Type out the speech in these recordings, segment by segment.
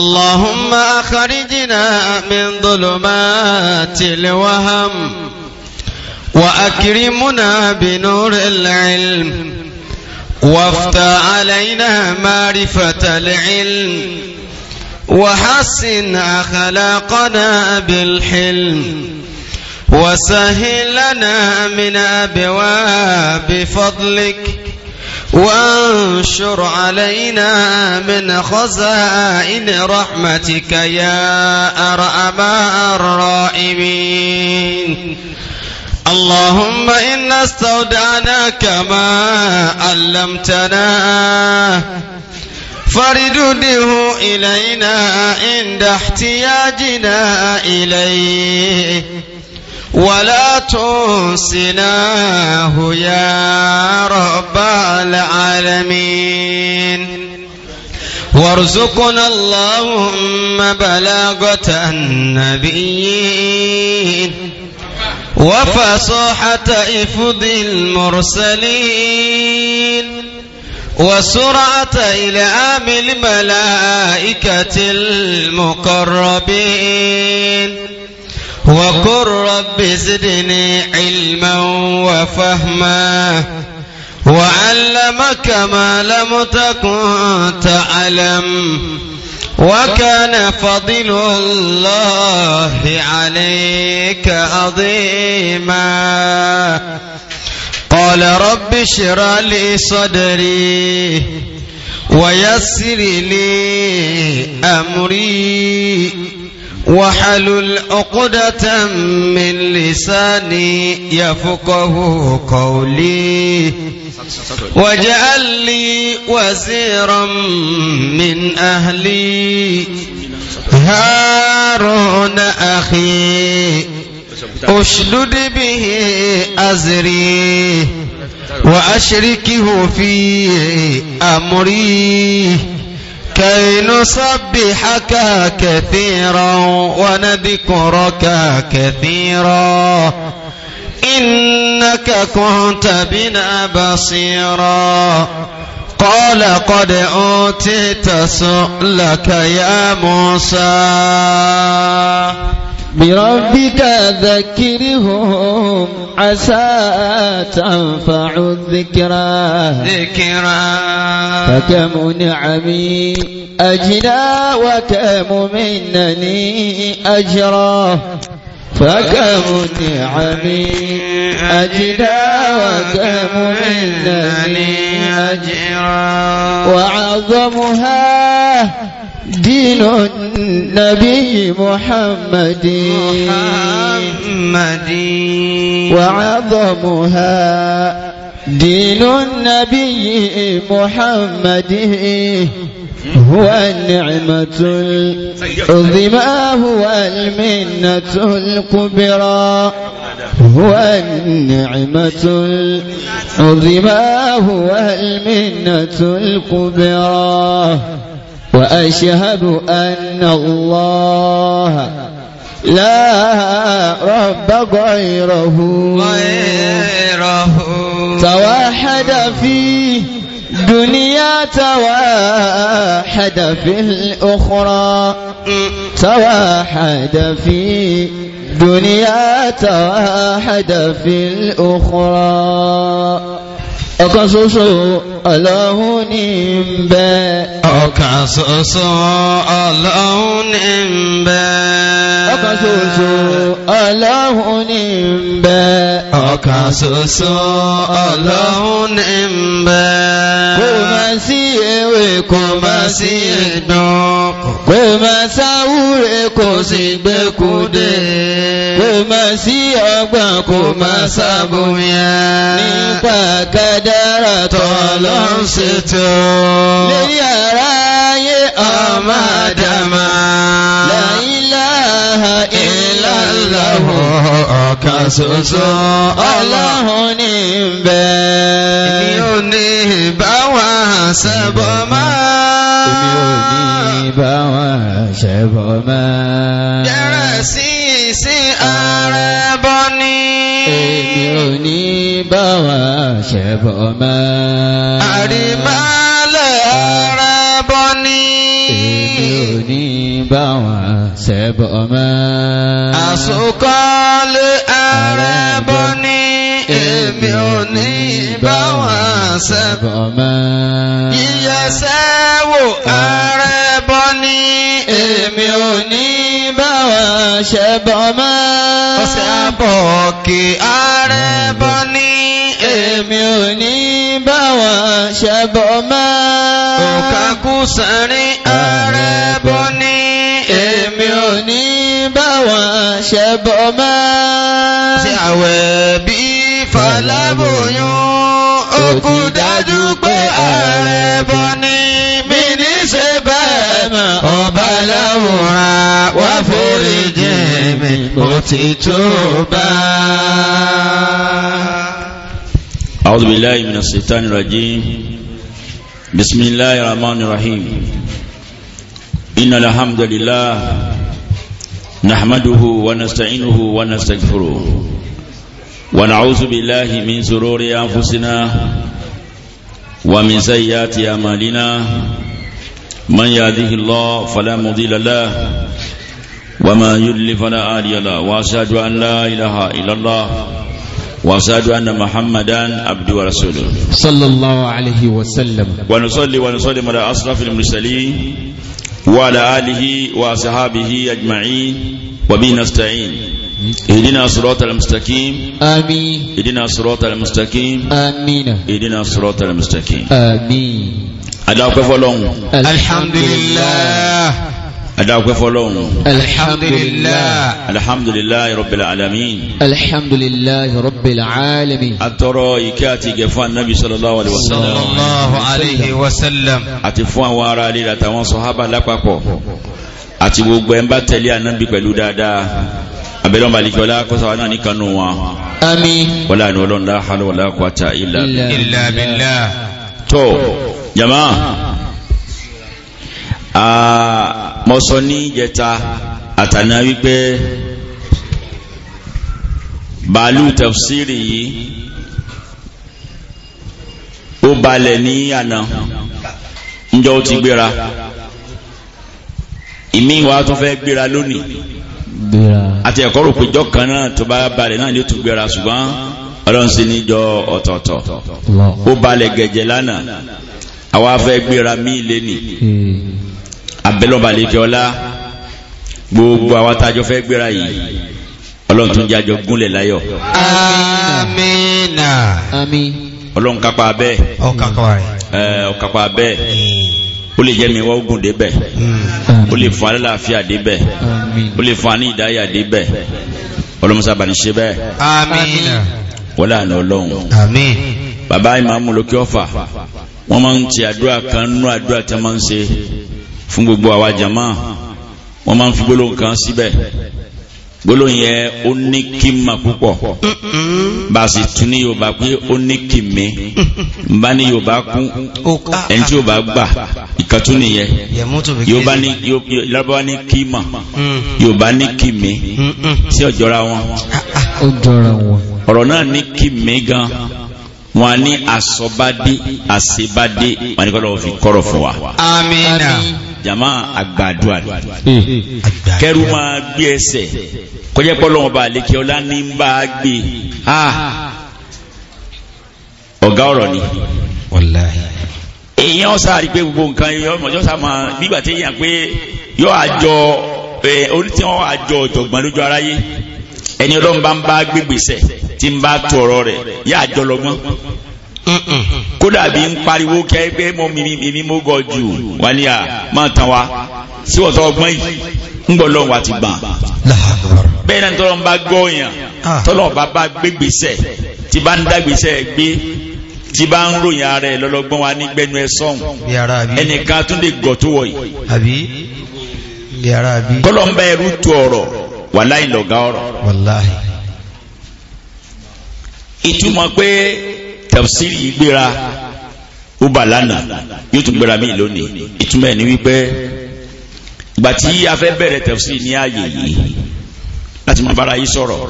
اللهم أخرجنا من ظلمات الوهم وأكرمنا بنور العلم وافتح علينا معرفة العلم وحسن أخلاقنا بالحلم وسهل لنا من أبواب فضلك وانشر علينا من خزائن رحمتك يا أرأم الرائمين اللهم إنا استودعناك ما علمتنا فردده إلينا عند احتياجنا إليه ولا تنسناه يا رب العالمين وارزقنا اللهم بلاغة النبيين وفصاحة إفض المرسلين وسرعة إلعام الملائكة المقربين وقل رب زدني علما وفهما وعلمك ما لم تكن تعلم وكان فضل الله عليك عظيما قال رب اشرح لي صدري ويسر لي أمري وحلل عقدة من لساني يفقه قولي واجعل لي وزيرا من أهلي هارون أخي أشدد به أزري وأشركه في أمري كي نسبحك كثيرا ونذكرك كثيرا إنك كنت بنا بصيرا قال قد أوتيت سؤلك يا موسى بربك ذكرهم عسى تنفع الذكرى ذكرى فكم نعمي أجلى وكم منني أجرى فكم نعمي أجلى وكم منني أجرى وعظمها دين النبي محمد محمد وعظمها دين النبي محمد هو النعمة العظمى هو المنة الكبرى هو النعمة العظمى هو المنة الكبرى وأشهد أن الله لا رب غيره غيره توحد في دنيا توحد في الأخرى توحد في دنيا توحد في الأخرى أقصص الله ọlọ́hun ọ̀kan ṣoṣo ọlọ́run ní ń bẹ. ọ̀kan ṣoṣo ọlọ́run ní ń bẹ. ọ̀kan ṣoṣo ọlọ́run ní ń bẹ. kò má sí ewé kò má sí ẹ̀dán. kò má sáwúre kò sì gbẹ́kúdé. kò má sí ọgbọ́n kò má sábòmíà. nípa kádàrá tọ́lọ́run ṣètò. lórí ara aráyé ọmọ àdàmà la ilaha illallah ọ̀kan ṣoṣo ọlọ́run ní bẹ̀. èmi ò ní ìbáwà ṣẹbọ máa. èmi ò ní ìbáwà ṣẹbọ máa. yẹrẹ sí sí ààrẹ bọ́ ní. èmi ò ní báwà ṣẹbọ máa. àrí tẹ́bọ̀ ọmọ. Àsùkọ́lé àrẹ́bọ̀ ní èmi ò ní ìbáwọn sẹ́bọ̀ ọmọ. Ìyẹsẹ́wò àrẹ́bọ̀ ní èmi ò ní ìbáwọn sẹ́bọ̀ ọmọ. Ọ̀sẹ̀ àbọ̀kì àrẹ́bọ̀ ní èmi ò ní ìbáwọn sẹ́bọ̀ ọmọ. Òkàkùsẹ̀rin àrẹ́bọ̀ ní àwọn ṣẹbọ máa. ṣe àwẹ̀ bí fàlábòyún ó kú dájú pé ààrẹ bọ́ ni mi ní ṣe bẹ́ẹ̀ mọ́ ọba láwòrán wá foríjì mi mo bá. أعوذ بالله من الشيطان الرجيم بسم الله الرحمن الرحيم إن نحمده ونستعينه ونستغفره ونعوذ بالله من سرور أنفسنا ومن سيئات أعمالنا من يهده الله فلا مضل له وما يضلل فلا هادي له وأشهد أن لا إله إلا الله وأشهد أن محمدا عبد ورسوله صلى الله عليه وسلم ونصلي ونسلم على أشرف المرسلين وعلى آله وصحابه أجمعين وبه نستعين اهدنا الصراط المستقيم آمين اهدنا الصراط المستقيم آمين اهدنا الصراط المستقيم آمين أدعوك فلون الحمد لله adáwọ̀pẹ́ fọ́lọ́hun alhamdulillah alhamdulillah rabbil alamin alhamdulillah rabbil alamin atọ́rọ ìkẹ́ àti ìgẹ̀ fún annabi sallallahu alaihi wasallam sallallahu alaihi wasallam àti fún àwọn ará ilé àtàwọn sọ̀hábà lápapọ̀ àti gbogbo ẹ̀mbá tẹ̀lé annabi pẹ̀lú dáadáa abẹ́lọ́mà alikọ́lá kọ́sàwà náà ní kanú wọn àmín mo sọ ní ìjẹta àtàná wípé bàálù tafsiri yìí ó balẹ̀ ní àná njọ́ ó ti gbéra ìmí wa tún fẹ́ gbéra lónìí àti ẹ̀kọ́ rò pé kan náà tó bá balẹ̀ náà ló tún gbéra ṣùgbọ́n ọlọ́run sí níjọ́ ọ̀tọ̀ọ̀tọ̀ ó balẹ̀ gẹ̀jẹ̀ lánàá àwa fẹ́ gbéra míì lénìí. abẹ́lọ́balẹ̀kẹ́ ọlá gbogbo àwọn tájọ fẹ́ gbéra yìí ọlọ́run tún jájọ gúnlẹ̀ láyọ̀ amínà ọlọ́run kápá abẹ́ ọ̀kápá abẹ́ ó lè jẹ́ mi wá ogun débẹ̀ ó lè fún alálàáfíà débẹ̀ ó lè fún anídáyà débẹ̀ ọlọ́mọsá bá ní ṣe bẹ́ẹ̀ àmín wọ́lá àná ọlọ́run àmín bàbá ìmáàmù lókè ọ̀fà wọ́n máa ń ti àdúrà kan nú àdúrà tí wọ́n máa ń ṣe fún gbogbo àwa jama wọ́n máa ń fi gbólóhùn kan síbẹ̀ gbólóhùn yẹn ó ní kí n ma púpọ̀ bá a sì tún ní yorùbá pé ó ní kí n mi n bá ní yorùbá kún ẹni tí yorùbá gbà ìkàtún nìyẹn yorùbá ní yorùbá ní kí mà mm. yorùbá ní kí mi sí ọjọ́ra wọn ọ̀rọ̀ náà ní kí mi gan wọn ní asọ́bádé àṣebádé wọn ní kọ́ fi kọ́rọ̀ fún wa. amiina jama àgbàdua hmm. kẹrù máa gbé ẹsẹ̀ kọjá pọ́lọ́wọ́n bá lékè ọlá ní bá a gbé ọ̀gá ọ̀rọ̀ ni wàláhì èèyàn sáà rí pé gbogbo nǹkan yọ ọmọjọ́ sáà máa nígbà tí èèyàn pé yọ àjọ oníṣẹ́ wọn àjọ ọ̀jọ̀gbọ́n lójú aráyé ẹni ọlọ́run bá ń bá gbégbèsẹ̀ tí ń bá tu ọ̀rọ̀ rẹ̀ yá àjọ lọ́gbọ́n kódà bí ń pariwo kẹ́ pé mo mímí mo gọ̀ jù à máa wa síwọ̀tọ̀ ọgbọ́n yìí ń gbọ́ lọ́wọ́ àti gbà. bẹ́ẹ̀ náà tọ́lọ́ bá gbọ́ yàn tọ́lọ́ bá bá tí bá ń gbé tí bá ń ròyìn lọ́lọ́gbọ́n wa ní gbẹnu ẹ ẹnìkan tún lè gọ̀ tó wọ̀ yìí. kọ́lọ́ ń bá ẹrú tu ọ̀rọ̀ tafsiri gbéra ó bà lánàá yóò tún gbéra míì lónìí ìtumọ̀ ní wípé ìgbà tí a fẹ́ bẹ̀rẹ̀ tafsiri ní ààyè yìí láti máa bára yìí sọ̀rọ̀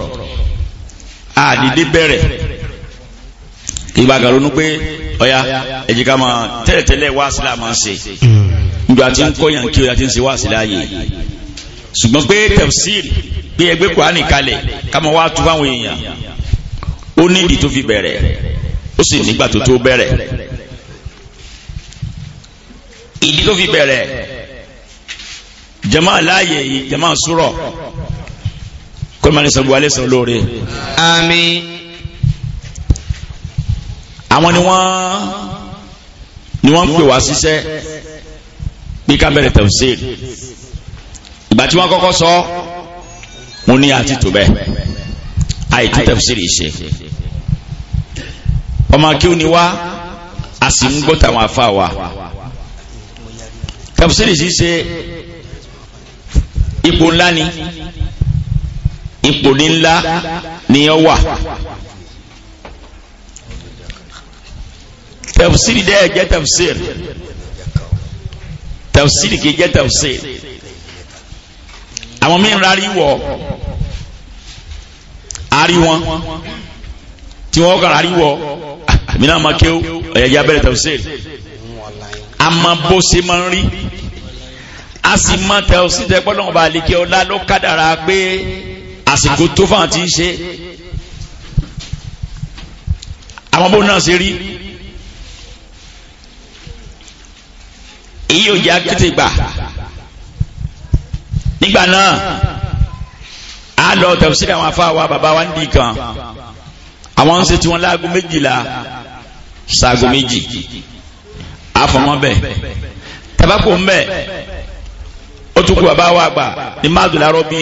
àdìdé bẹ̀rẹ̀ kí bá gàrónú pé ọ̀yá ẹ jẹ́ ká máa tẹ́lẹ̀tẹ́lẹ̀ wá sílá máa ń ṣe ìgbà hmm. tí ń kọ́yàn kí ọ̀yá ti ń ṣe wá sílá yìí ṣùgbọ́n pé tafsiri pé ẹgbẹ́ Kùránì kalẹ̀ ká máa wá tú fáwọn èèyàn ó ní tó fi bẹ̀rẹ̀ ó sì nígbà tó tó bẹ̀rẹ̀ ìdí tó fi bẹ̀rẹ̀ jama láàyè yìí jama sùrọ̀ kọ́lùmọ́ni sọ̀rọ̀ alẹ́ sọ̀rọ̀ lóore. àmín. àwọn ni wọ́n ni wọ́n ń pè wá síṣẹ́ bí ká bẹ̀rẹ̀ tafsir ìgbà tí wọ́n kọ́kọ́ sọ mo ní àti tó bẹ́ẹ̀ àìtú tafsir ṣe ọmọ akéwù ni wá a sì ń gbọ́ tàwọn afa wa tafsiri sì ṣe ipò ńlá ni ipò ńlá ni ó wà tafsiri dẹ́ jẹ́ tafsiri tafsiri kì í jẹ́ tafsiri àwọn mìíràn rárí wọ̀ àrí tí wọ́n kàn rárí wọ̀. Mina náà máa kéwò ẹ̀yẹ́ jẹ́ abẹ́rẹ́ tẹ̀síìrì a máa bó ṣe máa ń rí a sì máa tẹ̀ ọ́ sí tẹ́ gbọ́dọ̀ ọba àlekè ọlá ló kádàrá pé àsìkò tó fáwọn ti ń ṣe àwọn bó náà ṣe rí èyí ò jẹ́ akété gbà nígbà náà a lọ tẹ̀síìrì àwọn afáwa bàbá wa ń di kan àwọn ń ṣe tiwọn láago méjìlá ṣaago méjì àfọmọ́bẹ̀ tabako ń bẹ̀ ó tún kú bàbá wa àgbà ní máàdùn lárọ́ bí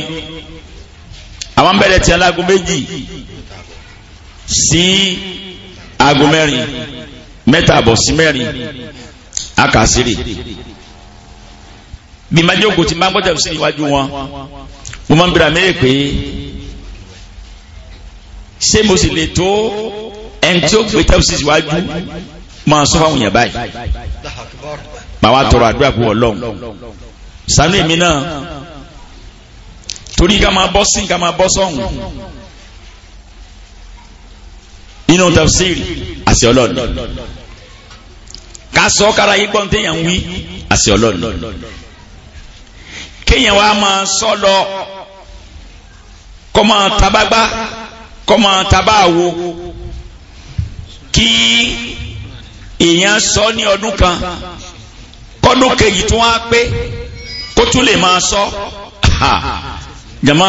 àwọn bẹ̀rẹ̀ tí alágo méjì sí aago mẹ́rin mẹ́ta àbọ̀ sí mẹ́rin akásírì bí májókòó ti máa ń gbọ́dọ̀ sí iwájú wọn mo máa ń bira mẹ́rẹ̀ pé ṣé mo sì lè tó ẹni tí ó gbé tẹ́wọ́sí síwájú máa sọ fáwọn èèyàn báyìí máa wá tọrọ àdúrà pé ọlọ́run sànú èmi náà torí ká máa bọ́ sí ká máa bọ́ sọ́hùn inú tafsiri àti ọlọ́run ká sọ kára yí gbọ́n téèyàn ń wí àti ọlọ́run kéèyàn wá máa sọ lọ kọ́ máa tabagbá kọ́ máa tabáwo kí èèyàn sọ ní ọdún kan kọ́dún kejì tó wá pé kó tún lè máa sọ jama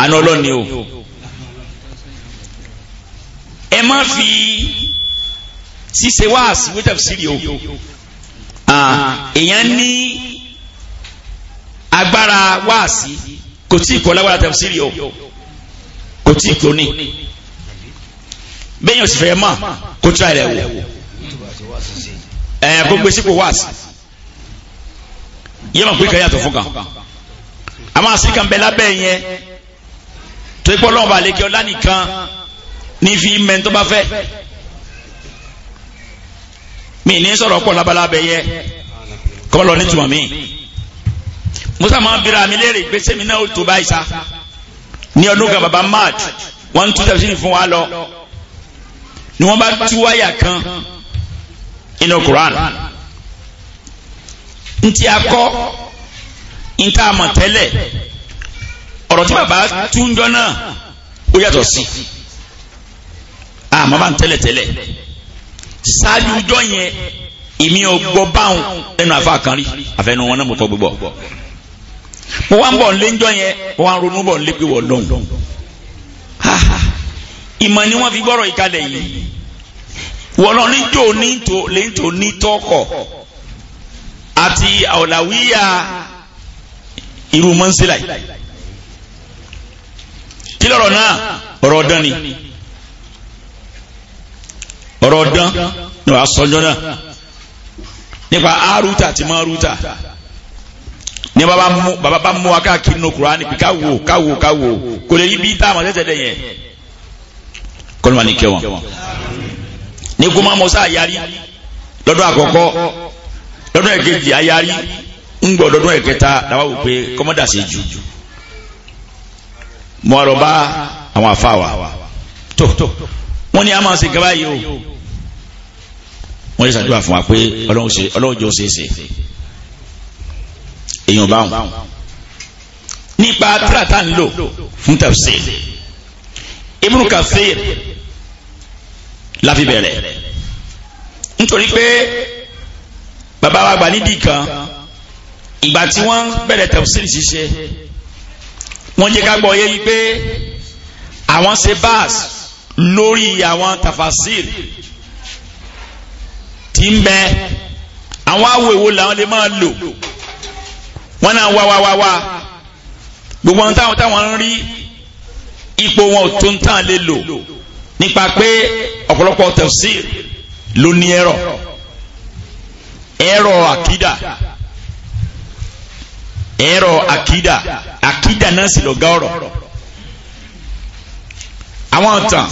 àná ọlọ́ni o ẹ má fi ṣíṣe wáàsí wíjọ́ sírí o èèyàn ní agbára wáàsí kò tí ì kọ́ lágbára tẹ̀síìrì o kò tí ì kọ́ ní bẹ́yìn òsì fẹ́ mọ̀ kó tíra rẹ̀ wò ẹ̀ kó gbé sípò wáàsì yẹ́n mọ̀ pé kẹ́yà tó fún kan àmọ́ àsìkà ń bẹ lábẹ́ yẹn tó ipò ọlọ́run bá lékè ọlá nìkan ní fi mẹ́ tó bá fẹ́ mi ní sọ̀rọ̀ pọ̀ lábalábẹ́ yẹ kọ́ lọ nítumọ̀ mi musa máa ń bira mi léèrè gbèsè mi náà ó tó báyìí sa ní ọdún kan baba mad wọ́n tún tẹ̀síìnì fún wa lọ ni wọ́n bá tú wáyà kan inú Quran ntí akọ ntá àmọ̀ tẹ́lẹ̀ ọ̀rọ̀ tí bàbá túnjọ náà ó yàtọ̀ sí àmọ́ bá ń tẹ́lẹ̀ tẹ́lẹ̀ ṣáájú ọjọ́ yẹn èmi ò gbọ́ báwọn ẹnu àfa kan rí àfẹnu wọn náà mo tọ́ gbogbo mo wá ń bọ̀ ń lé ń jọ yẹn mo wá ń ronú bọ̀ ń lé pé wọ́n lọ́hùn ìmọ̀ ni wọ́n fi gbọ́rọ̀ ìkalẹ̀ yìí wọ́n lọ nítò nítò léńtò nítọ́kọ̀ àti àwòlàwíyà irú mọ́nsílà yìí kí lọ́rọ̀ náà ọ̀rọ̀ ọ̀dán ni ọ̀rọ̀ ọ̀dán ni wàá sọ́jọ́ náà nípa arúta àti márúta ní bàbá mú wa káàkiri nù kúránì pé káwò káwò káwò kò lè rí bí táwọn tẹ́tẹ́ dẹ̀ yẹn kọ́nùmá ní kẹwọn. ní kó máa ayari, àyárí lọ́dún àkọ́kọ́ lọ́dún ẹ̀kejì àyárí ń gbọ́ lọ́dún ẹ̀kẹta làwọn wò pé kọ́mọ́dà ṣe jù mọ́ ọ̀rọ̀ bá àwọn àfa wa tó wọ́n ní a máa ṣe gaba yìí o wọ́n yẹ ṣàdúrà fún wa pé ọlọ́run jọ ṣe é ṣe èèyàn báwọn nípa tíratá ń lò fún tafsir Ibn Kathir la fi bẹ̀rẹ̀ nítorí pé bàbá wa gbà nídìí kan ìgbà tí wọ́n bẹ̀rẹ̀ tafsir ṣiṣẹ́ wọ́n jẹ́ ká gbọ́ yé yí pé àwọn ṣe báàs lórí àwọn tafasir tí ń bẹ àwọn awo èwo làwọn lè máa lò wọ́n náà wá wá wá wá gbogbo àwọn táwọn táwọn ń rí ipò wọn ò tó ń tàn lè lò nípa pé ọ̀pọ̀lọpọ̀ tafsir ló ní ẹ̀rọ ẹ̀rọ àkídà ẹ̀rọ àkídà àkídà náà sì lọ́gá ọ̀rọ̀ àwọn ọ̀tàn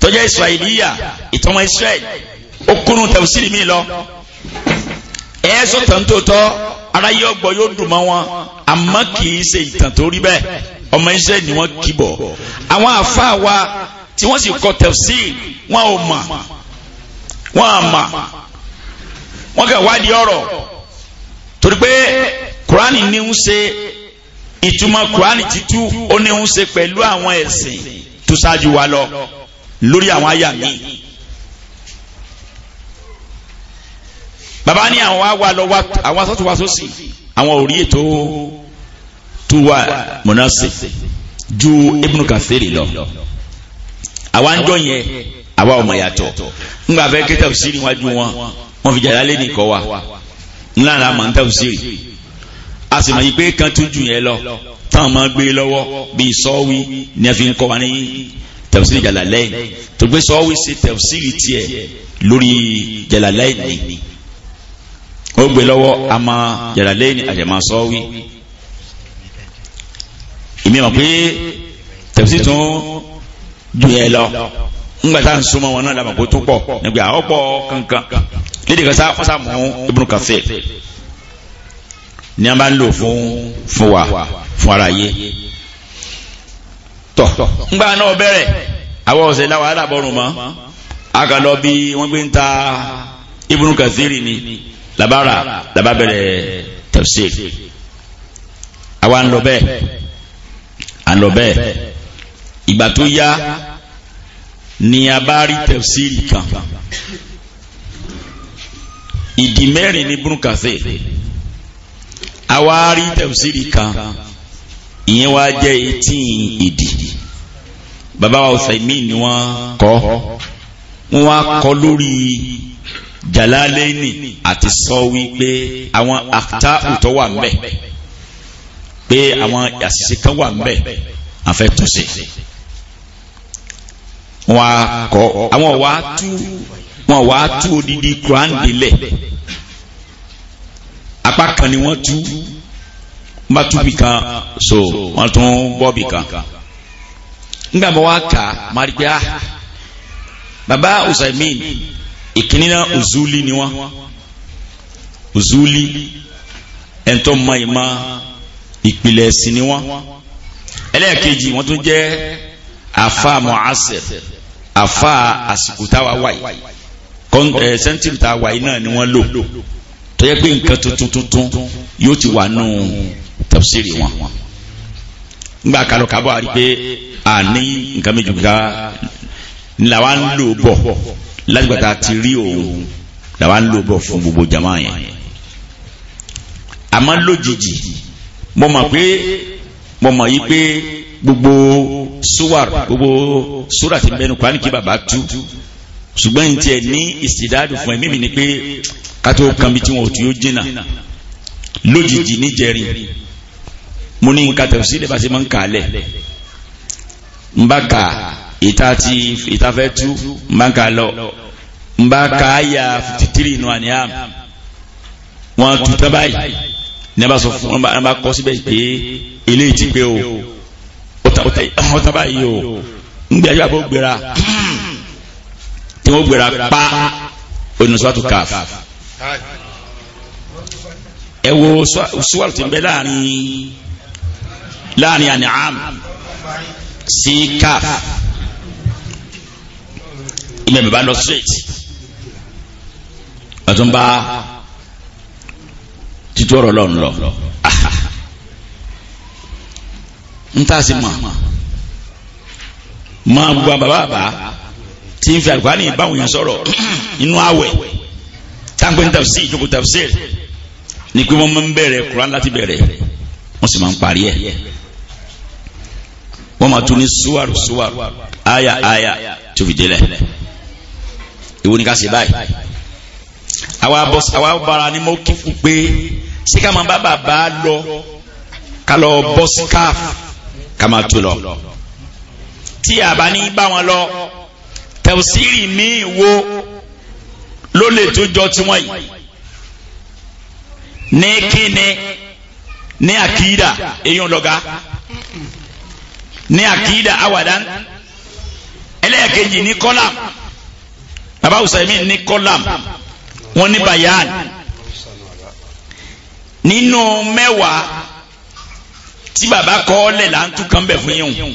tọ́jọ́ israẹliya ìtọ́mọ israẹli ó kúnnú tafsir mi lọ ẹ̀ sọ̀tàn tó tọ́ aráyé ọgbọ̀ yóò dùn mọ́ wọn àmọ́ kì í ṣe ìtàn tó rí bẹ́ẹ̀ ọmọ israẹli ni wọ́n kì bọ̀ àwọn àfa wa tí wọ́n sì kọ tẹ̀sí wọn ò mà wọn à mà wọn kà wá di ọ̀rọ̀ torí pé kuraani ní ń ṣe ìtumọ̀ kuraani títú ó ní ń ṣe pẹ̀lú àwọn ẹ̀sìn tó ṣáájú wa lọ lórí àwọn àyà mi. bàbá ní àwọn wa wà lọ àwọn asọ́tò wa sósì àwọn ò rí ètò tó wà mọ̀nàṣì ju Ibnu Kathiri lọ àwa ń jọ yẹn àwa ọmọ yàtọ̀ ńgbà fẹ́ kí tafsiri wájú wọn wọn fi jàdá lé nìkọ́ wa ńlára mọ̀ ń tafsiri a sì mọ̀ yí pé kan tún jù yẹn lọ táwọn máa gbé e lọ́wọ́ bíi sọ́ọ́wí ni a fi ń kọ́ wa ní tafsiri Jalalayn tó gbé sọ́ọ́wí ṣe tafsiri tiẹ̀ lórí Jalalayn ni ó gbé lọ́wọ́ a máa Jalalayn àjẹmọ́ sọ́ọ́wí èmi mọ̀ pé tẹ̀sí tún ju ẹ lọ ńgbà tá à ń súnmọ́ wọn náà làmọ̀ kó tó pọ̀ nígbà ọ̀pọ̀ kankan lédè kan sáà sáà mú Ibn Kathir ni a máa ń lò fún fún wa fún ara yé tọ̀ ńgbà náà bẹ̀rẹ̀ àwọn ọ̀sẹ̀ láwọn alábọ̀rùn mọ́ akalọ bí wọ́n gbé ń ta Ibn Kathir ni labara lababẹ̀rẹ̀ tafsir àwa ń lọ bẹ́ẹ̀ à ń lọ bẹ́ẹ̀ ìgbà tó yá ni a bá rí tẹ̀síìlì kan ìdí mẹ́rin ní burúkasẹ́ a wá rí tẹ̀síìlì kan ìyẹn wá jẹ́ etí ìdí bàbá ọ̀sẹ̀mí ni wọ́n kọ́ wọ́n wá kọ́ lórí Jalalaini àti sọ wípé àwọn àtàkùtọ̀ wà mẹ́ pé àwọn àṣìṣe kan wà ńbẹ̀ àfẹ́ túnṣe wọn a kọ àwọn wà á tú wọn wà á tú odidi Quran délẹ̀ apá kan ni wọ́n tú wọ́n bá tú bì kan so wọ́n tún bọ́ bì kan nígbà mọ́ wá kà má rí ah, Usaimin ìkíní náà Uzuli ni wọ́n Uzuli ẹ̀ńtọ́ mọ́ ìmọ̀ ìpìlẹ̀ ẹ̀sìn ni wọ́n ẹlẹ́ẹ̀kejì wọ́n tún jẹ́ àfa mu'asir àfa àsìkò táwa wáyé sẹ́ńtìrì táwa wáyé náà ni wọ́n lò tó yẹ pé nǹkan tuntun tuntun yóò ti wà nù tafsiri wọn ngba kalọ kabọ àrí pé àní nǹkan méjì ká làwa ń lò bọ̀ láti ti rí òun làwa ń lò bọ̀ fún gbogbo jama yẹn àmọ́ lójijì mo mọ̀ pé mo mọ̀ yí pé gbogbo suwar gbogbo sura ti bẹnu kwani kí baba tu ṣùgbọ́n n tiẹ̀ ní ìsìdádù fún ẹ mímì ni pé kátó kan bí tí wọn ò tún yóò jìnnà lójijì níjẹrin mo ní nǹkan tẹ̀sí sílẹ̀ bá ṣe máa ń kà á lẹ̀ ń bá ìta ti ìta fẹ́ tú ń lọ ń bá kà á àníyàn wọn tún tẹ́ báyìí ní abá sọ fún ní abá kọ́ síbẹ̀ pé ilé ti pé o ó ta báyìí o ń gbé ayé àbó gbéra tí wọ́n gbéra pa onusọ́tù kaf ẹ wo suwaru ti ń bẹ láàrin láàrin àníhàm sí kaf ìmọ̀ ìbá lọ straight ọ̀tún bá títí ọ̀rọ̀ lọ́n lọ Nta ta sí ma máa gba bàbá bá tí n fi àlùkàní báwọn yẹn sọ̀rọ̀ inú àwẹ̀ táǹpé ní tafsir ìjókòó tafsir ní pé wọ́n máa ń bẹ̀rẹ̀ Kuran láti bẹ̀rẹ̀ wọ́n sì máa ń parí ẹ̀ wọ́n máa tún ní suwaru suwaru aya aya tó fi délẹ̀ ìwọ ká ṣe báyìí àwa bọ́ra ni mo kí fún pé sí ká máa bá bàbá lọ ká lọ bọ́ scarf ká máa tó lọ tí àbá ní bá wọn lọ tẹ̀síìrì míì wo ló lè tó jọ tiwọn yìí ní kíni ní àkídà èèyàn lọ́gá ní àkídà awàdán ẹlẹ́ẹ̀kejì ní kọ́làm bàbá Usaimin ní kọ́làm wọ́n ní bayan nínú mẹ́wàá tí bàbá kọ́ lẹ̀ là ń tú kan bẹ̀ fún yín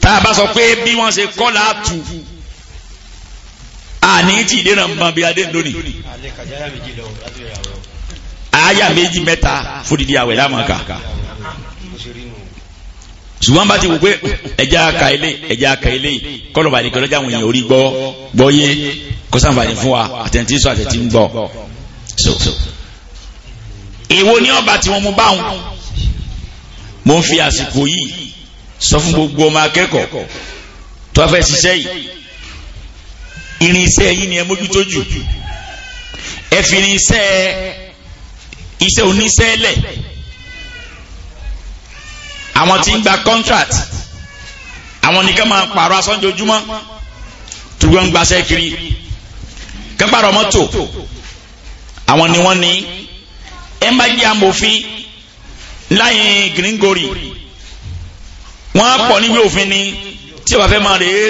tá a bá sọ pé bí wọ́n ṣe kọ́ là á tù àní tí ìdènà ń ban bí adé lónìí àyà méjì mẹ́ta fòdìdí àwẹ̀ láwọn kà ṣùgbọ́n bá ti wò pé ẹja ka ilé ẹja ka ilé kọlọ̀bà ní kọlọ́jà àwọn èèyàn orí gbọ́ gbọ́ yé kó ṣàǹfààní fún wa àtẹ̀ntí sọ àtẹ̀ntí ń gbọ́ èwo ní ọba tí wọ́n mú báwọn mo ń fi àsìkò yìí sọ fún gbogbo ọmọ akẹ́kọ̀ọ́ tó fẹ́ ṣiṣẹ́ yìí irinṣẹ́ yìí ni ẹ mójútó jù ẹ fi irinṣẹ́ iṣẹ́ oníṣẹ́ lẹ̀ àwọn tí ń gba contract àwọn nìkan máa pààrọ̀ asọ́njojúmọ́ tùgbọ́n ń gbaṣẹ́ kiri kápárọ̀ mọ́tò àwọn ni wọ́n ní ẹ má jẹ́ amòfin láyìn gringori wọ́n pọ̀ níwé òfin ni tí o bá fẹ́ máa rèé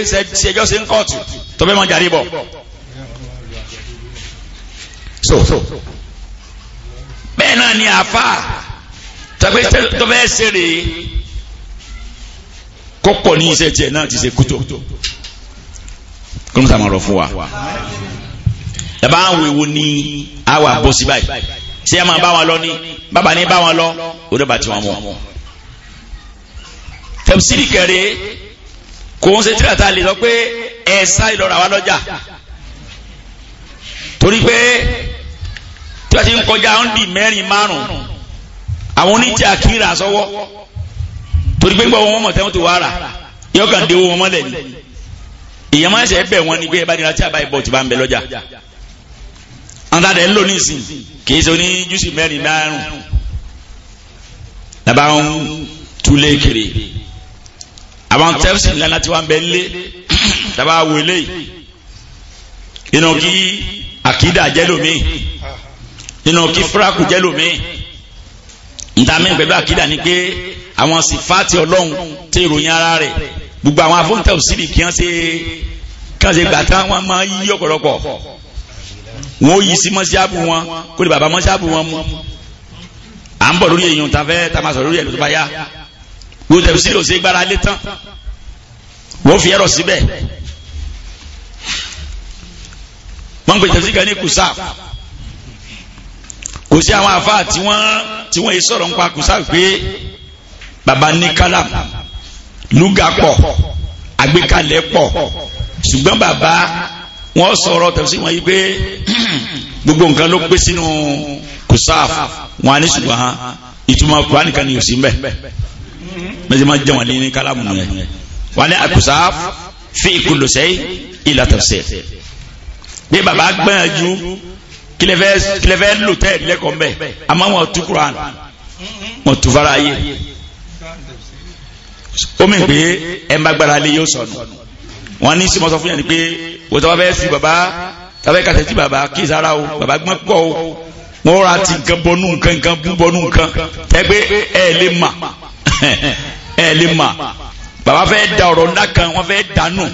ṣẹjọ́ sí kóòtù tó fẹ́ máa jàre bọ̀. bẹ́ẹ̀ náà ni àáfàá tàbí tó fẹ́ ṣe rèé kó pọ̀ ní iṣẹ́ tiẹ̀ náà ti ṣe kútó kó ló ń sàmọ̀rọ̀ fún wa. yàrá àwọn èwo ni àwa bọ́ sí báyìí ṣé ẹ máa bá wọn lọ ní bàbá ní bá wọn lọ oníbà tí wọn mú. tẹ̀síìrì kẹrẹ kò ń ṣe tíra tá a lè sọ pé ẹ sáré lọ rà wá lọ́jà torí pé tí wọ́n ti ń kọjá ń di mẹ́rin márùn-ún àwọn oníjà kìíra sọ́wọ́ torí pé gbọ́ wọn mọ̀ tẹ́wọ́n ti wá rà dé owó wọn mọ́lẹ̀ ni èèyàn máa ń ṣe bẹ̀ wọn ni pé ẹ bá nira tí a bá yẹ bọ̀ tí bá ń bẹ lọ́jà ọ̀dà dẹ̀ ń lò nísìn kìí ṣe oní júùsì mẹ́rin márùn tàbá ń túlé kiri àwọn tẹ́fsì ńlá láti wá ń bẹ lé tàbá wò eléyìí inú kí àkídà jẹ́ lómi inú kí fúrákù jẹ́ lómi ntàmí pẹ̀lú àkídà ni pé àwọn sìfáàtì ọlọ́run tí ìròyìn ara rẹ̀ gbogbo àwọn afọ́ntẹ́ òsìlì kí wọ́n ṣe kí wọ́n ṣe gbà tán máa yí ọ̀pọ̀lọpọ̀ wọn ò yí sí mọ́ṣáàbù wọn kó lè bàbá mọ́ṣáàbù wọn mú à ń bọ̀ lórí èèyàn tàfẹ́ tá a máa sọ̀rọ̀ lórí ẹ̀ tó bá yá wọ́n tẹ̀ sí lòsè gbára lé tán wọ́n fi ẹ̀rọ síbẹ̀ wọ́n ń pè tẹ̀sí kùsà kò sí àwọn àfáà tí wọ́n yìí sọ̀rọ̀ ń kùsà pé bàbá ní kálà lúgà pọ̀ àgbékalẹ̀ pọ̀ ṣùgbọ́n bàbá wọ́n sọ̀rọ̀ tẹ̀sí wọn yí pé gbogbo nǹkan ló pé sínú kùsáàf wọn á ní ṣùgbọ́n hàn ìtumọ̀ kùránì kan ní òsì ń bẹ̀ mẹ́sì máa jẹ́ wọn ní ní kálámù yẹn wọn ní kùsáàf fi ìkùlùsẹ́ ìlà tafsir bí baba gbẹ́yànjú kílẹ̀fẹ́ lò tẹ́ lẹ́kọ̀ọ́ mbẹ́ àmọ́ wọn tú kùránì wọn tú fara ayé omi pé ẹ̀ lé yóò sọnù wọn ní sí fún yẹn ni pé wò tó bá bẹ́ẹ̀ sí bàbá tàbí kàtẹ́jì bàbá kí sára o bàbá gbọ́n pọ̀ o wọ́n rà ti nǹkan bọnú nǹkan nǹkan bú bọnú nǹkan tẹ́gbẹ́ ẹ lè mà ẹ lè mà bàbá fẹ́ da ọ̀rọ̀ ńlá kan wọ́n fẹ́ dànù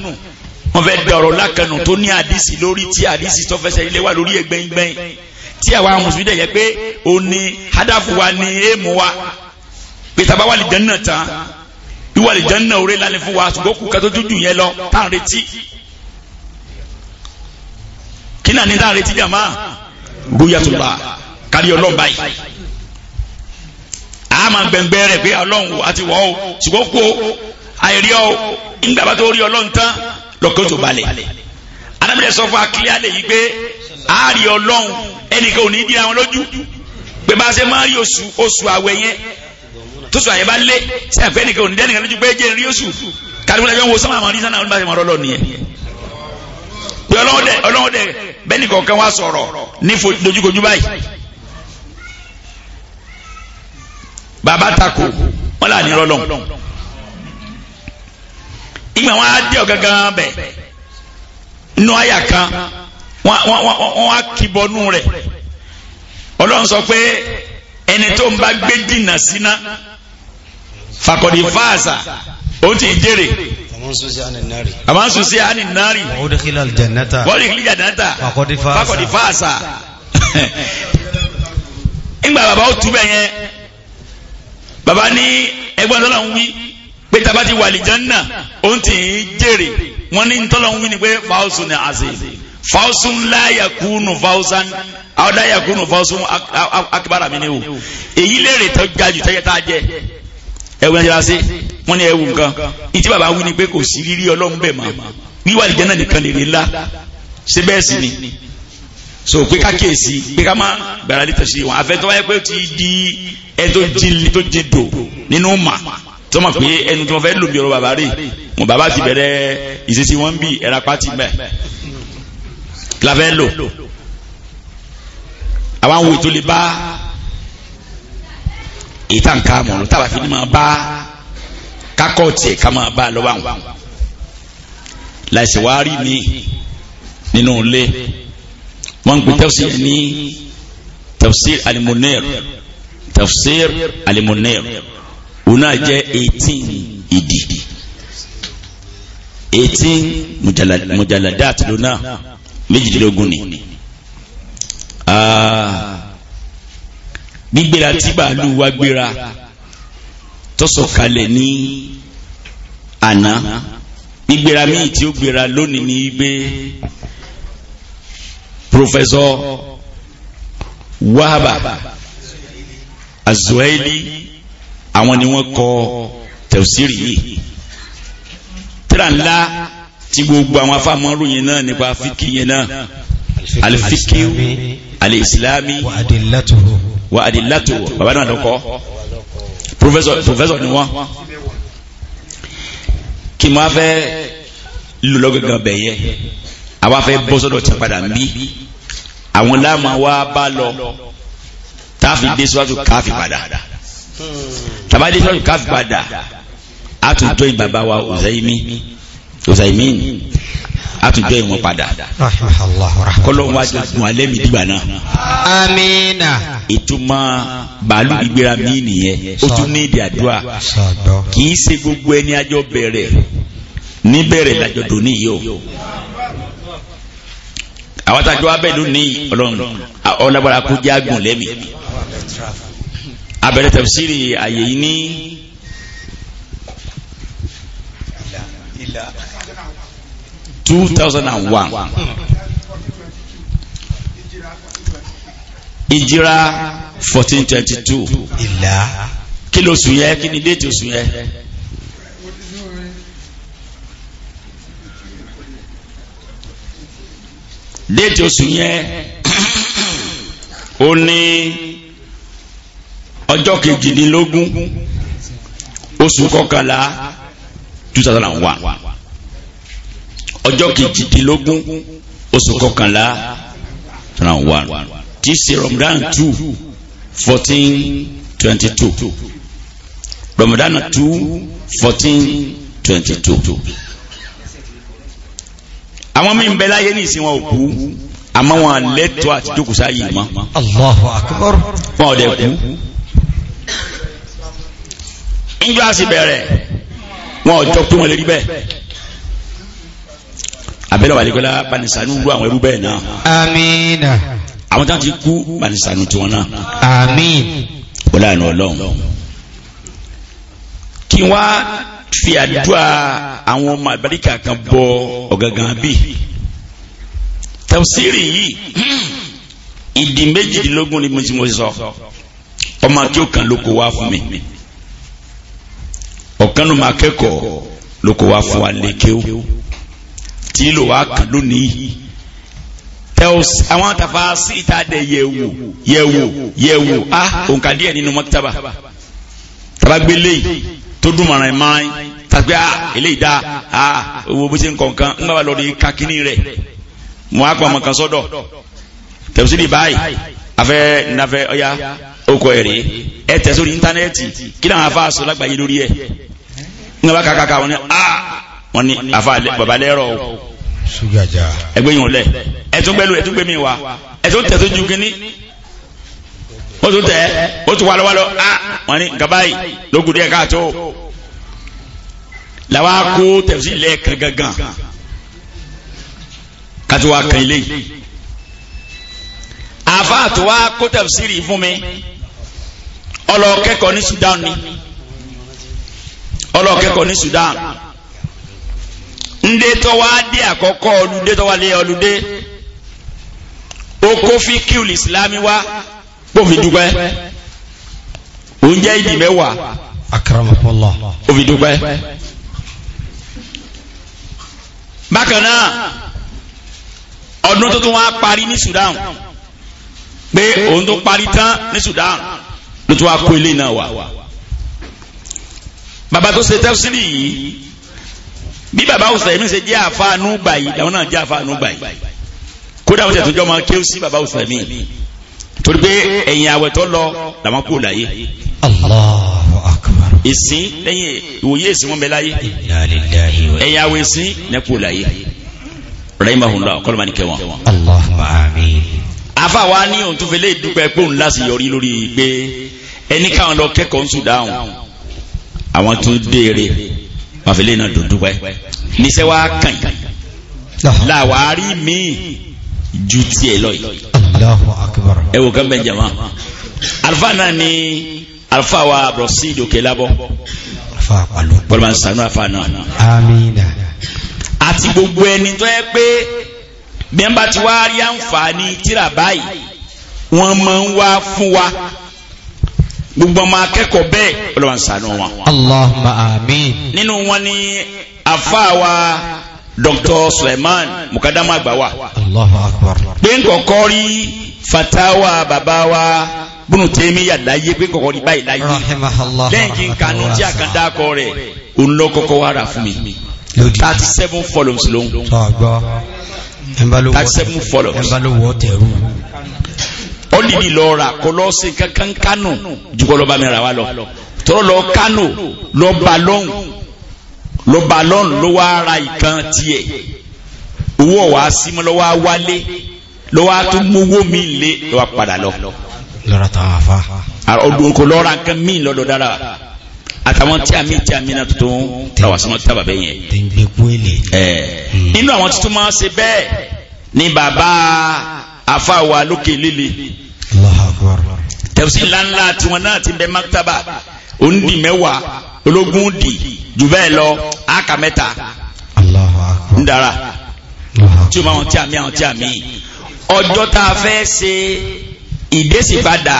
wọ́n fẹ́ da ọ̀rọ̀ ńlá kan nù tó ní àdìsí lórí tí àdìsí tó fẹsẹ̀ ilé wà lórí ẹgbẹ́ngbẹ́yìn tí àwa mùsùlùmí dẹ̀ yẹ pé òní hádàfù wa ni èèmù wa pé tàbá wà lìjẹ́ náà tán wíwà lìjẹ́ náà òré lálẹ́ fún wa ṣùgbọ́n kù kátó dúdú yẹn lọ táà retí kí náà ní dáre tíjà máa gbóyà tó bá kárí ọlọ́run báyìí a máa gbẹ̀ngbẹ́ rẹ̀ pé ọlọ́run àti wọ́ o ṣùgbọ́n kó àìrí ọ nígbà bá tó rí ọlọ́run tán lọ́kàn tó balẹ̀ adámílẹ̀ sọ fún akílẹ̀ àlẹ́ yìí pé a rí ọlọ́run ẹnìkan ò ní dí àwọn lójú pé bá a ṣe máa rí oṣù oṣù àwẹ̀ yẹn tó sọ àyẹ̀bá lé sẹ́yìn fẹ́ nìkan ò ní dẹ́nìkan lójú pé jẹ́ rí oṣù kálífúnlẹ̀ pé ọlọ́wọ́dẹ ọlọ́wọ́dẹ bẹ́ẹ̀ni kọ̀ọ̀kan wá sọ̀rọ̀ ní dojúkojú báyìí bàbá tako wọn là ní rọlọ́n ìgbà wọn á dé ọ̀gángan bẹ̀ inú àyà kan wọn á kìbọnú rẹ̀ ọlọ́run sọ pé ẹni tó ń bá gbé dìnnà síná fàkọ̀dé fáàsà ó ti jèrè àmọ́ sùsì àní nárì wọ́n dé kílà jẹ̀nẹ́ta wọ́n dé kílà jẹ̀nẹ́ta fakọ̀dí fàásà ńgbà bàbá ó túbẹ̀ yẹn bàbá ní ẹgbẹ́ ọ̀dọ́là ń wí pé tá a bá ti wà lìjánná òun tì í jèrè wọ́n ní ntọ́lọ̀ ni pé fàásù ni àṣẹ fàásù la yakunu fàásù àwọdá yakunu fàásù akibara mi ni o èyí lè rè tó ga jù tẹ́yẹ tá a jẹ ẹ̀wọ̀n wọ́n ní ẹwù nǹkan ìtí bàbá wí ni pé kò sí rírí ọlọ́run bẹ̀ mọ́ wíwà ìjẹ́ nìkan lè rí ńlá ṣé bẹ́ẹ̀ sì ni so pé ká kíyèsí pé ká má gbàrà lè tẹ̀sí wọn àfẹ́tọ́ wáyé pé ó ti di ẹni tó jin tó jin dò nínú mà tó mọ̀ pé ẹnu tí wọ́n fẹ́ lò bí ọ̀rọ̀ bàbá rè mo bàbá ti bẹ̀rẹ̀ ìṣesí wọn bí ẹ̀rọ ti bẹ̀ la fẹ́ lò àwọn àwọn ètò lè bá ìtànká mọ̀rún tábà fi ní máa bá kakọ tiẹ kama ba lọ báwọn láìsí wàá rí mi nínú ilé wọn gbé tafsir ní tafsir alimunir tafsir alimunir òun náà jẹ eighteen ìdí eighteen mujalada àtìlónà méjìdínlógún ni ah. gbígbéra tí bàálù wa gbéra tó sọ̀kalẹ̀ ní àná gbígbéra míì tí ó gbéra lónìí ní gbé Professor Wahaba Azueli àwọn ni wọ́n kọ tẹ̀síìrì yìí tíra ńlá tí gbogbo àwọn afámọ́rù yẹn náà nípa fíkì yẹn náà alifíkì alìsìlámi wa adìlátò bàbá náà professor professor ni wọ́n kí n máa fẹ́ lọ́gọ̀gàn bẹ̀ yẹ àwa fẹ́ bọ́ sọ́dọ̀ tí a padà ń bí àwọn láàmú wa bá lọ táàfin dé síwájú káàfi padà tàbá dé síwájú káàfi padà a tún jọ ìbàbá wa òsèyí mi òsèyí mi àtúnjẹ́ ìwọ̀n padà kọ́lọ́wọ́n wájú gun alẹ́ mi dìgbà náà. amina. ìtumọ̀ bàálù ìgbéra mi nìyẹn ó tún ní èdè àdúrà kì í ṣe gbogbo ẹni àjọ bẹ̀rẹ̀ níbẹ̀rẹ̀ lájọ tó níyì o àwọn àtàjọ abẹ́lú ní ọlọ́run ọlọ́bàrà kó jẹ́ àgùn abẹ́rẹ́ tẹ̀síìrì àyè yìí ní. two thousand and one ìjìrà fourteen twenty two kí ló sùn yẹ kí ni déètì sùn yẹ. déètì oṣù yẹn ó ní ọjọ́ kejìdínlógún oṣù kọkànlá two thousand and one ọjọ́ kejìdínlógún oṣù kọkànlá round one tí í ṣe Ramadan two fourteen twenty two Ramadan two fourteen twenty two àwọn mí ń bẹ láyé ní ìsìn wọn ò kú àmọ́ wọn lẹ́tọ́ àti jókòsá yìí mọ́ Allahu Akbar wọn ò dẹ̀ kú ń jọ́ àṣìbẹ̀rẹ̀ wọn ò jọ pé wọn lè rí bẹ́ẹ̀ abẹ́lẹ̀ wàlẹ́kọ́lá banisanu lu àwọn ẹrú bẹ́ẹ̀ náà. amiina. àwọn táwọn ti kú banisanu tiwọn náà. amiin. ó láàánú ọlọ́run. kí wá fi àdúrà àwọn ọmọ àbáríkà kan bọ ọ̀gángan bí. tafsiri yìí ìdí méjìdínlógún ni mo ti mo sọ ọmọ tí ó kàn ló kó wá fún mi ọ̀kan ló ló kó wá fún wa lékeu tí ló wá kàn lónìí àwọn àtàfà sí ìta dẹ yẹ̀wò yẹ̀wò yẹ̀wò a ah, òǹkà díẹ̀ nínú mọ́tàbà tabagbélé tó dùn mọ̀ràn ẹ̀ máa ń tàbí a ah, eléyìí dá a ah, owó bó ṣe ń kọ̀ọ̀kan ń bá wa lọ́ọ́ di kakínì rẹ̀ mọ́ àpọ̀ ọmọ kan sọ́dọ̀ tẹ̀sílì báyìí afẹ́ nafẹ́ ọya okò ẹ̀rẹ́ ẹ tẹ̀ sórí íńtánẹ́ẹ̀tì kí làwọn afáàsọ lágbàáyé lórí ẹ̀ ń bá kàkàkà wọn ni a wọ́n ní àfa bàbá lẹ́rọ̀ o ẹgbẹ́ yìí ò lẹ̀ ẹ̀tún gbẹ́lu ẹ̀tún gbẹ́mí wa ẹ̀tún tẹ̀ tó ju kínní ó tún tẹ̀ ó tún wà lọ́wọ́ lọ a wọ́n ní gaba yìí lókùn díẹ̀ làwa kó tẹ̀sí lẹ̀ kankan kátó wa kàn ilé yìí tó wa kó tẹ̀sí fún mi ọlọ́kẹ́kọ̀ọ́ ní Sudan ni ọlọ́kẹ́kọ̀ọ́ ní Sudan ndé tọ́wá dé àkọ́kọ́ ọlùdé tọ́wá lé ọlùdé ó kó fi kíul ìsìlámi wá pòfin dúpẹ́ oúnjẹ ìdì mẹ́wàá akaramapola òfin dúpẹ́ bákan náà ọdún tó tún wá parí ní Sudan pé òun tó parí tán ní Sudan ló tún wá kó ilé náà wá bàbá tó ṣe tafsiri yìí bí bàbá Usaimin ṣe jẹ́ àfáànú gbà yìí làwọn náà jẹ́ àfáànú gbà yìí kódà wọ́n tẹ̀ tó jọ máa kéwù sí bàbá Usaimin torí pé ẹ̀yìn àwẹ̀ tó lọ làwọn kò láyé. Allahu akbar. ìsín lẹ́yìn ìwòye ìsìn wọn bẹ láyé ẹ̀yìn àwẹ̀ ìsín lẹ́kọ̀ọ́ láyé rahimahullah kọlọmọ ni kẹwọn. Allahumma amin. afa wa ni ohun tó fi lè dúpẹ́ pé òun láti yọrí lórí pé ẹni káwọn lọ kẹ́kọ̀ọ́ ń sùn dáhùn àwọn tún déere wọn fi lé náà dùn dúpẹ́ níṣẹ́ wa kàn yìí làwárí míì ju tiẹ̀ lọ yìí. Allahu akbar. ẹ wò kán bẹ jama alifa náà ni alifa wa abúrọ̀sí ìdòkè labọ́ bọ́lá ń sànú alifa náà. amiina. àti gbogbo ẹni tó yẹ pé bí wọn bá ti wá rí àǹfààní tíra báyìí wọn máa ń wá fún wa gbogbo ọmọ akẹ́kọ̀ọ́ bẹ́ẹ̀ ọlọ́wà sànú wọn. Allahumma amin. nínú wọn ni àfáàwà Dr. Suleiman mukadamu agbawa. Allahu akbar. pé ń kọ̀kọ́ rí fatawa bàbá wa bùnú tèmi yà láyé pé kọ̀kọ́ rí báyìí láyé. lẹ́yìn kí n kanú tí a kan dákọ̀ rẹ̀ òun kọ́kọ́ wá rà fún mi. thirty seven follows lóhun. thirty seven follows. ẹ bá ló wọ́ tẹ̀rù dìdì lọ rà kó lọ sí kankan kánò jùkọ́ lọ́ba mi rà wá lọ tọ́rọ lọ kánò lọ bá lọ́hùn lọ bá lọ́hùn ló wá ra ìkan tiẹ̀ owó ọ̀wá símọ́ lọ́ wá wálé lọ́ wá tó mówó mi lé lọ́ wá padà lọ. lọ́ra tá a fa. ọdún lọ́ra nǹkan míì lọ́dọ̀ dára àtàwọn tí a mi tí a mi náà tuntun tàwa sọmọ tí a bàbá yẹn. Hmm. inú àwọn tuntun máa ń ṣe bẹ́ẹ̀ ni bàbá afa wa lókè líle tẹ̀sí ńláńlá tiwọn náà ti bẹ maktaba òǹdì mẹ́wàá ológun dì jù bẹ́ẹ̀ lọ áka mẹ́ta ń tí o máa wọn tí a mi àwọn tí a mi ọjọ́ tá a fẹ́ ṣe ìdésìpadà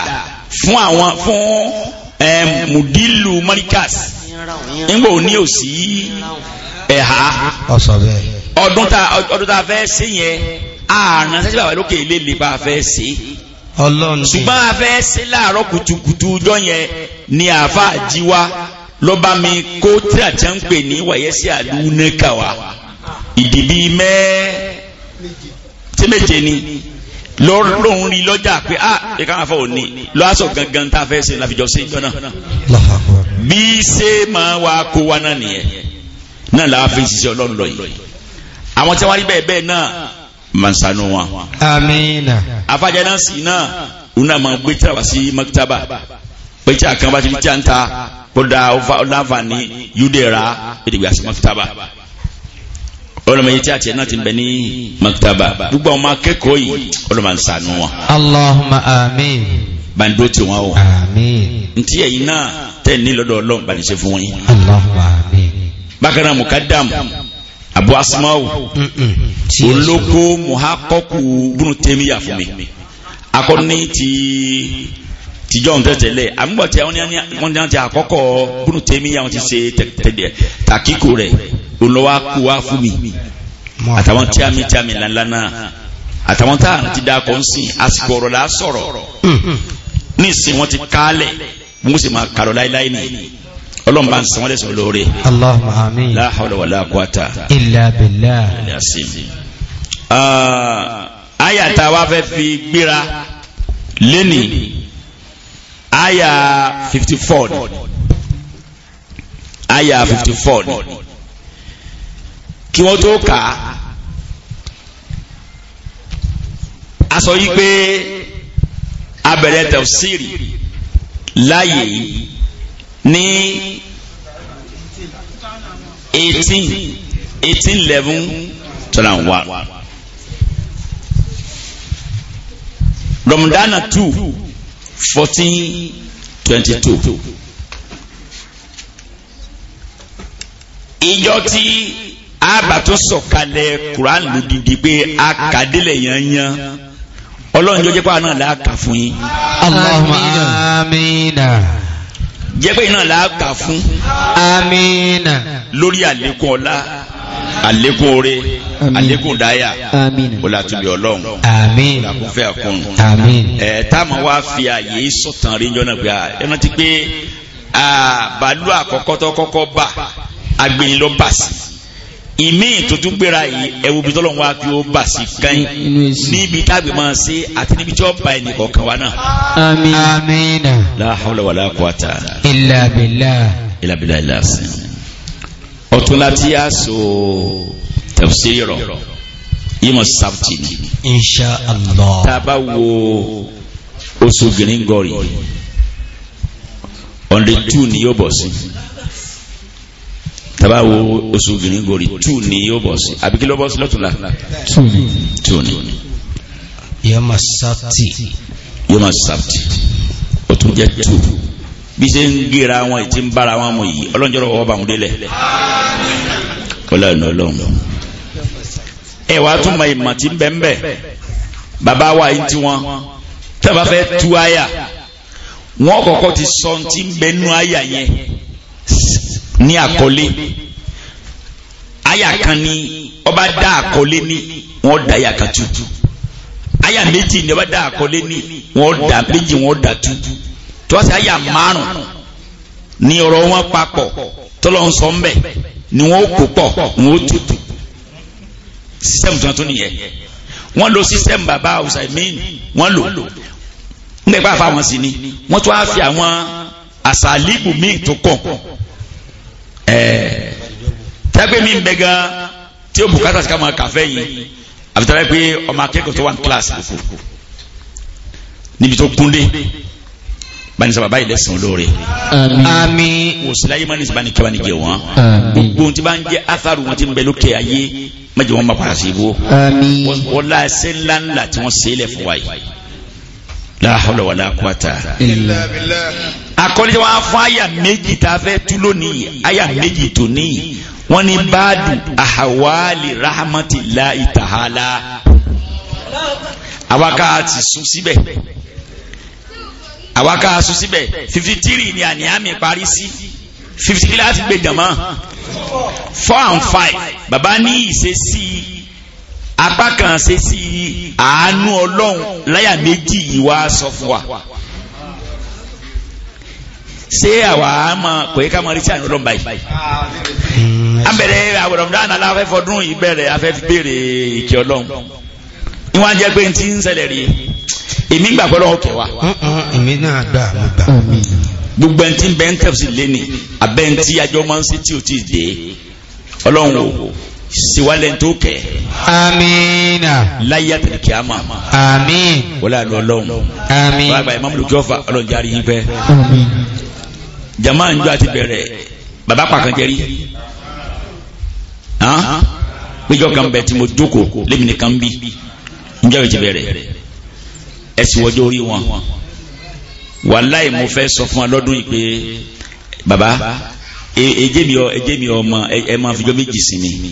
fún àwọn fún mùdílù mọ́ríkàs nígbà òní òsì ẹ̀há ọdún tá a fẹ́ ṣe yẹn ààrùn sẹ́sẹ́ bàbá lókè ilé lè bá a fẹ́ ṣe ṣùgbọ́n a fẹ́ ṣe láàárọ̀ kùtùkùtù ọjọ́ yẹn ni àáfà jíwá lọ́ba mi kó tí a ń pè ní wàyẹ́sí àdúnẹ́kàwá ìdìbí mẹ́ẹ́ tí méje ni lọ́rùn rí lọ́jà pé ah ìka máa fọ́ òní lọ́sọ̀ gangan tá a fẹ́ ṣe láfijọ́ sí ìjọ náà bí ṣe máa wá kó wa náà nìyẹn náà làá fi ṣiṣẹ́ ọlọ́run lọ yìí àwọn tí wọ́n rí bẹ́ẹ̀ bẹ́ẹ̀ náà mansanu wọn. amiina. afajẹ náà sì náà òun náà máa gbé tíra wá sí maktaba pé tí a kan bá ti fi tí a ń ta kódà ọ̀làǹfààní yúdẹ̀ra ìdìgbà sí maktaba ọlọmọ yìí tí a tiẹ̀ náà ti bẹ ní maktaba gbogbo àwọn akẹ́kọ̀ọ́ yìí ọlọmọ nsànú wọn. Allahumma amin. bando ti wọn o. amin. ntí ẹ̀yin náà tẹ̀ ní lọ́dọ̀ ọlọ́run ṣe fún wọn yìí. Allahumma amin. bákan náà mukadam abu Asmau oloko muhakoku bunu temiya fún mi akọni ti tijọ n tẹtẹlẹ amúgbàtí wọn ní àti àkọ́kọ́ bunu temiya wọn ti ṣe tẹtẹlẹ takiko rẹ olówó kuwa fún mi àtàwọn tí a mi tí a mi lanlana àtàwọn tá a ti da kọ́ ń sìn àsìkò la sọ̀rọ̀ mm-hmm. ní ìsìn wọn ti kálẹ̀ mo sì máa kàlọ́ láéláé nìyí ọlọ́run bá ń san wọ́n lẹ́sàn lóore Allahumma àmín la hawla wala quwata illa billah ah, àyà tá a wá fẹ́ fi gbéra lẹ́nì àyà 54 àyà 54 kí wọ́n tó kà á a sọ yí pé abẹ̀rẹ̀ tafsiri láyé yìí ní eighteen eighteen eleven tọ́lá ń wá rọmọdánà two fourteen twenty two ìjọ tí àbá tó sọ̀kalẹ̀ Quran lódìdí pé akadélẹ̀ yanyan ọlọ́run jọjẹ́ pàánà làákà fún yín. Allahumma amina jẹ́ pé iná là á kà fún. amina. lórí àlékún ọlá àlékún oore àlékún dáyà ọlá tóbi ọlọ́run ọlá kún fẹ́ àkún. ẹ táàmù wa fi àyè sọ̀tàn rí jọ́nà pé ẹ rántí pé bàálù àkọ́kọ́ tó kọ́kọ́ ló bà sí ìmí tuntun gbéra yìí ẹwù bí tọ́lọ́ wa kí ó bà sí kẹ́yìn níbi tábì máa ṣe àti níbi tí ó bá ẹnì kọ̀ọ̀kan wa náà. amiina. la hawla wala quwata. illa billah. illa billah illa sin. ọ̀tún láti yá so tafsiri rọ yíma sábtì ni. insha allah. tábà wo oṣù gíríngọ̀rì ọ̀ndẹ̀tù ni yóò bọ̀ sí tàbá wo oṣù tu ni ní yóò bọ̀ sí àbí kí ló bọ́ sí lọ́tùnlá tù ní yọmọ sábtì yọmọ sábtì ó tún jẹ́ tù bí ṣe ń gbéra wọn ìtí ń bára wọn mú yìí ọlọ́njọ́rọ̀ ọwọ́ bàmú délẹ̀ ọlọ́run ọlọ́run ẹ wàá tún mọ ìmọ̀ tí ń bẹ ń bẹ wa yìí tí wọn tẹ́lẹ̀ bá fẹ́ tú àyà wọn kọ̀ọ̀kan ti sọ ti ń bẹ nú àyà yẹn ní àkọlé aya kan ni ọba da àkọlé ni wọn da aya kan tu aya méjì ni ọba da àkọlé ni wọn da méjì wọn da tu tọ́sí aya márùn ni ọ̀rọ̀ wọn papọ̀ tọ́lọ̀ ń sọ mbẹ̀ ni wọn kó pọ̀ wọn ó tutù sísẹ́mù tuntun nìyẹn wọn lo sísẹ́mù bàbá Usaimin wọn lò nígbà pàfà wọn sì ni wọn tún á fi àwọn àṣàlíbù míì tó kàn ẹ̀ẹ́ eh. tẹ́pẹ́ mi bẹ gan tí o bùkátà sí ká máa kàfẹ́ yìí àfi tẹ́lẹ̀ pé ọmọ akẹ́kọ̀ọ́ tó wà ní kíláàsì kòkò níbi tó kúndé bani sábà báyìí lẹ́sìn olóore àmín wòsíláyé má ní sábà ní kí wà ní jẹ wọn gbogbo tí bá jẹ atharu wọn ti ń bẹ ayé má jẹ wọn má padà sí ibú àmín wọlá ẹsẹ tí wọn ṣe lẹ fún wa yìí láhọ́lọ̀ wà láàkúwàtà akọ́lẹ́jọ́ wọn fún àyà méjì tá a fẹ́ tú lónìí àyà méjì tó ní wọ́n ní báàdù àhàwálì rahmatillahi ta'ala àwáká ti sùn síbẹ̀ àwáká sùn síbẹ̀ fifty three ni àníyàmì parí sí fifty three láti gbé jàmọ́ four and five bàbá ní ìṣesí apá kan ṣe sí àánú ọlọ́run láyà méjì yìí wá sọ fún wa ṣé àwa mọ kò yẹ ká mọ ríṣà ní ọlọ́run báyìí hmm. abẹ̀rẹ̀ àwòrán dáná la fẹ́ fọdún yìí bẹ̀rẹ̀ afẹ́ fi béèrè ìkẹ́ ọlọ́run ní wọ́n á jẹ́ pé n ti ń ṣẹlẹ̀ rí èmi gbà pé ọlọ́run kẹwàá. èmi náà gbà mo gbà. gbogbo ẹni tí ń bẹ ń tẹ̀sí lé ní ń tí ajọ́ máa ń ṣe tí ò tí dé ọlọ́run o siwalen tó kẹ. amiina. láyé àtẹ̀lẹ̀ kí a ma. amiin. wọlé àná ọlọ́run. amiin. wàá gba ìmọ̀mùlù jọ́fà ọlọ́run járe yín fẹ́. amiin. jama ń jọ àti bẹ̀rẹ̀ baba pa kan jẹ́rí. péjọ kan bẹ tí mo jókòó lémi nìkan bí ń jẹ́ òjì bẹ̀rẹ̀ ẹ̀sìn wọ́jọ́ orí wọn. wàláì mo fẹ́ sọ fún wa lọ́dún yìí pé baba èjé e, e e mi ọmọ fi jọ méjì sí mi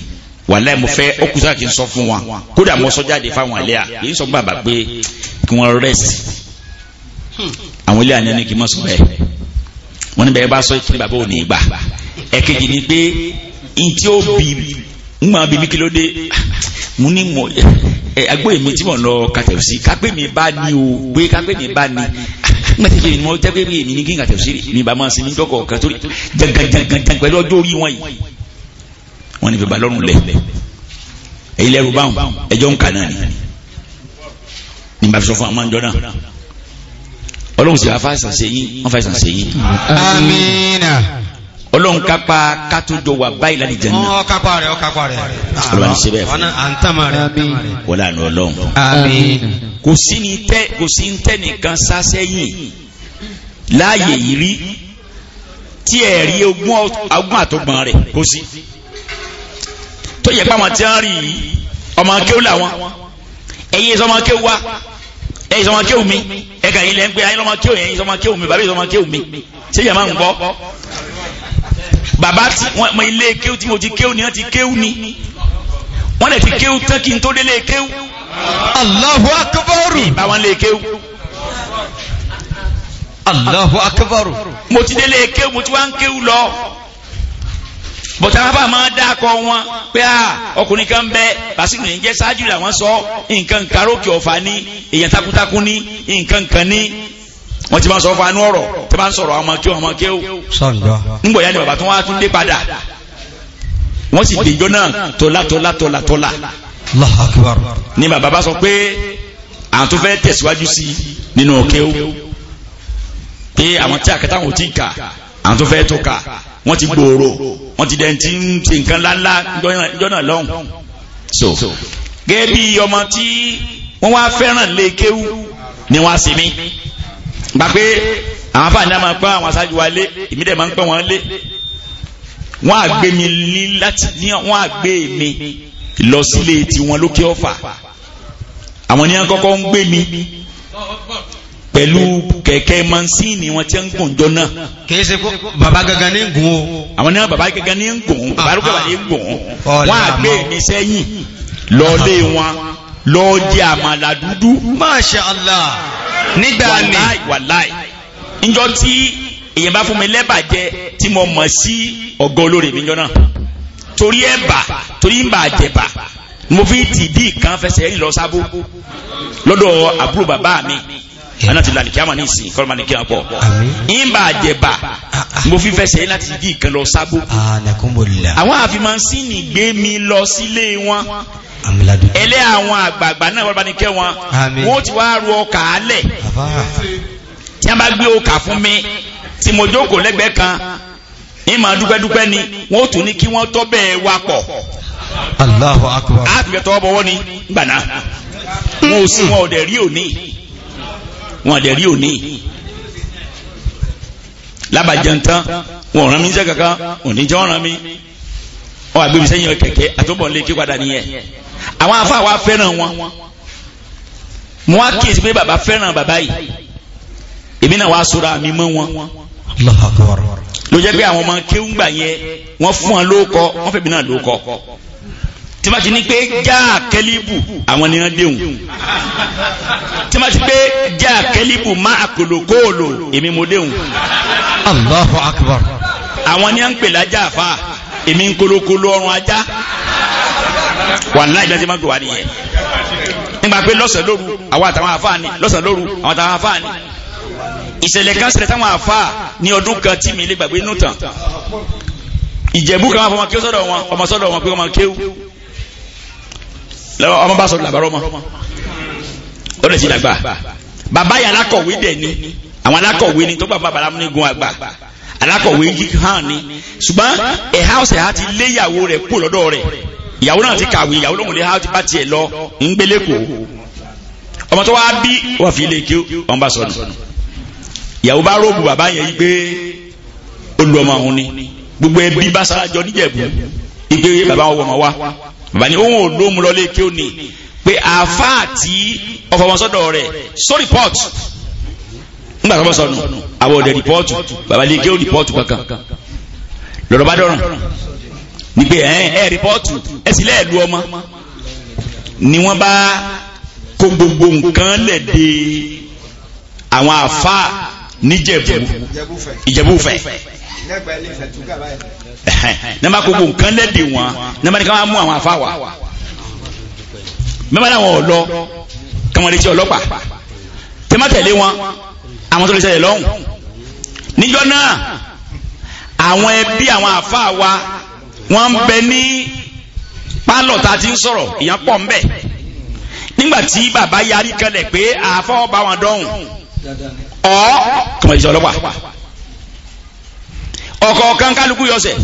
wàláì mo fẹ́ ó kùsà kí n sọ fún wa kódà mo sọ jáde fáwọn àlẹ́ à kì í sọ bàbà pé kí wọ́n rẹ́sì àwọn ilé àná ni kì í mọ̀ sọ bẹ́ẹ̀ wọ́n ní bẹ́ẹ̀ bá sọ ìkíni bàbá ò ní gbà ẹ̀kejì ni pé n tí ó bí n máa bí mi kí ló dé mo ní mo ẹ agbóyè mi tí mo lọ kàtẹ́wò sí kápẹ́ mi bá ní o pé kápẹ́ mi bá ní mẹ́tẹ̀ẹ̀tẹ̀ ni mo jẹ́ pé mi ní kí n kàtẹ́wò sí mi bá máa sin ní jọ́kọ̀ọ̀kan torí jẹ́gàjẹ́gàjẹ́ pẹ̀lú ọjọ́ orí wọn yìí wọ́n ní bàbá lọ́rùn lẹ̀ èyí lẹ́rù báwọn ẹjọ́ ń kà náà ni ní bá fi sọ fún àwọn àjọ náà ọlọ́run sì wá fàìsàn ṣe yín wọ́n fàìsàn ṣe yín. amiina. ọlọ́run kápá kátúndó wà báyìí láti jẹun náà. ọ kápá rẹ ọ kápá rẹ. ọlọ́run ní sẹ́bẹ̀ fún mi. àǹtàmà rẹ. wọlé àná ọlọ́run. amiina. kò sí ní tẹ nìkan sá sẹ́yìn láàyè yìí rí tí ẹ̀rí ogún àtọgbọ̀n rẹ̀ kò sí tó yẹ pa àwọn tí wọ́n rí ọmọ akéwù làwọn ẹ̀yin sọmọ akéwù wa ẹ̀yin sọmọ akéwù mi ẹ̀ka yìí lẹ́ ń pé ayé lọ́mọ akéwù yẹn ẹ̀yin sọmọ akéwù mi bàbá yìí sọmọ akéwù mi ṣé yẹn máa ń gbọ́ bàbá tí wọ́n mọ ilé kéwù tí mo ti kéwù ni wọ́n ti kéwù ni wọ́n lè ti kéwù tán kí n tó délé kéwù. Allahu akbar. Ìbá wọn lè kéwù. Allahu akbar. Mo ti délé kéwù mo ti wá ń kéwù lọ bọ̀tà bàbá máa dákọ̀ wọn pé à ọkùnrin kan bẹ bàṣírù ní jẹ́ ṣáájú làwọn sọ nǹkan kàrókè ọ̀fà ní èèyàn takuntakun ní nǹkan kan ní wọ́n ti máa sọ fún anú ọ̀rọ̀ tí máa sọ̀rọ̀ àwọn ọmọkẹ́ ọmọkẹ́ ó nígbọ̀ ni bàbá tó wá tún dé padà wọ́n sì gbèjọ́ náà tọ́lá tọ́lá tọ́lá tọ́lá ni bàbá bá sọ pé àwọn tó fẹ́ tẹ̀síwájú sí nínú ọ̀kẹ́ pé àwọn tí àkẹ́tàwọn ò kà àwọn tó fẹ́ tó kà wọ́n ti gbòòrò wọ́n ti dẹ̀ntì ń ṣe nǹkan ńláńlá jọ́nà lọ́hùn. so gẹ́gẹ́ bí ọmọ tí wọ́n wá fẹ́ràn lé kéwú ni wọ́n á sì mí. gbà pé àwọn afáàní máa pẹ́ àwọn aṣáájú wa lé èmi dẹ̀ máa ń pẹ́ wọn lé. wọ́n á gbé mi ní láti ní wọ́n á gbé mi lọ sílé tiwọn lókè ọ̀fà. àwọn ni kọ́kọ́ ń gbé mi pẹ̀lú kẹ̀kẹ́ mansini wọn tí ń gùn jọ náà. kìí ṣe kó baba gangan ní gùn o. àwọn náà baba gangan ní gùn ah, baba ah. gangan ní gùn wọn àgbẹ̀ mi sẹ́yìn lọ́ọ́lé wọn lọ́ọ́ àmàlà dúdú. masha allah nígbà mi. wàláì wàláì njọ tí èyàn bá fún mi lẹ́bà jẹ tí mo mọ̀ sí ọ̀gọ́ olórí mi jọ náà torí ẹ̀ bà torí ń bà jẹ̀ bà mo fi tìdí kan fẹsẹ̀ ń lọ sábó lọ́dọ̀ àbúrò bàbá mi ẹ̀nà ti lálẹ́ kí a máa ní ìsìn kọ́lọ́ máa ní kí a pọ̀ ìyìn bá àjẹbà ah, ah. mo fi fẹsẹ̀ láti di ìkan lọ sábò ah, àwọn àfihàn sí ni gbé mi lọ sílé wọn ẹlẹ́ àwọn àgbààgbà náà wọ́n bá ní kẹ́ wọn wọ́n ti wá ru ọkà alẹ̀ tí a bá gbé ọkà fún mi tí mo jókòó lẹ́gbẹ̀ẹ́ kan ní màá dúpẹ́dúpẹ́ ni wọ́n tún ní kí wọ́n tọ́ bẹ́ẹ̀ wakọ̀ Allahu akbar. a ti fẹ́ tọ́ bọ́wọ́ ni gbàná wọn ò sí wọn ò rí òní wọn àdẹ̀ rí òní lábàjẹ́ ntán wọn ràn mí iṣẹ́ kankan òní jẹ́ wọn ràn mí wọn àgbẹ̀bí sẹ́yìn kẹ̀kẹ́ àtúbọ̀ lé kí padà nìyẹn àwọn afá wa fẹ́ràn wọn mo wá kíyèsí pé bàbá fẹ́ràn bàbá yìí èmi náà wàá sora mi mọ́ wọn. ló jẹ́ pé àwọn ọmọ kéwùgbà yẹn wọ́n fún wọn lóko wọ́n fẹ́ mi náà lóko tí ma ti ní pé já kẹlíbù àwọn ni wọ́n déhùn tí ma ti pé já kẹlíbù má àkòlòkòòlò èmi mo déhùn. Allahu akbar. àwọn ni wọ́n ń pè lájà àfa èmi ń kolokolo ọrùn ajá wàláì lásìmọ́ gbé wà nìyẹn nígbà pé lọ́sàn lóru àwọn àtàwọn àfáà ni lọ́sàn lóru àwọn àtàwọn àfáà ni ìṣẹ̀lẹ̀ kan ṣẹlẹ̀ táwọn àfáà ní ọdún kan tí mi lè gbàgbé nù tán ìjẹ̀bú kan fọmọ kí ó sọ́dọ̀ wọn ọmọ sọ́dọ̀ wọn pé ọmọ kéwú ọmọ bá sọ̀rọ̀ làbàrọ̀ ọmọ ó lè ti dàgbà bàbá yà alákọ̀wé dẹ̀ ni àwọn alákọ̀wé ni tó bàbá bàbá àgbà alákọ̀wé yìí hàn ni ṣùgbọ́n ha ọ̀sẹ̀ ha ti lé ìyàwó rẹ̀ kú lọ́dọ̀ rẹ̀ ìyàwó náà ti kàwé ìyàwó lóhùn lé ha ti bá tiẹ̀ lọ ń gbélé kò ọmọ tó wá bí wọ́n fi lè kí bá sọ̀rọ̀ ìyàwó bá bàbá gbogbo ẹbí bá jọ bàbá wọn wọ̀ bàbá ni òun ò lóhun lọlé kí ó ní pé àáfàá tí ọkọ̀ wọn sọ report nígbà tó bá sọnù àwọn òde report bàbá lè kí ó report kankan lọ́dọ̀ bá dọ̀rùn ní pé ẹ̀ ẹ̀ report ẹ̀ sì lẹ́ẹ̀lú ọmọ ni wọ́n bá kó gbogbo nǹkan lẹ̀ dé àwọn àáfàá níjẹ̀bú ìjẹ̀bú fẹ̀ nàmà gbogbo nǹkan lẹ́dẹ̀ wọn nàmà ní ká máa mú àwọn afá wa mẹ́mà làwọn ọ̀lọ́ káwọn lè ṣe ọlọ́pàá tẹ́mà tẹ̀lé wọn àwọn tó lè ṣẹlẹ̀ lọ́hùn níjọ́ náà àwọn ẹbí àwọn afá wa wọ́n bẹ ní pálọ̀ tá a ti ń sọ̀rọ̀ ìyẹn pọ̀ ń bẹ nígbàtí bàbá yarí kalẹ̀ pé àfọ́ bá wọn dọ́hùn ọ́ kọ̀mọ̀ ìṣẹ́ ọlọ́pàá ọ̀kọ̀ọ̀kan kálukú yọ̀ọ̀sẹ̀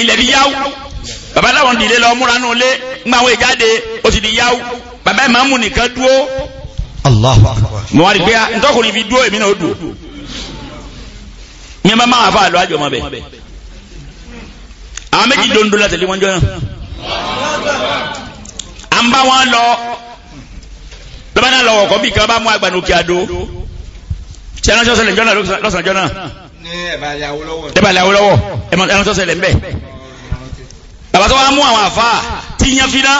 ilẹ̀ di yáwó baba láwọn dìde lọ múra nù lé ńgbà àwọn ìjáde ó ti di yáwó baba ìmáàmù nìkan dúró. Allahu akbar. mo wá rí pé ntọ́kùnrin fi dúró èmi náà dùn mi máa máa fa àlọ́ àjọmọ́ bẹ̀ àwọn méjì dondo la tẹ̀lé wọn jọ náà à ń bá wọn lọ lọ́ba náà lọ wọ̀kọ́ bí kan bá mú àgbàdo kí tí ẹran sọ́sẹ̀lẹ̀ jọ́nà lọ́sàn jọ́nà ẹbàlẹ̀ Awólọ́wọ̀ ẹran sọ́sẹ̀lẹ̀ ń bẹ̀ bàbá tó wá mú àwọn àfá tí yan fi náà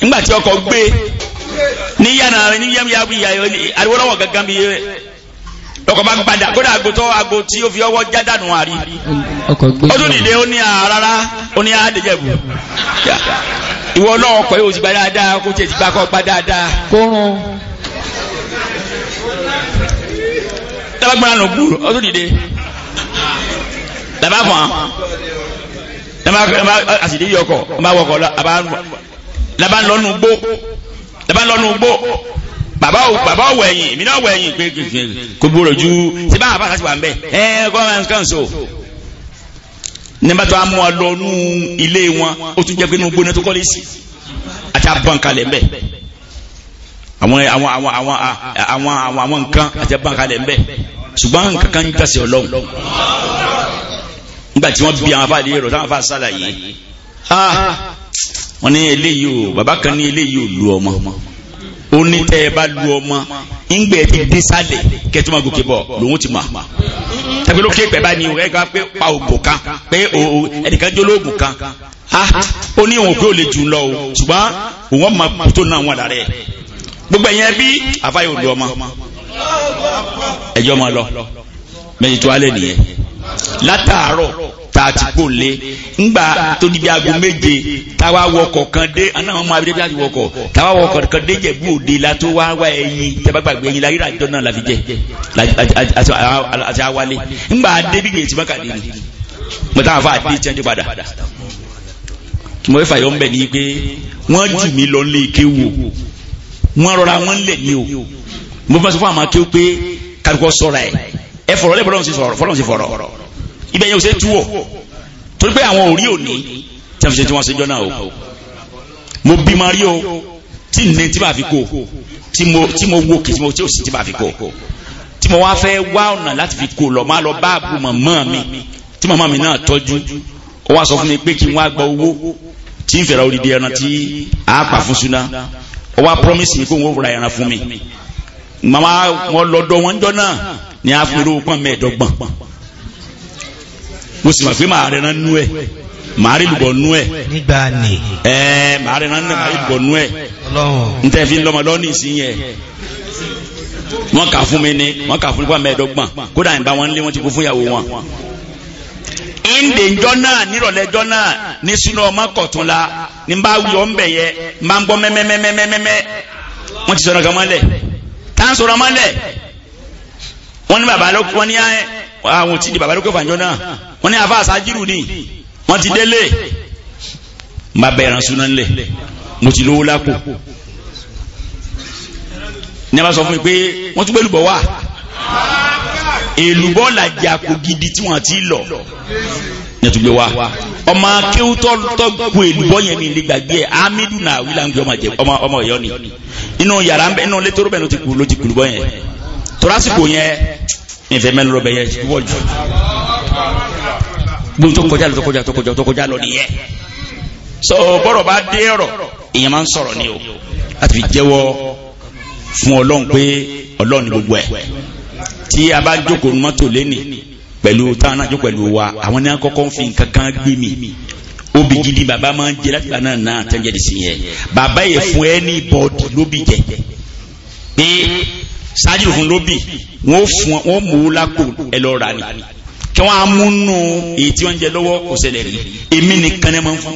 nígbà tí ọkọ̀ gbé ní yànà ní Awólọ́wọ̀ gangan bí ọkọ̀ bá gbadà kódà agbótọ́ agbó tí ó fi ọwọ́ jádànù àrí ó tún nìlé ó ní àrárá ó ní àdéjẹ̀bù ìwọ náà ọkọ̀ yóò ti gba dáadáa tabagbara nù gbúrò ọdún dìde làbá fún wa àsìdí yọkọ ọba wọkọ làbá lọnù gbó làbá lọnù gbó bàbá ò bàbá ò wẹ̀yìn èmi náà wẹ̀yìn pé kò gbúrò ju ṣé bá àbá àtàtì wà ń bẹ̀ ẹ kọ́ ẹ̀ ń kàn so nígbà tó a mú ọ lọ nú ilé wọn ó tún jẹ́ pé inú gbóná tó kọ́ lé sí àti abọ́nkalẹ̀ ń bẹ̀ àwọn àwọn àwọn àwọn àwọn àwọn nǹkan àti abọ́nkalẹ̀ ń bẹ̀ ṣùgbọ́n nǹkan kan ń tàṣe ọlọ́run nígbà tí wọ́n bí àwọn afáàdé rọ̀ táwọn afáà sàlàyé wọ́n ní eléyìí o bàbá kan ní eléyìí ò lu ọmọ ó ní tẹ́ ẹ bá lu ọmọ ńgbẹ́ ti dé sálẹ̀ kẹtùmọ̀ gòkè bọ̀ lòun ti mọ̀ tàbí ló kéèpẹ̀ bá ní ẹ̀ka pé pa ògùn kan pé ẹnìkan jó lóògùn kan ó ní òun pé ó lè jù lọ o ṣùgbọ́n òun ọmọ tó náà wọn lára ẹ̀ gbogbo ẹ̀yẹn bí àfáà yóò lu ọmọ. ẹjọ́ máa lọ méjì tó alẹ́ nìyẹn látàárọ̀ tá ti kó lé ńgbà tó di bí aago méje táwa wọkọ̀ kan dé àná ọmọ abẹ́rẹ́ bí la tó wá wá ẹyin àjọ la fi jẹ àti awalé ńgbà mọ́kàdé ni mo afa tiẹ́ mo ń bẹ̀ pé wọ́n jù mí o. mo fẹ́ sọ fún àwọn akéwò pé kárìkọ́ sọ̀rọ̀ ẹ̀ ẹ fọ̀rọ̀ lẹ́bọ̀rọ̀ sí fọ̀rọ̀ fọ̀rọ̀ sí fọ̀rọ̀ ibẹ̀ yẹn ò ṣe tú wọ̀ torí pé àwọn òrí òní tí a fi ṣe tí wọ́n ṣe jọ náà o mo bí ma rí o tí nìyẹn tí bá fi kó tí mo wo kì tí tí ò sí tí bá fi kó tí mo wá fẹ́ wá ọ̀nà láti fi kó lọ máa lọ bá àbú màmá mi tí màmá mi náà tọ́jú ó wá sọ fún mi pé kí n wá gba owó tí n fẹ̀rẹ̀ odidi ẹran tí a pa fún suna ó wá promise mi kó n wó ra ẹran fún mi màmá wọn lọ́dọ̀ wọn jọ náà ni a fún irú pọ́n mẹ́ẹ̀ẹ́dọ́gbọ̀n mo sì mọ̀ pé màá ma nánú ẹ̀ màá rí lùbọ̀ nú ẹ nígbà màá rẹ̀ nánú ẹ̀ màá rí lùbọ̀ nú ẹ n fi lọ́mọ lọ́ní sí yẹn kà fún mi ni kà fún mi kódà wọn lé wọn ní bá ń máa ń gbọ́ tá ń sọ̀rọ̀ mọ́lẹ̀ wọ́n ní bàbá lókè wọ́n ní àwọn tí di bàbá lókè fàǹjọ́ náà wọ́n ní àfa àṣájírù ni wọ́n ti délé má bẹ̀rẹ̀ súná ńlẹ̀ mo ti lówó lápò ní a bá sọ fún mi pé wọ́n tún gbẹ́lú bọ̀ wá èlùbọ́ làjà kò gidi tí wọ́n ti lọ nẹtùgbé wa ọmọ akéwútọ́ tọ́gbù èlùbọ́ yẹn mi lè ẹ̀ amídù náà ń gbé ọmọ jẹ ọmọ ọmọ ni inú yàrá inú létòrò bẹ́ẹ̀ ló ti kú ló ti kú lùbọ́ yẹn torásìkò yẹn ìfẹ́ mẹ́rin lọ bẹ yẹn wọ́ jù gbóhùn tó kọjá lọ tó kọjá tó kọjá tó kọjá lọ nìyẹn so bọ́rọ̀ bá dé ọ̀rọ̀ èèyàn máa ń sọ̀rọ̀ ni o láti fi jẹ́wọ́ fún ọlọ́run pé ọlọ́run ni gbogbo ẹ̀ tí a bá jókòó mọ́tò lẹ́nì pẹ̀lú táwọn náà jó pẹ̀lú wa àwọn ní akọ́kọ́ ń fi nǹkan kan gbé mi obì gidi bàbá máa ń jẹ láti gbà náà náà tẹ́jẹ́ di sí yẹn bàbá yẹ fún ẹni bọ́ọ̀dì lóbì jẹ pé ṣáájú fún lóbì wọ́n mú lákò ẹ lọ́ọ́ rà ní kí wọ́n á mú nù èyí tí wọ́n jẹ lọ́wọ́ kò ṣẹlẹ̀ rí èmi nìkan ní máa fún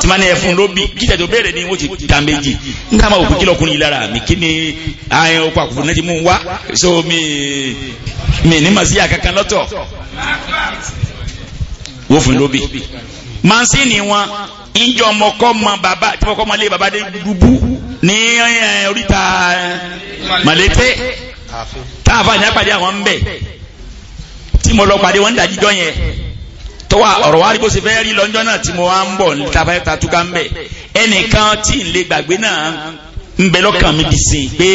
tí wọ́n ní ẹ̀ fún lóbi kíjà tó bẹ̀rẹ̀ ni wọ́n ti ta méjì nígbà máa òkú kílọ̀ kúrin lára mi kí ni àyàn okò àkùkù náà ti mú wá so mi mi ní màsí àkankan lọ́tọ̀ wọ́n fún lóbi mansini wọn ìjọ ọmọkọ́ mọ bàbá tí wọ́n kọ́ mọ ilé bàbá dé dúdú ní oríta malete táàfà ní apàdé àwọn ń bẹ̀ tí mo lọ pàdé wọn dàjíjọ́ yẹn tọ́wà ọ̀rọ̀ wa rí bó ṣe fẹ́ rí lọ́jọ́ náà tí mo wá ń bọ̀ níta tatuka ń bẹ̀ ẹnìkan tí n lè gbàgbé náà ń bẹ lọ́kàn mi dìsìn pé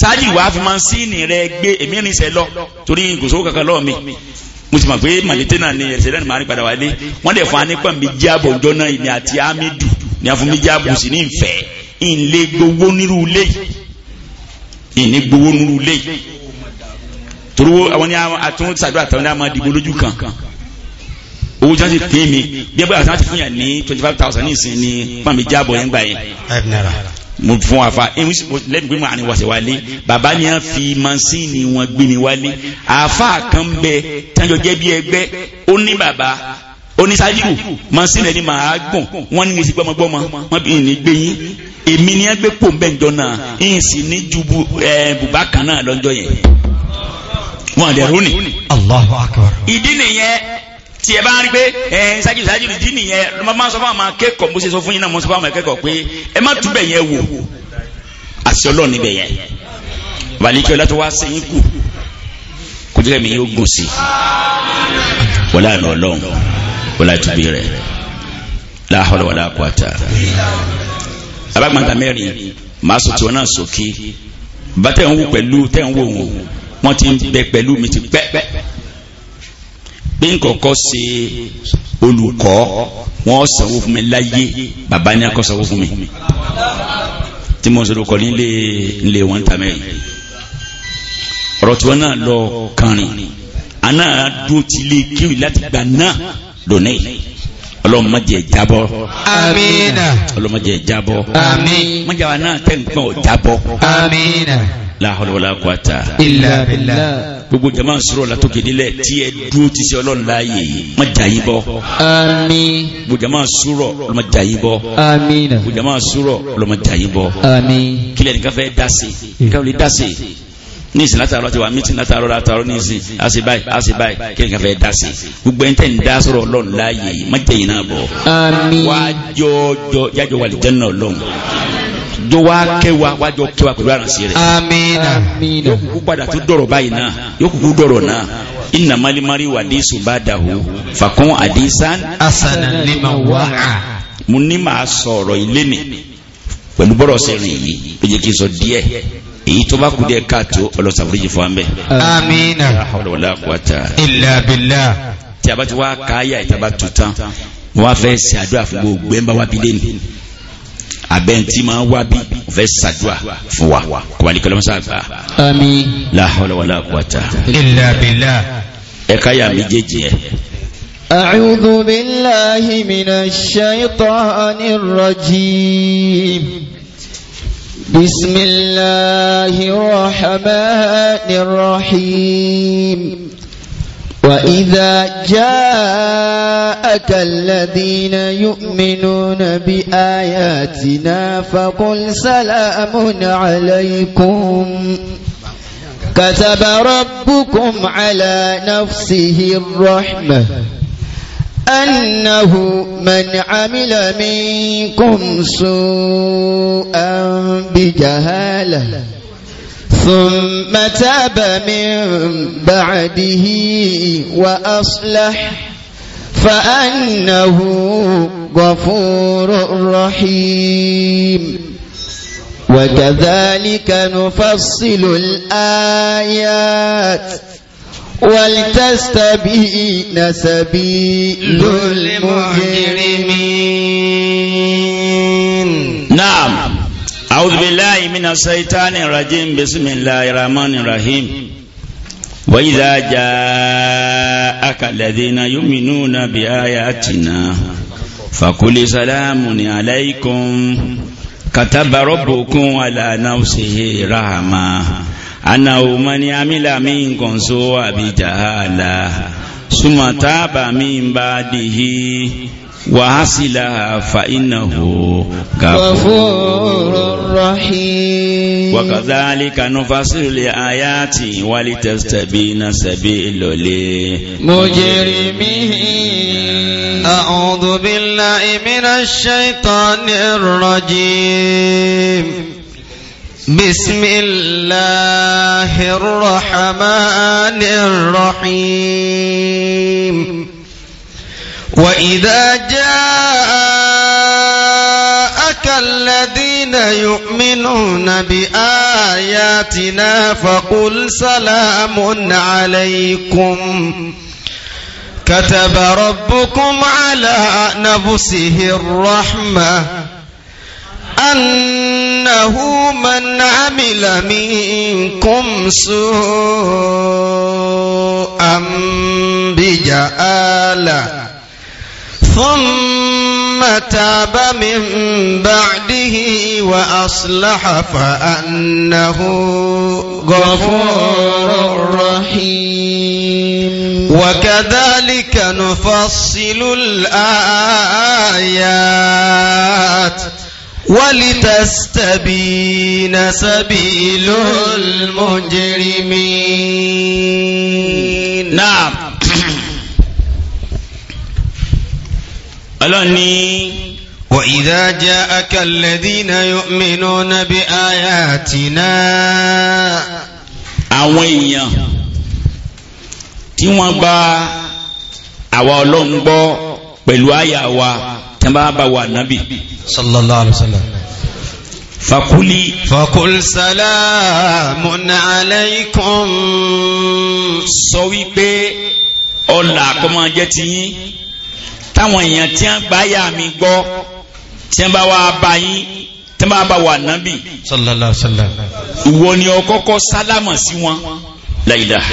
sáájì wàá fi máa ń síìnì rẹ gbé èmi rìn sẹ́ lọ torí gòsó kankan lọ́ọ̀ mi mo ti mọ̀ pé màlété náà ni ẹ̀sẹ̀ náà ni màá ní padà wálé wọ́n dẹ̀ fún wa nípa mi jábọ̀ ọjọ́ náà ìní àti amídù ní a fún mi jábọ̀ sí ní ìfẹ́ ìnlẹ̀ gbowó nírú ilé yìí ìní gbowó nírú ilé torí àwọn ní àtúntò sàdúrà tàwọn ní àwọn máa dìbò lójú kan owó jọ́sí pín mi bí ẹgbẹ́ àti fún yàn ní twenty five thousand ní ìsìn ní pàmì jábọ̀ yẹn gbà yẹn mo fún wa fa lẹ́nu gbé mu àní wàṣẹ wálé bàbá ni a fi mansíìnì wọn gbé mi wálé àáfà kan bẹ tájọ jẹ́ bí ẹgbẹ́ ó ní bàbá ó ní sájìkù mansíìnì ẹni màá gbọ̀n wọ́n ní mo sì wọ́n bí ní gbé yín èmi ni ẹgbẹ́ pò ń bẹ̀ ń jọ náà ìyìn sì ní ju bùbá kan náà lọ́jọ́ yẹn wọn àdẹ̀ rónì Allahu Akbar ìdí nìyẹn tí ẹ bá ń rí pé ẹ ṣáájú ṣáájú ìdí nìyẹn ló máa ń sọ fún àwọn akẹ́kọ̀ọ́ bó ṣe sọ fún yín náà mo sọ fún àwọn akẹ́kọ̀ọ́ pé ẹ má túbẹ̀ yẹn wò àti ọlọ́ọ̀ níbẹ̀ yẹn wàlíkẹ́ ọlá tó wá sẹ́yìn kù kó jẹ́ mi yóò gùn sí wọlé àná ọlọ́run wọlé àtúbí rẹ̀ láhọ́lọ́ wọlé àkọ́ta abágbàǹtà mẹ́rin ń wò pẹ̀lú tẹ̀ ń wò wò wọ́n ti ń bẹ pẹ̀lú mi ti pẹ́ bí n kọ̀kọ́ ṣe olùkọ́ wọ́n sanwó fún mi láyé bàbá ní akọ́ sanwó fún mi tí mo sọ̀rọ̀ kọ́ nílé nílé wọn tàmẹ́ ọ̀rọ̀ tí wọ́n náà lọ kànrin àná dúró ti lé kéwì láti gbà náà lónìí ọlọ́mọdé jábọ́ ọlọ́mọdé jábọ́ àmín wa náà tẹ̀ ń pọ̀ jábọ́ la hawla wala illa billah gbogbo jama sọ̀rọ̀ la tókè nílẹ̀ tí ẹ dúró ti ṣe ọlọ́run láàyè má jà yín bọ́. àmín. gbogbo jama sọ̀rọ̀ ló má jà yín bọ́. àmín. gbogbo jama sọ̀rọ̀ ló má jà yín bọ́. àmín. kílẹ̀ nìkan fẹ́ dá sí nìkan lè dá sí ní ìsìn látàrọ ti wà mítí látàrọ látàrọ ní ìsìn àṣì báyìí àṣì báyìí kí nǹkan fẹ́ dá sí gbogbo ẹni tẹ́ ń dá sọ̀rọ̀ ọlọ́run láàyè má jẹ́ yìí náà bọ̀. àmín. wàá jọjọ jájọ náà lọ́hùn jọ wá kẹwa wájọ kẹwa pẹ̀lú àrànṣe rẹ̀. àmín. padà tó dọ̀rọ̀ báyìí náà yóò dọ̀rọ̀ náà inna malimari wa disu bá dàhù fakun asana lima wa. mo ní màá sọ̀rọ̀ ilé ni pẹ̀lú bọ́rọ̀ sẹ́rìn yìí ó jẹ́ kí n sọ díẹ̀ èyí tó bá kú díẹ̀ káàtó ọlọ́sàbúrẹ́jì fún amẹ́. amina. wàhálà wàhálà illa billah. tí a bá ti wá káyà ìtaba tuntun wọn fẹ́ ṣe fún gbogbo ẹ̀ ń bá wá bí lẹ́nu abẹ́ntì máa wá bí ọ̀fẹ́ sàdúà fún wa kọ̀wálí kọlọ́mọ́sá gbà. àmín. la hawla wala quwwata. illa billah. ẹ ká yà méjèèjì yẹn. أعوذ بالله من الشيطان الرجيم بسم الله الرحمن وإذا جاءك الذين يؤمنون بآياتنا فقل سلام عليكم كتب ربكم على نفسه الرحمة أنه من عمل منكم سوءا بجهاله ثم تاب من بعده وأصلح فأنه غفور رحيم وكذلك نفصل الآيات ولتستبين سبيل المجرمين نعم أعوذ بالله من الشيطان الرجيم بسم الله الرحمن الرحيم وإذا جاءك الذين يؤمنون بآياتنا فقل سلام عليكم كتب ربكم على نفسه رحمة أنه من عمل منكم سوء بجهالة ثم تاب من بعده وحسلها فإنه غفور رحيم وكذلك نفصل الآيات ولتستبين سبيل للمجرمين أعوذ بالله من الشيطان الرجيم بسم الله الرحمن الرحيم وإذا جاءك الذين يؤمنون بآياتنا فقل سلام عليكم كتب ربكم على نفسه الرحمة أنه من عمل منكم سوءا بجآله ثم تاب من بعده وأصلح فأنه غفور رحيم وكذلك نفصل الآيات ولتستبين سبيل المجرمين نعم ọlọ́run ní. وإذا جاءك الذين يؤمنون بآياتنا àwọn èèyàn tí wọ́n gba àwa ọlọ́run gbọ́ pẹ̀lú àyà wa tí wọ́n bá bá wa nábì. sallallahu alayhi wa sallam. sọ wípé ọlà kọ́ máa jẹ́ tiyín táwọn èèyàn tí wọ́n gbá yà mí gbọ́ tí wọ́n bá wà bá yín tí wọ́n bá wà nábì. sallallahu alaihi wasallam. ìwọ ni ọkọ́kọ́ sálámà sí wọn. لا إله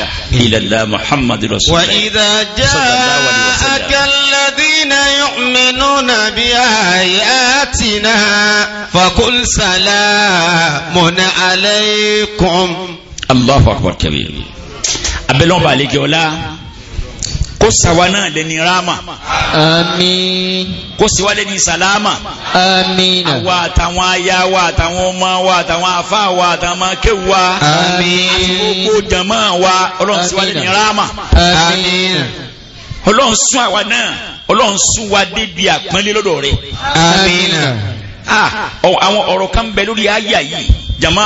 إلا الله محمد رسول الله وإذا جاءك الذين يؤمنون بآياتنا فقل سلام عليكم الله أكبر كبير أبلون بالك ولا kó sàwa náà lẹni rama àmín kó sàwa lẹni salama àmín àwa àtàwọn aya wa àtàwọn ọmọ wa àtàwọn afa wa àtàwọn akéwu wa àmín àtàwọn jama wa ọlọ́run sàwa lẹni rama àmín ọlọ́run sún àwa náà ọlọ́run sún wa débi àpọ́nlé lọ́dọ̀ rẹ̀ àmín ah, àwọn ọ̀rọ̀ kan bẹ lórí àyà yìí jama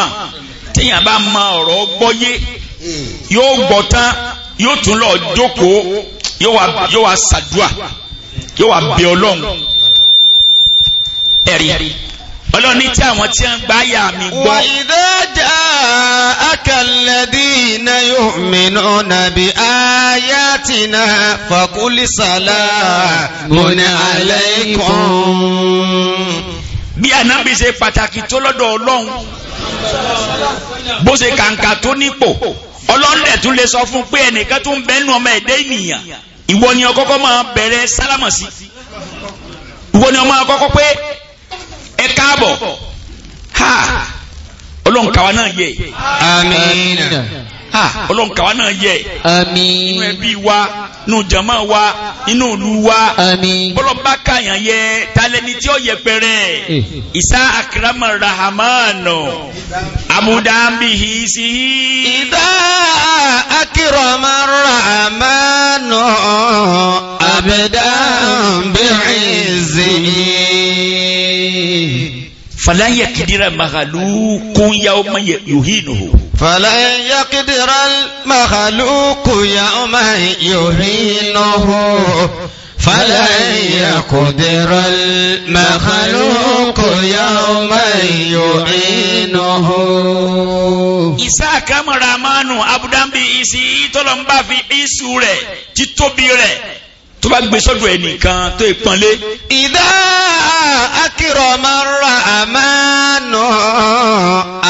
téèyàn bá ma ọ̀rọ̀ gbọ́yé yóò gbọ́ tán yóò tún lọ jókòó yóò wá sàdúà yóò wá bẹ ọlọ́run ẹ̀rí ọlọ́run ní tí àwọn tí ń gbá yà mí gbọ́. wà ìdájà akàlẹ́dínà yóò mìíràn nàbí ayatina fàkúlísàlá òní alaykum. bí ànábì ṣe pàtàkì tó lọ́dọ̀ ọlọ́run bó ṣe kàǹkà tó nípò ọlọ́run ẹ̀ tún lè sọ fún pé ẹnìkan tún bẹ́ẹ̀ nù ọmọ ẹ̀dẹ́ ènìyàn ìwọ ni ọkọ́kọ́ máa bẹ̀rẹ̀ sálámà sí ìwọ ni ọmọ akọ́kọ́ pé ẹ káàbọ̀ ha ọlọ́nkawa náà yẹ. amiina ọlọ́run kàwa náà yẹ àmín inú ẹbí wa inú jama wa inú ìlú wa àmín bọ́lọ́mbà kàyàn yẹ talẹ́ni tí ó yẹ pẹ̀rẹ̀ isa eh. akirama rahamanu amudambihi sí. isa akirama rahamanu abidambihi sí. fàlàyé kìdíra màgàlú kún yàwó mayẹ yòhínuhu. فلن يقدر المخلوق يوما يهينه فلن يقدر المخلوق يوما يعينه ìsáàkámọ̀ramánù abúdámbì ìsì tọ́lọ́mbà fi ìsù rẹ̀ títóbi rẹ̀ tó bá gbé sọ́dọ̀ ẹnìkan tó ìpọ́nlé. ìdá akírọ̀ máa ń ra àmánù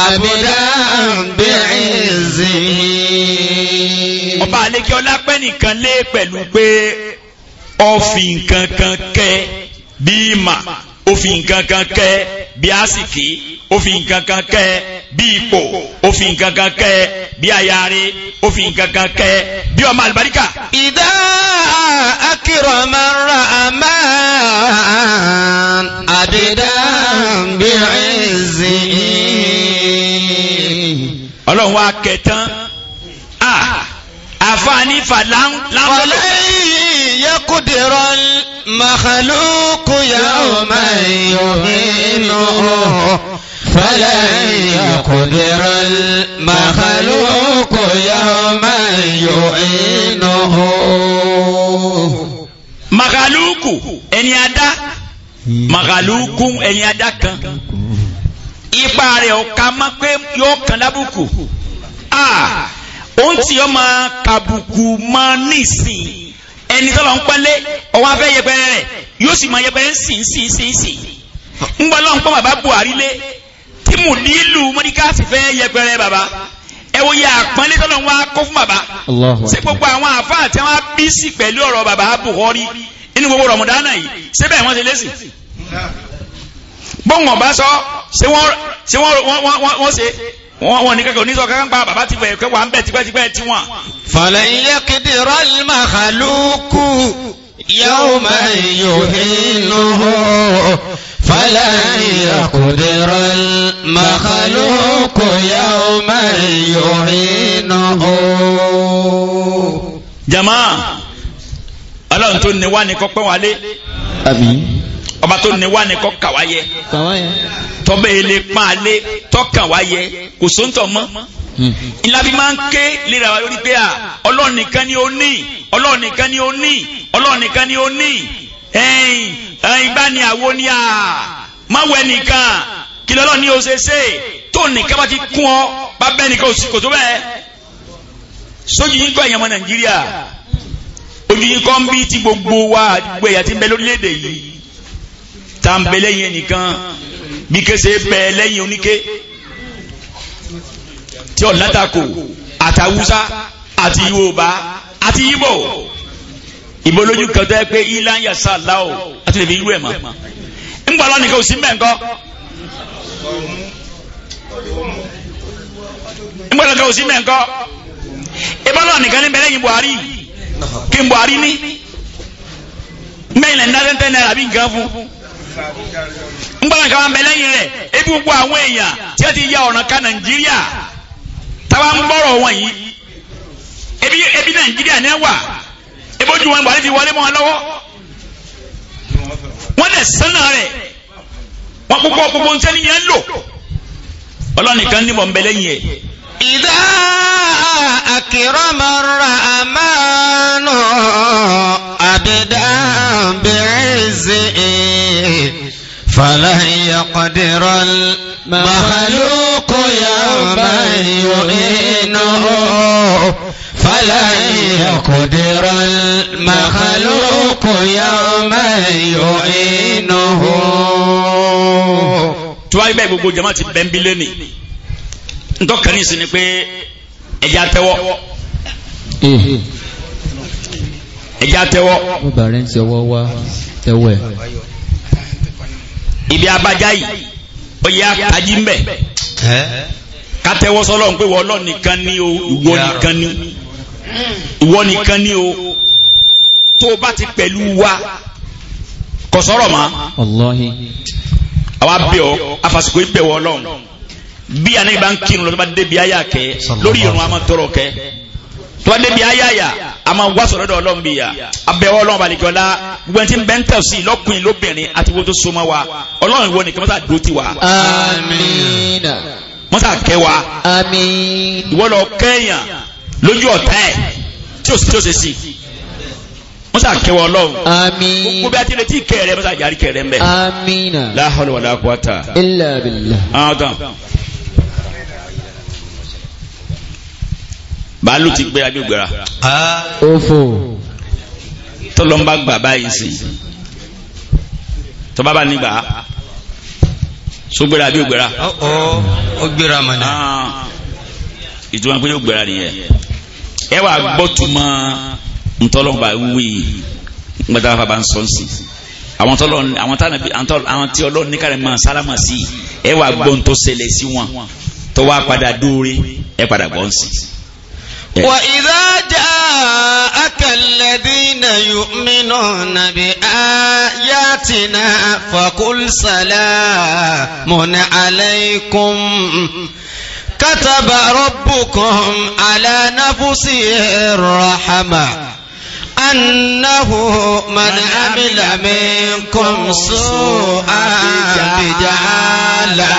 àbídá bẹ́ẹ̀ zì. ọba àlekí ọlápẹ́ nìkan lé pẹ̀lú pé ọ̀fìn kankan kẹ́ bí mà ó fi nǹkan kan kẹ́ bí àsìkí ó fi nǹkan kan kẹ́ bí ipò ó fi nǹkan kan bí ayáre ó fi nǹkan bí ọmọ àlùbáríkà. ìdá akérò máa ń ra àmà àbídá bí ẹ̀sìn. ọlọ́run wa kẹtàn àfáà ní fàlàńlọ́lọ́ yẹ́kùdìrọ̀ màkàlùkù yàwó máa yòhínú فلن يقدر المخلوق يوما يعينه مخلوق ẹni adá màgàlùkù ẹni adá kan ipa rẹ̀ ọ̀ka mọ́ pé yóò kan lábùkù òun tí ó máa kàbùkù máa nísìn ẹni tọ́lọ̀ ń pẹ́lẹ́ ọwọ́ afẹ́ yẹpẹrẹ rẹ̀ yóò sì máa yẹpẹrẹ sìn sìn sìn sìn ń gbọ́ lọ́n pọ́ bàbá Buhari lé tí mò ní ìlú mọ́díkà sì fẹ́ yẹpẹrẹ bàbá ẹ wo yẹ àpọ́nlé tọ́lọ̀ ń wá kó fún bàbá ṣé gbogbo àwọn àfáà tí wọ́n bí sí pẹ̀lú ọ̀rọ̀ bàbá Buhari inú gbogbo rọ̀mùdánà yìí ṣé bẹ́ẹ̀ wọ́n ti lé sí bóun wọ́n wọ́n ní kẹ́kẹ́ oníṣọ́ kankan pa bàbá ti fẹ̀ kẹ́wàá ń bẹ̀ tipẹ́tipẹ́ tí wọ́n. fàlẹ́ ilé kìdí rọ́ọ̀lùmọ̀ àlùkù yóò máa yòhínú fàlẹ́ ilé kìdí rọ́ọ̀lùmọ̀ àlùkù yóò máa yòhínú. jama ọlọ́run tó ní wá ní kọ́pẹ́ wálé. àmín ọba tó ní wá ní kọ́ kà wá yẹ tọ́bẹ̀ ilé pán alé tọ́kà wá yẹ kò sóńtọ̀ mọ́ ìlàbí hmm. máa ń ké lera wa lórí pé ọlọ́run nìkan ni ó ní ọlọ́run nìkan ni ó ní ọlọ́run nìkan ni ó ní ẹ̀yìn ìgbà ni àwo ni à má nìkan kí lọ́lọ́ ni ó ṣe tó nìkan bá ti kún ọ bá bẹ́ẹ̀ nìkan ò kò tó bẹ́ẹ̀ sójú yín kọ́ ẹ̀yàn ọmọ nàìjíríà ojú yín kọ́ ń bí ti gbogbo wa gbogbo ti ń bẹ lórílẹ̀‐èdè yìí tá ń bẹ lẹ́yìn ẹnìkan bí kése bẹ lẹ́yìn oníke tí ọ̀ látàkò àtàwùsá àti Yorùbá àti Ìgbò ìbólójú kan tó yẹ pé ilá ń yàtsá láwò àti lè fi irú ẹ̀ mọ́ ńgbà lọ́nà nìkan ò sí mẹ́ǹkọ́ ńgbà lọ́nà nìkan ò sí mẹ́ǹkọ́ ìbálò nìkan ní bẹ̀rẹ̀ yìí Buhari kí Buhari ní mẹ́yìn lẹ́ni náírà tẹ́ náírà bí nǹkan fún. mgbalaka wa mbele rẹ ebi ugbu awon eya ti a ti ya ọna ka nigeria tawa n gbọrọ wọn ebi ebi nigeria na wa ebi oju wọn wale fi wale mu alọwọ wọn lẹ sanna rẹ wọn kpọkọ kpọkọ nsẹ ni yẹn lo ọlọni kan ni mọ mbele yi ìdá àkìrọ́mọ̀rọ̀ àmánù àbẹ̀dá bẹ̀rẹ̀ sí فلا يقدر المخلوق يوما يعينه فلا يقدر المخلوق يوما يعينه tí wáyé bẹ́ẹ̀ gbogbo jama ti bẹ́ẹ̀ bí lẹ́nìí ntọ́kàn ní ìsinmi pé ẹ̀jẹ̀ àtẹ́wọ́ eh. ẹ̀jẹ̀ àtẹ́wọ́ bàrẹ̀ ń ti wá tẹ́wọ́ ẹ̀ ibi abájá yìí ó yẹ àkájí mbẹ̀ kátẹ́wọ́ sọ́lọ́ ń pè wọ́n nìkan ni o ìwọ nìkan ni ìwọ nìkan ni o tó o bá ti pẹ̀lú wa kò sọ̀rọ̀ àwa bẹ̀ ọ́ afasùkò ìbẹ̀wọ̀ ọlọ́run bí anabi bá ń kírun lọ tó bá débi ayá kẹ lórí irun a máa tọrọ kẹ tó bá débi ayá yà a máa wá sọ̀rọ̀ dọ̀ ọlọ́run bí yà abẹ́wọ́ ọlọ́run balẹ̀ kíọ́lá gbogbo ẹni tí ń bẹ́ ń tẹ̀sí lọ́kùnrin lóbìnrin àti wo tó so mọ́ wa ọlọ́run ìwọ nìkan mọ́tà dúró ti wa. amiina. mọ́tà kẹ́ wa. amiina. ìwọ lọ lójú ọ̀tá ẹ̀ tí ó ṣe sí musa kẹwọ Ọlọ́run àmín gbogbo bí a ti lè tí kẹrẹ musa yàrí kẹrẹ mbẹ àmín na la hawla wala quwwata illa billah. bàálù ti gbéra bí ògbéra. òfò. tọ́lọ́ ń bá gbà báyìí sí tọ́ba bá nígbà sógbéra bí ògbéra. ọ̀ ọ́ gbéra mọ̀nà. Ah. ìtumọ̀ pé yóò gbéra nìyẹn ẹ wà gbọ́ tuma ntọ́lọ́ba wí gbọ́dọ̀ bàbá ń sọ sí àwọn tọ́lọ́ àwọn tánà bí àwọn tí ọlọ́run ní kárẹ̀ máa sálámà sí ẹ wà gbọ́ ntọ́ ṣẹlẹ̀ sí wọn tọ́wọ́ padà dóore ẹ padà gbọ́ ń sí. وإذا جاءك الذين يؤمنون بآياتنا فقل سلام عليكم كتب ربكم على نفسه الرحمة أنه من عمل منكم سوءا بجعالة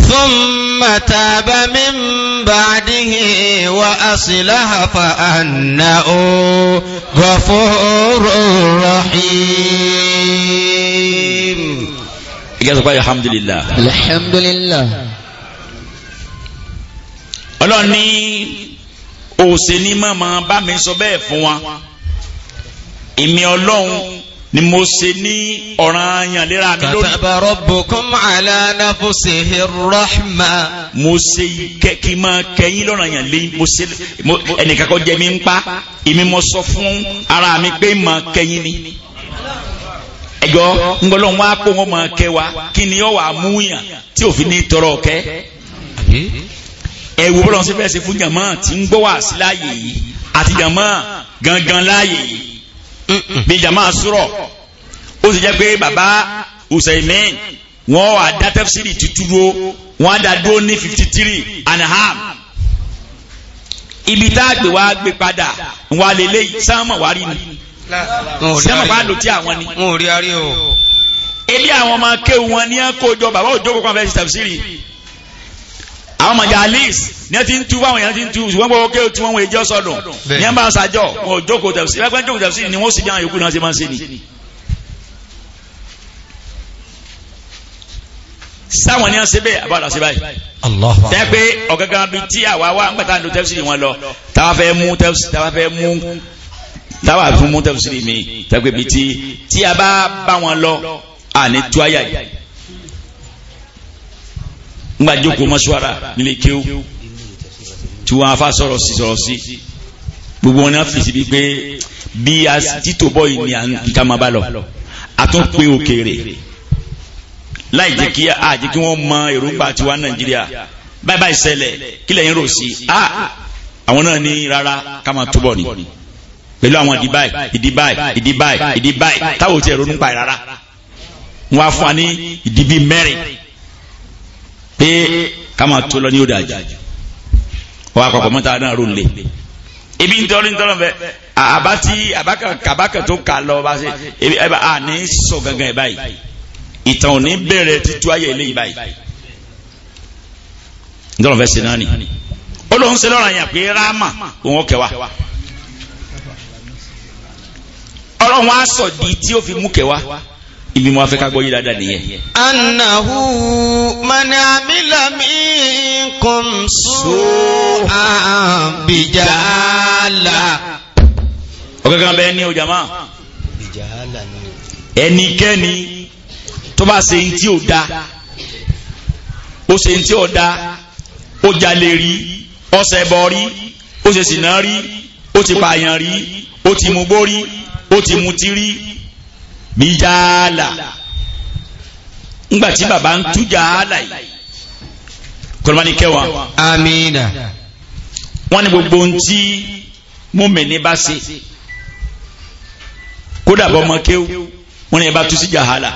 ثم تاب من بعد عليه وأصلح فأنه غفور رحيم الحمد لله الحمد لله ọlọ́run ní òsè ní mọ̀mọ́ bá mi sọ bẹ́ẹ̀ fún wa èmi ọlọ́run ni mo ṣe ní ọ̀ràn yàn léra mi lórí. kataba rabbukum ala nafsihi rahma. mo ṣe kẹ kí n máa kẹyìn lọ́ràn yàn lé mo ṣe ẹnìkan kọ́ jẹ mi ń pa èmi mo sọ fún ara mi pé mà kẹyìn ni. ẹ̀jọ̀ ńgọ́lọ́ wọn pò wọn máa kẹ wa kí ni yóò wà mú yàn tí òfin ní tọrọ kẹ. ẹ wo bọ́lá fún jàmọ́ tí ń gbọ́ wá sí láàyè yìí àti jàmọ́ gangan láàyè yìí ní jama sọ̀rọ̀ ó sì jẹ́ pé baba Usaimin wọ́n wà dá tafsiri tuntun dúró wọ́n á dá ní fifty three and a half ibi tá a gbé wá gbé padà wà lélẹ́yìí sáàmù wà rí ni sáàmù wà lò tí àwọn ni. ebi àwọn ọmọ akéwù wọn ní akójọ bàbá òjò kókó àwọn fẹsẹ̀ tafsiri àwọn majalis ní ẹ ti ń tu báwọn èèyàn ti ń tu ṣùgbọ́n gbogbo kí o tí wọ́n wọ́n èjọ́ sọ̀dùn ní ẹ bá ń sàjọ́ wọn ò jókòó tẹ̀sí ẹgbẹ́ jókòó tẹ̀sí ni wọ́n sì bí àwọn yòókù náà ṣe máa ń ṣe ni. sáwọn ní ọ̀sẹ̀ bẹ́ẹ̀ àbára sí báyìí tẹ́ pé ọ̀gángan bí tí àwa wá ń pẹ̀tà ní tẹ́fsìrì wọn lọ táwa fẹ́ mú tẹ́fsìrì táwa fẹ́ mú táwa fún mú tẹ́fsìrì mi tẹ́ pé bí tí tí a bá bá wọn lọ àní tú àyà yìí ngba jókòó mọ́ṣúárà nílé kéwú tí wọ́n afá sọ̀rọ̀ sí sọ̀rọ̀ sí gbogbo wọn náà fèsì bíi pé bí a títò bọ́ yìí ni à ń ká máa bá lọ a tún pé òkèèrè láì jẹ́ kí a jẹ́ kí wọ́n mọ èròǹgbà tiwa nàìjíríà báyìí báyìí ṣẹlẹ̀ kílẹ̀ yín rò sí a àwọn náà ní rárá ká máa túbọ̀ ni pẹ̀lú àwọn ìdíbáì ìdíbáì ìdíbáì ìdíbáì táwọn ò tiẹ̀ ronú pa rárá wọn á fún wa ní ìdíbí mẹ́rin ee kama tó lọ ní yóò dájú wọ́n àpapọ̀ mọ́ta náà rò lè ibi ń tọ́lọ́ ń tọ́lọ́ fẹ́ àbátí àbákà tó kà lọ bá ṣe ẹbá a ní sọ gangan ẹ̀ báyìí ìtàn ò ní bẹ̀rẹ̀ títú ayé ilé yìí báyìí ń tọ́lọ́ fẹ́ ṣe náà ni ó lóun ṣe lọ́rọ̀ yẹn pé ráàmà òun ọkẹ́ wa ọlọ́run á sọ di tí ó fi mú kẹ́ ibi mo afẹ́ ká gbọ́ yí dáadáa nìyẹn. anahu mani amila minkum su'an bijala. ọ̀gá kan bẹ́ẹ̀ ni o jama ẹnikẹ́ni tó bá ṣe ń tí ò da ó ṣe ń tí ò da ó jalè rí ó ṣẹbọ rí ó ṣe sìná rí ti pààyàn rí ó ti mugbó rí ó ti mutí rí bí jaala ngbàtí baba ń tú jaala yìí kọlọmọdé kẹwàá. amiina. wọ́n ní gbogbo ohun tí mùmíní bá ṣe kódà bọ́ ọmọ kéwù wọ́n ní ẹ bá tú sí jaala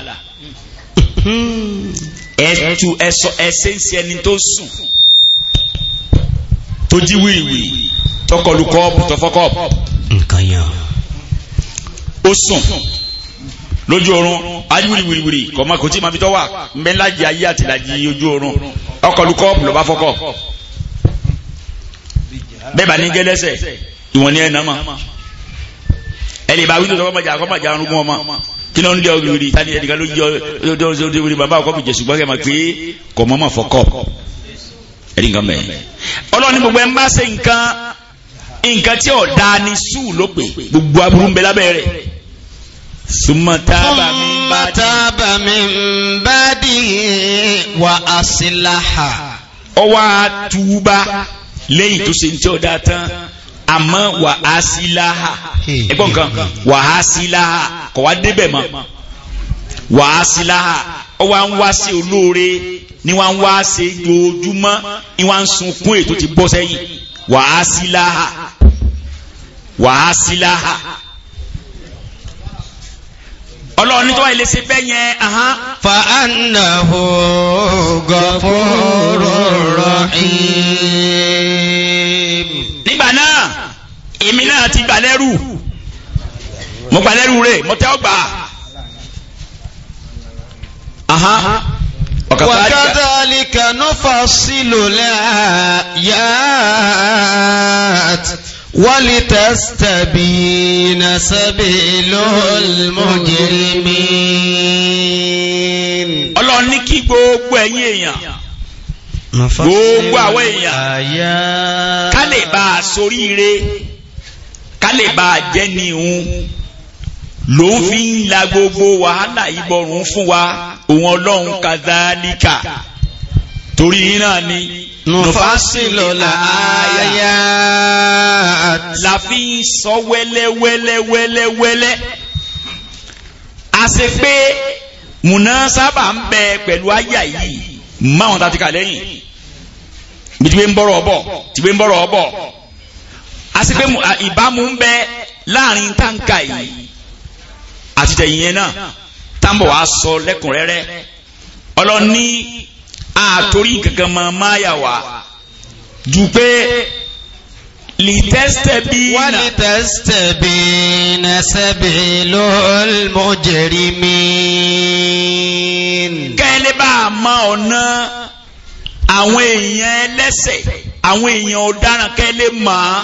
ẹ tu ẹsọ ẹsẹ ń ṣe ẹni tó sùn tó jí wíwì tọkọlù kọ́ọ̀pù tọfọ́ nǹkan yẹn. ó sùn lójú oorun ajiwiri wiriwiri kọ̀ọ̀mọ́ kò tí ma fi tọ́ wà mẹ́lájì ayé àtìlájì ojú oorun ọkọ̀lù kọ́ọ̀pù lọ́ba fọ́kọ̀ bẹ́ẹ̀ bá ní gẹ́lẹ́sẹ̀ ìwọ̀n ní ẹ̀nà mọ̀ ẹ lè bá wíńdò tó kọ́mọ̀jà kọ́mọ̀jà arúgbó ọmọ kí ló ń jẹ́ wiriwiri tani ẹnìkan ló jẹ́ wiriwiri bàbá ọkọ̀ mi jẹ̀sùn gbọ́kẹ́ ma pé kọ̀ọ̀mọ́ ma fọ́kọ̀ ẹ̀rí nǹkan bẹ́ẹ̀ ọlọ́ni gbogbo ẹ̀ ń bá ṣe nǹkan nǹkan tí ọ̀ dáa ni sùúrù ló pè gbogbo aburú ń bẹ lábẹ́ rẹ̀ Suma taaba min baadi. Suma taaba min baadi wa asilaha. Ó wá túbá lẹ́yìn tó ṣe ń tí ó dá tán àmọ́ wa asilaha. Ẹ gbọ́ nǹkan wa asilaha kò wá débẹ̀ mọ́. Wa asilaha ó wá ń wá sí olóore ni wá ń wá ṣe lójúmọ́ ni wá sunkún ètò ti bọ́ sẹ́yìn. Wa asilaha. Wa asilaha ọlọ́run ní tó wáyé lè ṣe bẹ́ yẹn ahán. fa annahu ghafurur rahim. nígbà náà èmi náà ti gbàlẹ́rù mo gbàlẹ́rù rẹ̀ mo tẹ́ ọ gbà. وكذلك نفصل الآيات ولتستبين سبيل المجرمين Ọlọ́run ní kí gbogbo ẹ̀yin èèyàn gbogbo àwọn èèyàn ká lè bá a soríire ká lè bá a jẹ́ fi ń la gbogbo wàhálà ìbọrùn fún wa òun Ọlọ́run kàdálíkà torí náà ni nùfásílò láàyà láfi sọ wẹ́lẹ́wẹ́lẹ́wẹ́lẹ́wẹ́lẹ́ a ṣe pé múná sábà ń bẹ pẹ̀lú àyà yìí máwọn tàbí kà lẹ́yìn bí tìgbé ń bọ̀rọ̀ ọ̀bọ̀ tìgbé ń bọ̀rọ̀ ọ̀bọ̀ a ṣe pé ìbámu ń bẹ láàrin táǹkà yìí àti tẹ̀yìn yẹn náà táǹbọ̀ wàá sọ lẹ́kùnrẹ́rẹ́ ọlọ́ni àtòrí ah, ah, kankan máa máyà wá ju pé litẹ́sítẹ́bìnà. wà litẹ́sítẹ́bìnà sabilul mujrimin. kẹ́lẹ́ bá a mọ ọ̀nà àwọn èèyàn ẹlẹ́sẹ̀ àwọn èèyàn ọ̀daràn kẹ́lẹ́ mọ̀ ọ́n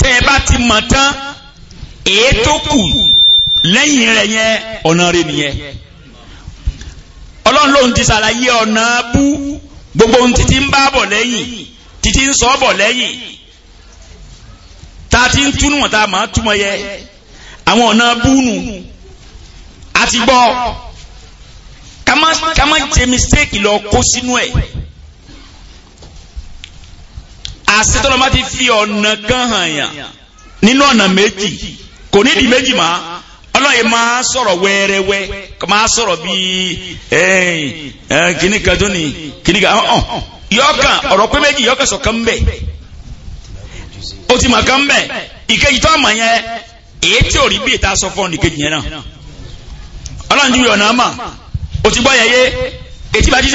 tẹ́ ẹ bá ti mọ̀ tán èyí tó kù lẹ́yìn rẹ̀ yẹn ọ̀nà rẹ̀ nìyẹn ọlọ́run lòun ti ṣàlàyé ọ̀nà bú gbogbo ohun títí ń bá bọ̀ lẹ́yìn títí ń sọ bọ̀ lẹ́yìn tá a ti ń túnú tá máa túmọ̀ yẹ àwọn ọ̀nà búnú àti gbọ́ ká má jẹ mistake lọ kó sínú ẹ̀ àṣetọ́lọ́mọ́ ti fi ọ̀nà kan hàn yàn nínú ọ̀nà méjì kò nídìí méjì máa. ọlọ́yìn máa sọ̀rọ̀ wẹ́rẹ́wẹ́ máa sọ̀rọ̀ bíi kìnnì kan tó ní kìnnì kan ọ̀hún yọ̀ọ̀kan ọ̀rọ̀ pé méjì yọ̀ọ̀kan sọ̀ kan bẹ̀ ó ti mà kan bẹ̀ ìkejì tó àmà yẹn èyí tí ò rí bí ìta sọ fún ìkejì yẹn náà ọlọ́run ọ̀nà àmà ó ti gbọ́ yẹn yé etí bá yẹn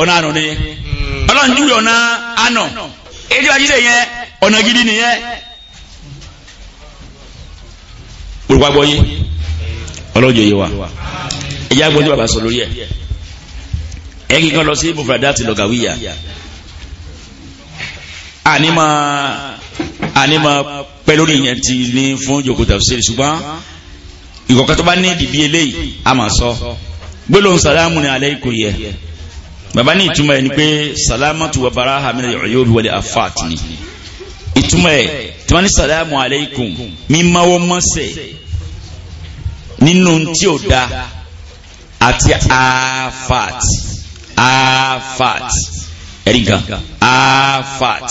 ọ̀nà àná ọlọ́run ọ̀nà àná etí bá yẹn ọ̀nà gidi yìí. ọlọ́jọ́ yẹ wa ẹ̀yà gbọ́dọ̀ bàbá sọ lórí ẹ̀ ẹ̀ kí kan lọ sí mufradat lọ́gàwíyà àní máa àní máa pẹ́ lórí yẹn ti ní fún jòkó tafsir ṣùgbọ́n ìkọ̀kọ́ tó bá ní ìdìbí eléyìí a máa sọ gbólóhùn sàlámù ní alẹ́ ìkò yẹ bàbá ní ìtumọ̀ ẹ̀ ni pé sàlámàtù wà bàrá hàmìnà yóò wọlé afáàtì ni ìtumọ̀ ẹ̀ tí wọ́n ní sàlámù alaykum mímọ́wọ́ mọ́sẹ̀ nínú tí ò da àti afat afat ẹ̀rí nǹkan afat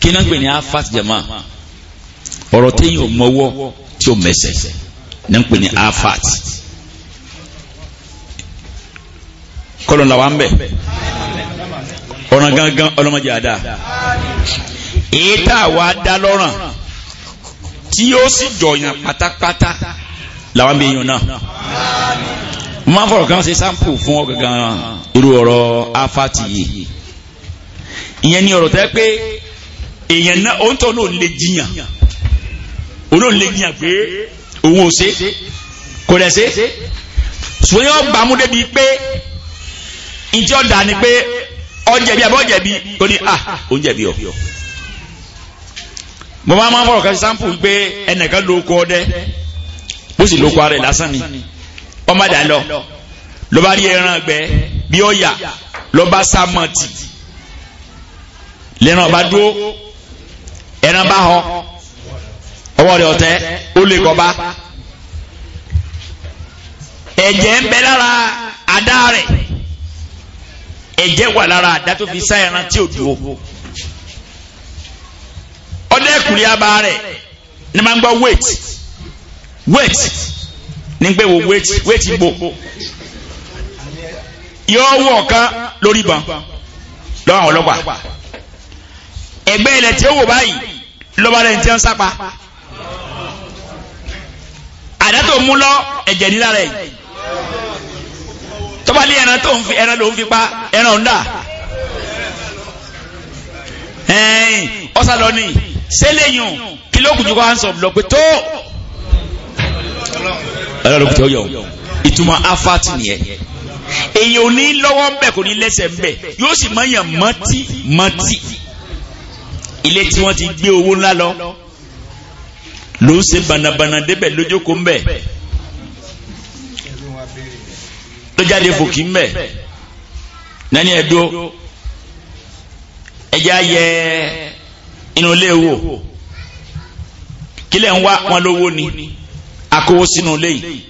kí náà gbé ní afat jẹ̀mọ́ ọ̀rọ̀ téyìn ò mọ́wọ́ tí ò mẹ́sẹ̀ ní ń pè ní afat kọlọ̀ làwọn bẹ̀ ọ̀ràn gangan ọlọ́mọdé àdá èyí tá a wá dá lọ́ràn tí ó sì jọyàn pátápátá làwọn bí yun náà máa fọ̀rọ̀ kan ṣe sáǹpù fún ọ̀gangan irú ọ̀rọ̀ afati yìí ìyẹn ni ọ̀rọ̀ tẹ́ pé èèyàn náà òun tó lóun lè jiyàn olóun lè jiyàn pé òun ò ṣe kò dẹ̀ ṣe ṣùgbọ́n yóò gbà mú débi pé ìjẹ́ ọ̀dà ni pé ọ̀jẹ̀bi àbọ̀ ọ̀jẹ̀bi kò ní à ah, òun jẹ̀bi ọ̀ mo máa máa fọ̀rọ̀ kan ṣe sáǹpù pé ẹnìkan ló kọ́ ọ dẹ́ bó sì lóko ara ẹ̀ lásán ni ọmọ dà lọ ló bá rí ẹran gbẹ bí ọ̀yà ló bá sá mọ́ tì lẹ́ran bá dúró ẹran bá họ ọwọ́ rẹ̀ ọ̀tẹ́ ó lè kọ́ bá ẹ̀jẹ̀ ń bẹ lára àdá rẹ̀ ẹ̀jẹ̀ wà lára àdá tó fi sá ẹran tí ò dúró ọdẹ kùlẹ̀ rẹ̀ ní ma ń gbọ́ wait wait ní wo wait wait ibo yóò wọ̀ kan lórí ban lọ́wọ́ àwọn ọlọ́pàá ẹgbẹ́ ilẹ̀ tí ó wò báyìí lọ́ba lẹ́yìn tí wọ́n sápa àdá tó mú lọ ẹ̀jẹ̀ nílá rẹ̀ tọ́ba lé ẹran tó ń fi ẹran ló ń fi pa ẹran ń dà ọ̀sán lọ ní sẹ́lẹ̀yìn kìlógùn jù kọ́ hands up lọ pé tó ọlọ́run kìtẹ́ ọyọ ìtumọ̀ afati nìyẹn èyàn ò ní lọ́wọ́ ńbẹ kò ní lẹ́sẹ̀ ńbẹ yóò sì máa yàn mọ́tì mọ́tì ilé tí wọ́n ti gbé owó ńlá lọ ló ń ṣe bànàbànà débẹ̀ lójókòó ńbẹ lójáde fòkì ńbẹ nani ẹ̀dọ́ ẹ̀já yẹ inú ilé wo kílẹ̀ ń wá wọn lówó ni akówó sínú ilé yìí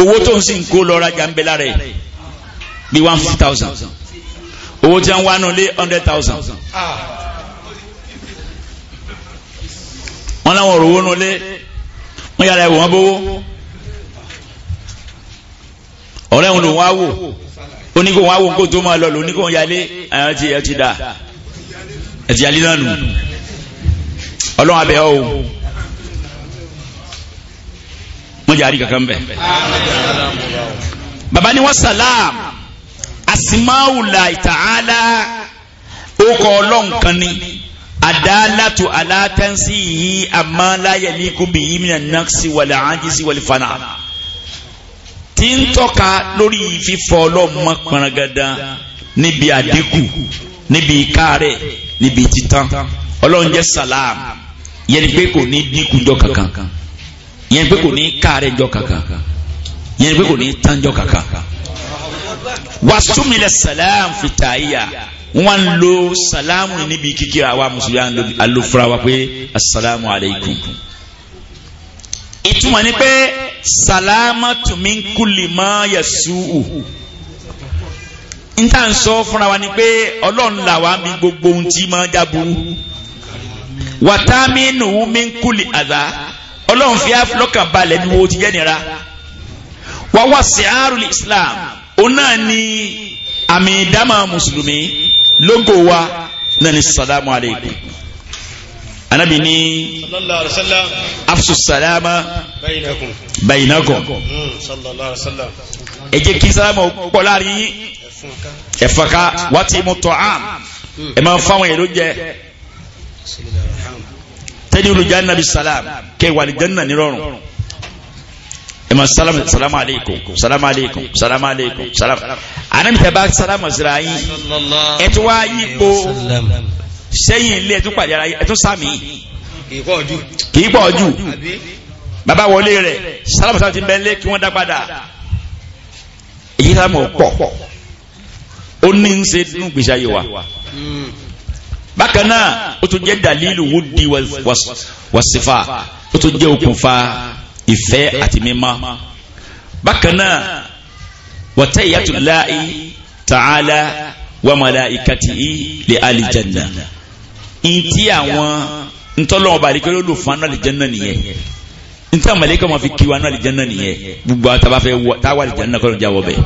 owó tó ń sìn kó lọ rajà ń bẹ one fifty thousand owó tí wọ́n wá nù lé hundred thousand wọ́n láwọn òrówó nù lé wọ́n yàrá ẹ̀wọ̀n bówó ọ̀rẹ́ òun ló wá wò oníkó wá wò kó tó máa lọ lò oníkó yálé àwọn ti ẹ ti dà ẹ ti yálé náà nù ọlọ́run abẹ́ ọ́ o wọ́n jẹ́ àrí kankan bẹ̀. baba ni wọ́n salam asimaula itaala okọ̀ ọlọ́run kan ni adalatu alatansi yi amalaya likubi yi mina naksi wale ajisi wàlẹ̀ fana tí ń tọ́ka lórí fífọ́ ọlọ́mọ pọnrangandan níbi àdínkù níbi ìkárẹ̀ níbi títán ọlọ́run jẹ́ salam yẹni pé kò ní dínkù jọ kankan yẹn pé kò ní káàárẹ̀ jọ kankan yẹn pé kò ní tánjọ kankan wasumilẹ salam fitaya, wọn lo salamu níbi kíkí àwa mùsùlùmí alofura wa pé asalamu aleykum ìtumọ̀ ni pé salama tumi kulima yasu'u n ta n sọ fúnra wa ni pé ọlọ́run là wá mi gbogbo ohun tí ma jáburu wàtá mi nùwú mi kuli àdá ọlọ́run fi lọ́kàn balẹ̀ ní wo ti jẹ́ nira wà wá sí àrùn islam òun náà ni àmì ìdámà mùsùlùmí lógo wa náà ni salamu aleykum anabi ni afsu salama bayinakum mm, ẹ jẹ́ kí salama pọ̀ láàrin yín ẹ̀fọ́ká wàtí mu tọ́ am ẹ̀ máa fáwọn èrò jẹ tẹ́ni olùjá nàbí salam kẹ́ wà lìjánà nírọ̀rùn ẹ ma salamu salamu aleykum salamu aleykum salamu aleykum salamu anami tẹ bá salamu sira yín ẹ tún wá yípo sẹ́yìn ilé ẹ tún pàdé ara yín ẹ tún sàmì kì í pọ̀ jù bàbá wọlé rẹ̀ salamu salamu ti bẹ́ẹ̀ lé kí wọ́n dá èyí salamu pọ̀ ó ní ń ṣe nínú gbèsè ayé wa. Hmm bákan náà ó tún jẹ́ dalilu wudi wasifa ó tún jẹ́ okùnfà ìfẹ́ àti mímọ́ bákan náà wàtẹ́yàtúláì tààlà wàmàlà ìkàtì li alìjẹ̀nà ntí àwọn ntọ́lọ́wọ́ bá àdìgbẹ́ ló fún aná àlìjẹ́nà nìyẹn ntí àwọn màlẹ́kà máa fi kí wa aná nìyẹn gbogbo àtàbàfẹ́ táwa àlìjẹ́nà kọ́ ló jáwọ́ bẹ́ẹ̀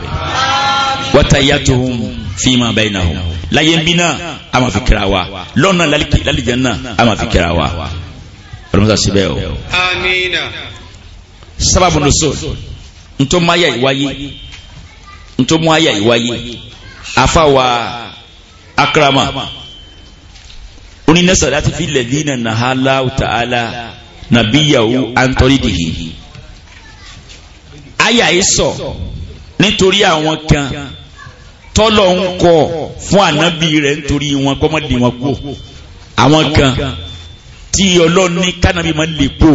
wàtẹ́yàtúhùn fi ma bẹ́ẹ̀ náà láyé ń bí náà a máa fi kíra wa lọ́nà lálìjẹ́ náà a máa fi kíra wa ọlọ́mọdé síbẹ̀ o. amiina. sábàbù nìso ntó mú ayé ìwáyé ntó mú ayé ìwáyé afa wa akarama onínáṣà láti fi lẹ̀ dínà nàhálà ta'ala nàbíyàwó antolidihi ayé àyè sọ nítorí àwọn kan tọ́lọ̀ ń kọ fún ànábì rẹ̀ nítorí wọn kọ́ mọ́dé wọn kú àwọn kan tí ọlọ́run ní kánábì máa lè kó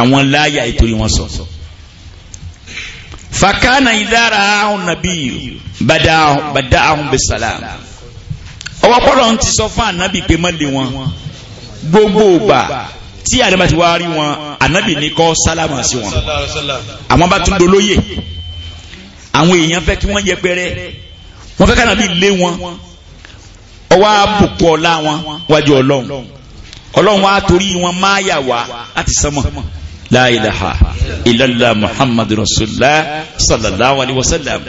àwọn láyà ìtorí wọn sọ. fakana ìdára àwọn nàbí bàdá àwọn bẹ sàlám ọwọ́ pọ́lọ́ ń ti sọ fún ànábì pé mọ́dé wọn gbogbo ògbà tí àdàbà ti wá rí wọn ànábì ní kọ́ sálámà sí wọn àwọn bá tún dolóye àwọn èèyàn fẹ́ kí wọ́n yẹpẹrẹ wọ́n fẹ́ ká nàbí lé wọn ọwọ́ àbùkù ọ̀la wọn wájú ọlọ́run ọlọ́run wa torí wọn máa yà wá láti sánmọ̀ la ilaha illallah muhammadu rasulullah sallallahu alayhi wa sallam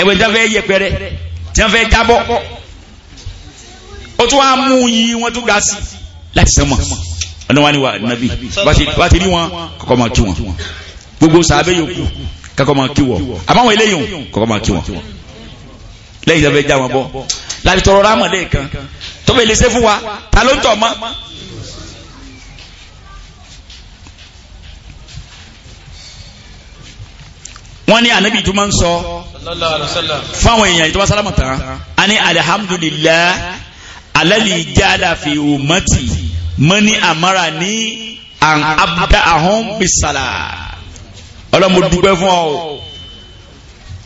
ẹ̀wẹ̀ tí wọ́n fẹ́ yẹpẹrẹ tí wọ́n fẹ́ jábọ́ ó tún wá mú yín wọ́n tún ga sí láti sánmọ̀ ọ̀nà wa ni wa nabi wá ti rí wọn kọ́kọ́ máa tú wọn gbogbo sàbẹ̀ yòókù kọ́kọ́ máa kí wọn eléyìí kọ́kọ́ máa kí wọn lẹ́yìn tó fẹ́ já wọn bọ́ láti tọrọ rámọ̀lẹ́ kan tó fẹ́ lè ṣe fún wa ta ló ń tọ̀ mọ́. wọ́n ní anabi tó máa ń sọ fáwọn èèyàn ìjọba sálámà tán a ní alihamdulilayi alali jala umati mani amara ni an abda ahun bisala ọlọ́mọ fún ọ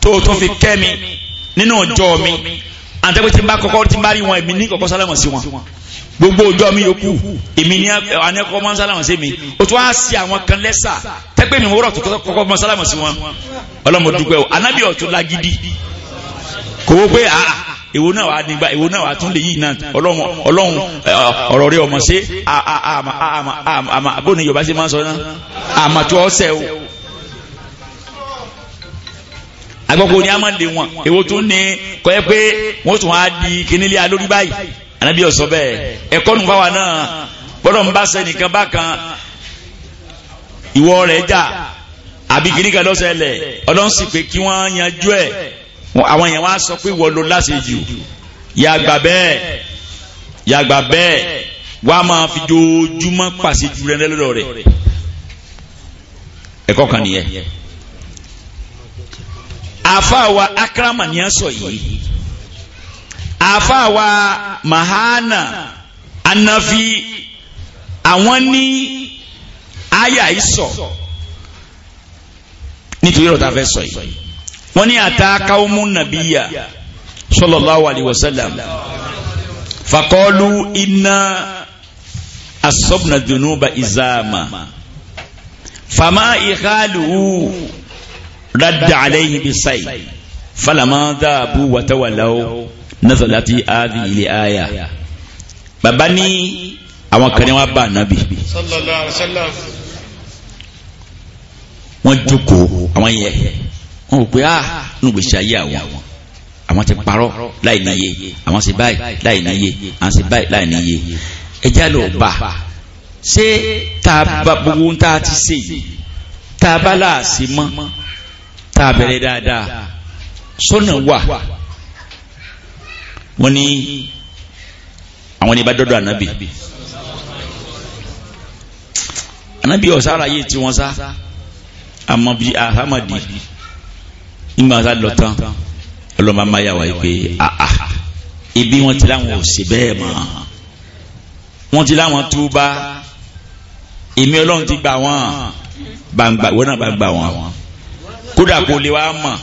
tó tó fi kẹ́mi nínú ọjọ́ mi àtẹ́gbẹ́ tí n bá kọ́kọ́ tí n bá rí wọn èmi ní kọ́kọ́ sálámọ̀ sí wọn gbogbo ọjọ́ mi yòókù èmi ní anẹ́kọ́ mọ́ sálámọ̀ sí mi ó tún á sí àwọn kan lẹ́sà tẹ́gbẹ́ mi wúrọ̀ tó kọ́kọ́ mọ́ sálámọ̀ sí wọn ọlọ́mọ dúpẹ́ o anábì ọ̀tún lágídí kò wó pé A, èwo náà wà nígbà èwo náà wà tún lè yìí náà ọlọ́run ọlọ́run ọ̀rọ̀ rẹ ọmọ ṣe àmà àmà àmà àbóni yorùbá ṣe máa ń sọ náà àmà tó ọ̀sẹ̀ o agbọ́kọ̀ ní amáde wọn èwo tún ní kọ́ ẹ pé wọ́n tún wá di kínílẹ̀ alórí báyìí ànábì ọ̀sọ́ bẹ́ẹ̀ ẹ̀kọ́ nù fáwa náà gbọ́dọ̀ ń bá sẹ́nìkan bá kan ìwọ rẹ̀ jà àbí kíníkan lọ́sẹ̀lẹ̀ ọlọ́run sì pé kí wọ́n yanjú ẹ̀ àwọn èèyàn wá sọ pé ìwọ ló láṣejù yàgbà bẹ́ẹ̀ yàgbà bẹ́ẹ̀ wàá máa fi dojúmọ́ pàṣẹ jù rẹ̀ lọ́dọ̀ rẹ̀ ẹ̀kọ́ kan nìyẹn àfáàwà akrama ní a sọ yìí àfáàwà mahana anafi àwọn ní àyà ìsọ nítorí ọ̀tá fẹ́ sọ yìí wọ́n ní àtàkà ọmú nàbíyà sallallahu alaihi wasallam fakọ́lù iná asọ́bùnà dùnúbà ìzáàmà fàmà ìhàlùú رد عليه bisayf فلما daabu watawalawo نزلت هذه ile aya baba ni àwọn kan ní wọn bá anabi sallallahu alaihi wasallam wọn jókòó àwọn yẹ wọn ò pé a ah, nù gbèsè ayé àwọn àwọn ti parọ́ láì níye àwọn sì báyìí láì níye àwọn sì báyìí láì níye ẹjẹ ló bá ṣé tá a bá gbogbo tá ti ṣe tá a bá láàṣì mọ́ tá a bẹ̀rẹ̀ dáadáa sọ́nà wà wọ́n ní àwọn ibà dọ́dọ̀ ànábì ànábì ọ̀sára yìí tí wọ́n sá àmọ́ bíi ahamadi ìgbà sá lọ tán ọlọ́mọ amáyàwá yìí pé àà ibi wọn ti láwọn ò sí bẹ́ẹ̀ mọ́ wọn ti láwọn túbá èmi ọlọ́run ti gbà wọ́n gbàǹgbà wọn náà bá gbà wọ́n kódà kò lè wá mọ̀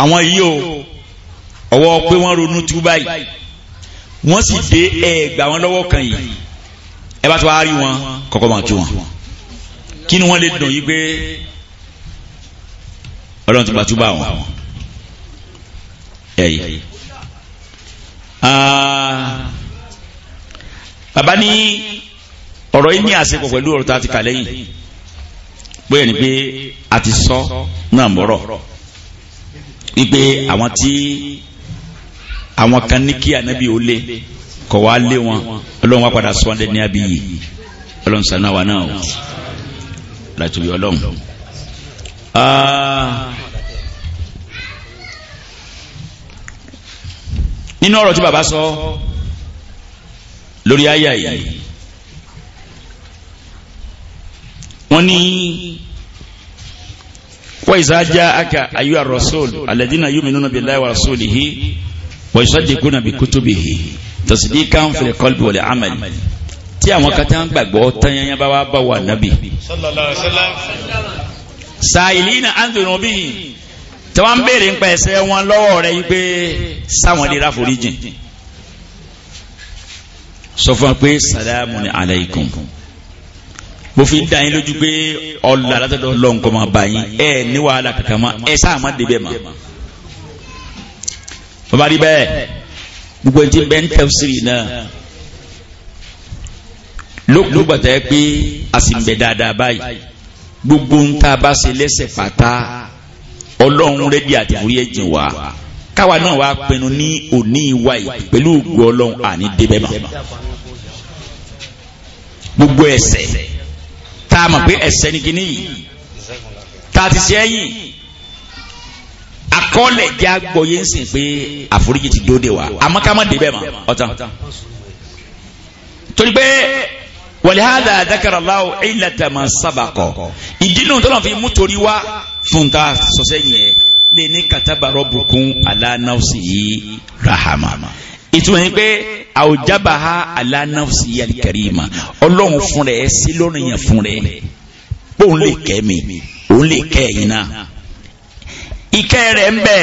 àwọn yìí o ọwọ́ pé wọ́n ronú tú báyìí wọ́n sì dé ẹ̀ẹ́gbà wọn lọ́wọ́ kan yìí ẹ bá tó wá rí wọn kọ́kọ́ máa tú wọn kí ni wọ́n lè dùn yìí pé ọlọ́run ti gbàtúbà wọn ẹ̀yìn. bàbá ní ọ̀rọ̀ yìí ní àṣepọ̀ pẹ̀lú ọ̀rọ̀ tá a ti kà lẹ́yìn bóyá ni pé a ti sọ náà mọ́rọ̀ wípé àwọn tí àwọn kan ní kí ànábì ó lé kọ̀ wá lé wọn ọlọ́run wá padà sọ wọn lẹ́ni àbí yìí ọlọ́run sànà wà náà o láti wí ọlọ́run. Ah, nínú ọ̀rọ̀ tí bàbá sọ lórí àyà yìí. wọ́n ní wa iza ja'aka ayyuha rasul alladhina yu'minuna billahi wa rasulihi wa yusaddiquna bi kutubihi tasdiqan fil qalbi wal amal tí àwọn kan tán gbàgbọ́ tanyanya bá wá bá wà nábì sa'ilina an dhunubihi tí wọ́n ń béèrè ń pa ẹ̀ṣẹ̀ wọn lọ́wọ́ rẹ̀ yí pé sáwọn lè ráforíjìn sọ fún wa pé salamun alaykum mo fi ń da yín lójú pé ọlọ alátọdọ lọǹkọ máa bá yín ẹ ní wàhálà kankan ma ẹ sáà má débẹ̀ ma bàbá rí bẹ́ẹ̀ gbogbo ẹni tí bẹ ń tafsiri náà lókun gbàtà yẹ pé a sì ń bẹ dáadáa báyìí gbogbo ń ta bá ṣe lẹ́sẹ̀ pátá ọlọ́run rẹ́dí àti fúyẹ́ jìn wá káwa náà wá pinnu ní òní ìwà yìí pẹ̀lú ògùn ọlọ́run àní débẹ̀ ma gbogbo ẹsẹ̀ tá a mọ̀ pé ẹ̀ṣẹ̀ ni kíní yìí tá a ti ṣe ẹ̀yìn akọ́lẹ̀ jẹ́ agbọ̀yé ń sìn pé àforíjì ti dóde wa àmọ́ ká má débẹ̀ mọ́ ọ̀tán torí pé wàlíhàdà àdákàràláwò ìlàtàmà sábàkọ̀ ìdínú tó náà fi mú torí wá fún ta sọ́sẹ́ yẹn lè ní kàtàbàrọ̀ bùkún aláàánáwó sì rahama ìtumọ̀ yìí pé àwòjábàá alánàfsì yalikarima ọlọ́run fún rẹ̀ sí fún rẹ̀ òun lè kẹ́ mi òun lè kẹ́ ẹ̀yin náà ìkẹ́ rẹ̀ ń bẹ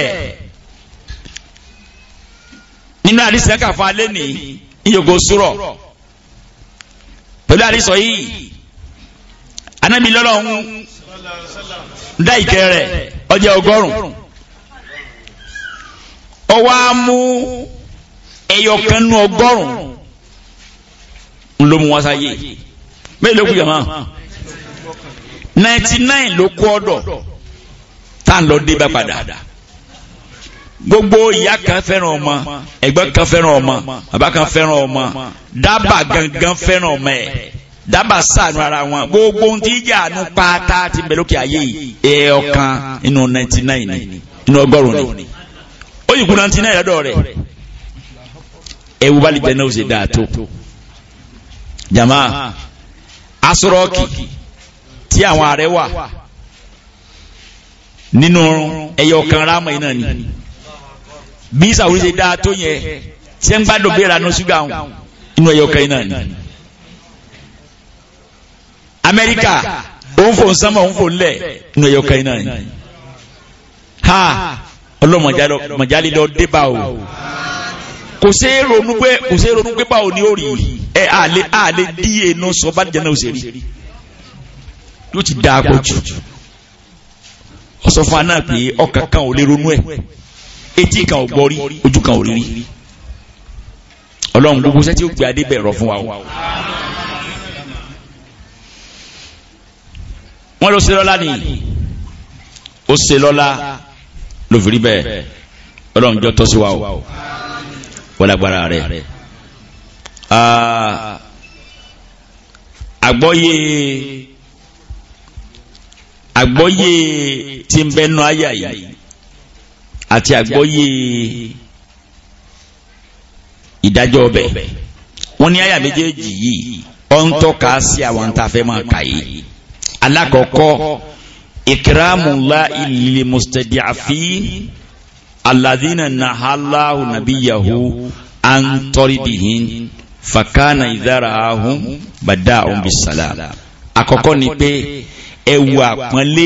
nínú àdìsẹ́ kàfọ́ alẹ́ ní ìyókò sùrọ̀ pẹ̀lú àdìsọ yìí anábì lọ́lọ́run dá ìkẹ́ rẹ̀ ọjọ́ ọgọ́rùn-ún ọwọ́ ẹyọkan nú ọgọ́rùn-ún ló mú wá sáyé mélòó kú jàmá ninety nine ló kú ọ̀dọ̀ tá à ń lọ dé bá padà gbogbo ìyá kan fẹ́ràn ọmọ ẹ̀gbọ́n kan fẹ́ràn ọmọ bàbá kan fẹ́ràn ọmọ dábà gangan fẹ́ràn ọmọ ẹ̀ dábà sànù ara wọn gbogbo ohun tí ìjà pátá ti bẹ̀ lókè ayé ẹ̀ ọ̀kan nínú ninety nine nínú ọgọ́rùn-ún ni ó yìí kú ninety nine lọ́dọ̀ rẹ̀ ẹ wo bali jẹnẹ o ṣe dáa tó jama asọrọọkì tí àwọn ààrẹ wà nínú ẹyọ kan ráàmù yìí náà ni bí sàwùrì ṣe dáa tó yẹ tí ẹ ń gbádùn bí ìranú ṣúgà ọ̀hún inú ẹyọ kan yìí náà ni amẹ́ríkà òun fò ń sánmọ̀ òun fò ń lẹ̀ inú ẹyọ kan yìí náà ni ha ọlọ́mọdé lọ débà o kò ṣe é ronú pé kò ṣe é ronú pé báwo ni ó rí ẹ àlè àlè dí inú sọ bá jẹ náà ó ṣe rí yóò ti dá agbó jù ó sọ fún wa náà pé ọkàn kan ò lè ronú ẹ etí kan ò gbọ́ rí ojú kan ò rí rí ọlọ́run gbogbo sẹ́tí ó gbé adé bẹ̀rọ fún wa o. wọ́n lọ ṣe lọ́la ni ó ṣe lọ́la lófin bẹ́ẹ̀ ọlọ́run jọ tọ́ sí wa o wọ́lágbára rẹ̀ àgbọ́yé àgbọ́yé tí ń bẹ́nu àyà yìí àti àgbọ́yé ìdájọ́ ọbẹ̀ wọ́n ní àyà méjèèjì yìí ó ń tọ́ka sí àwọn ń tafẹ́ máa kà yìí alákọ̀ọ́kọ́ ìkìrámùlá ilil mustadi'afi alladhina nahallahu nabiyahu an taridihin fakana idharahum bada'un bisalam àkọ́kọ́ ni pé ewu àpọ́nlé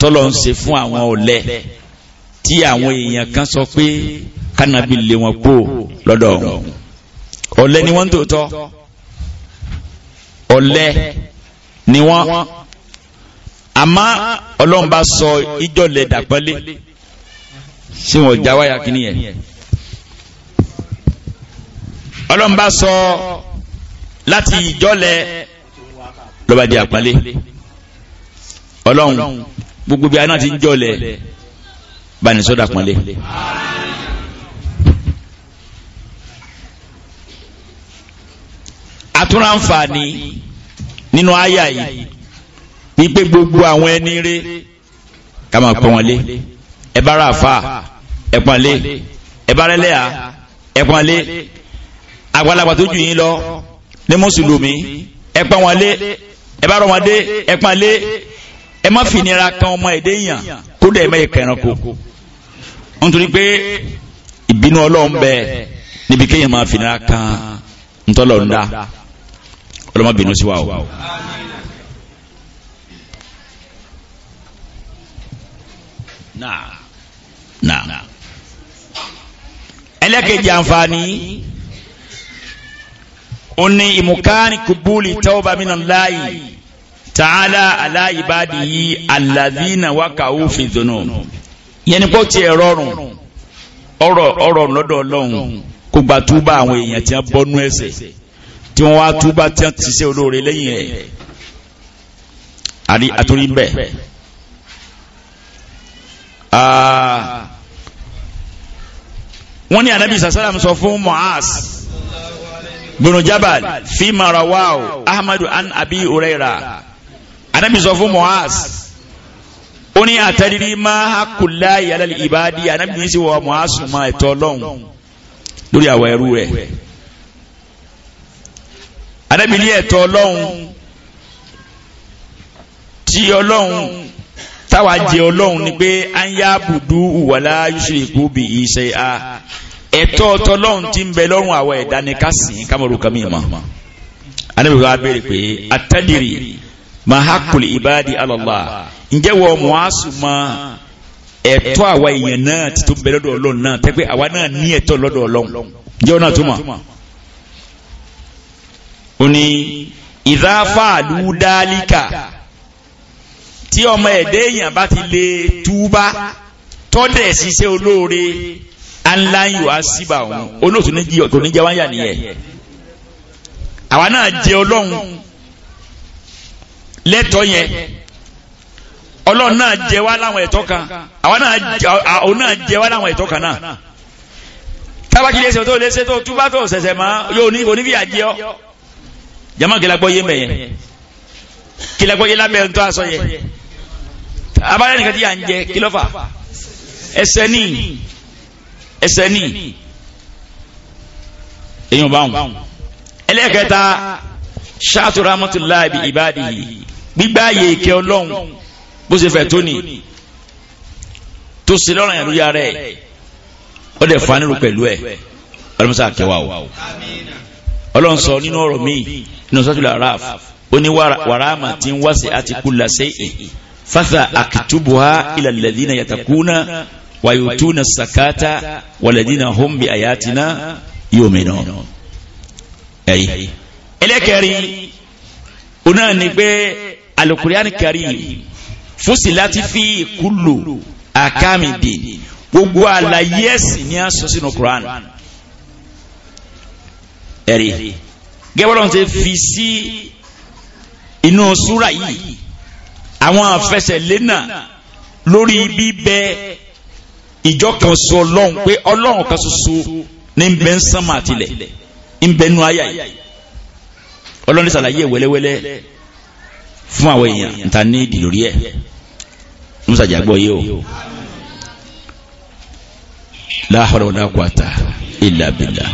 tolo ń ṣe fún àwọn ọ̀lẹ tí àwọn èèyàn kan sọ pé kanabi lé wọn kó lọ́dọ̀ ọ̀lẹ ni wọ́n tòótọ́ ọ̀lẹ ni wọ́n àmọ́ Ọlọ́run sọ ìjọlẹ̀ dàpọ́nlé ṣé wọn já wáyà kìíní yẹn ọlọ́run bá sọ láti ìjọ́lẹ̀ lọ́ba di àpálẹ́ ọlọ́run gbogbo bí aná ti ń jọ́lẹ̀ banisọ́dà pọ́nlé. àtúnrànfààní nínú àyà yìí wípé gbogbo àwọn ẹni rẹ ká máa pọ́n wọn lé ẹ bá ra àfa ẹ pọ́nlé ẹ bá rẹ́lẹ́à ẹ pọ́nlé àgbàlagbà tó jù yín lọ ní mùsùlùmí ẹ pọ́n wọn lé ẹ bá rọ wọn dé ẹ pọ́nlé ẹ má fìnira kan ọmọ èdè yàn kó dẹ̀ mẹ́ kẹran ko nítorí pé ìbínú ọlọ́run bẹ níbi kéèyàn máa fìnira kan ntọ́lọ̀ ń dá ọlọ́mọbìnrin sí wa o. Nah nà ẹlẹ́kejì àǹfààní ó ní ìmùkánì kùbúlì tawba minallahi ta'ala ala ibadihi alladhina waqa'u fi dhunub yẹnni kó tiẹ̀ rọrùn ọ̀rọ̀ ọ̀rọ̀ lọ́dọ̀ ọlọ́run kó gba túbà àwọn èèyàn tí wọ́n bọ́nú ẹ̀ṣẹ̀ tí wọ́n wá túbà tí wọ́n ti ṣe olóore lẹ́yìn ẹ̀ àrí àtúrí bẹ́ẹ̀. Ah, wọ́n ní anabi sàsálàm sọ fún Mu'az bin Jabal fi marawaw Ahmadu an Abi Huraira anabi sọ fún Mu'az ó ní àtàdírí máa hakùlá ìyàlẹ́ ìbáàdí anabi ní sí wọ Mu'az ma ẹ̀tọ́ lọ́hùn lórí àwọn ẹrú rẹ̀ anabi ní ẹ̀tọ́ lọ́hùn tí ọlọ́hùn táwa jẹ ọlọ́run ni pé à ń yá àbùdú ìwàlá yusufu bí iṣẹ́ a ẹ̀tọ́ ọtọlọ́run ti ń bẹ lọ́rùn àwọn ẹ̀dá ni ká sìn kámọ̀rò kan mìíràn anábìyí wa béèrè pé atadiri mahakul ibadi alallah ǹjẹ́ wọ́n mọ̀ á sùn mọ́ ẹ̀tọ́ àwa èèyàn náà ti tó bẹ lọ́dọ̀ ọlọ́run náà tẹ́pẹ́ àwa náà ní ẹ̀tọ́ lọ́dọ̀ ọlọ́run ǹjẹ́ ọ̀nà tó tí ọmọ ẹ̀dẹ́ èèyàn bá ti lè túbá tọ́dẹ̀ ṣiṣẹ́ olóore aláyò àṣìbà òun olóòtú ní jíọ̀ tó ní jẹ́ wáyà nìyẹn àwa náà jẹ ọlọ́run lẹ́tọ̀ọ́ yẹn ọlọ́run náà jẹ wá láwọn ẹ̀tọ́ kan àwa náà jẹ wá láwọn ẹ̀tọ́ kan náà tábàkì lè ṣe tó lè ṣe túbá tó ṣẹ̀ṣẹ̀ mọ́ yóò ní oníbíyà jẹ́ ọ́ jama gẹlẹ́gbọ́ yé mẹ́yẹn gẹlẹ́gbọ́ yé lábẹ́ ń tọ́ abáyá nìkan tí yà ń jẹ kí ló fà ẹsẹ̀ ní ẹsẹ̀ ní èyàn bá wọn ẹlẹ́ẹ̀kẹta ṣáàtú rahmatullahi bi ibadihi gbígbá ààyè ìkẹ́ ọlọ́run bó ṣe fẹ̀ tó ni tó ṣe lọ́rùn ẹ̀rú ya rẹ̀ ó dẹ̀ fa nílùú pẹ̀lú ẹ̀ ọlọ́mọṣà kẹwàá o ọlọ́run sọ nínú ọ̀rọ̀ mi nínú sọ́tùlá raf ó ní wàràmà tí ń wá sí àti làṣẹ́ èyí fasa akitubuha ila alladhina yatakuna wa yutuna sakata walladhina hum bi ayatina yu'minun ẹ̀yìn ẹlẹ́kẹ̀rin oná ni pé alukuriani kari fusilati fi kullu akamidin gbogbo àlàyé ẹ̀sìn ni a sọ sínú Quran ẹ̀rí gẹ́gbọ́dọ̀ ti fi sí inú súra yìí àwọn àfẹsẹ̀lé náà lórí bíbẹ ìjọ kan sọ ọlọ́run pé ọlọ́run kan ṣoṣo ní ń bẹ ń sánmà tilẹ̀ ń bẹ nú àyà yìí ọlọ́run ní sàlàyé wẹ́lẹ́wẹ́lẹ́ fún àwọn èèyàn níta ní ìdì lórí ẹ̀ musa jàgbọ́ yìí o láhàrá wọn kò àtà ìlà bìlà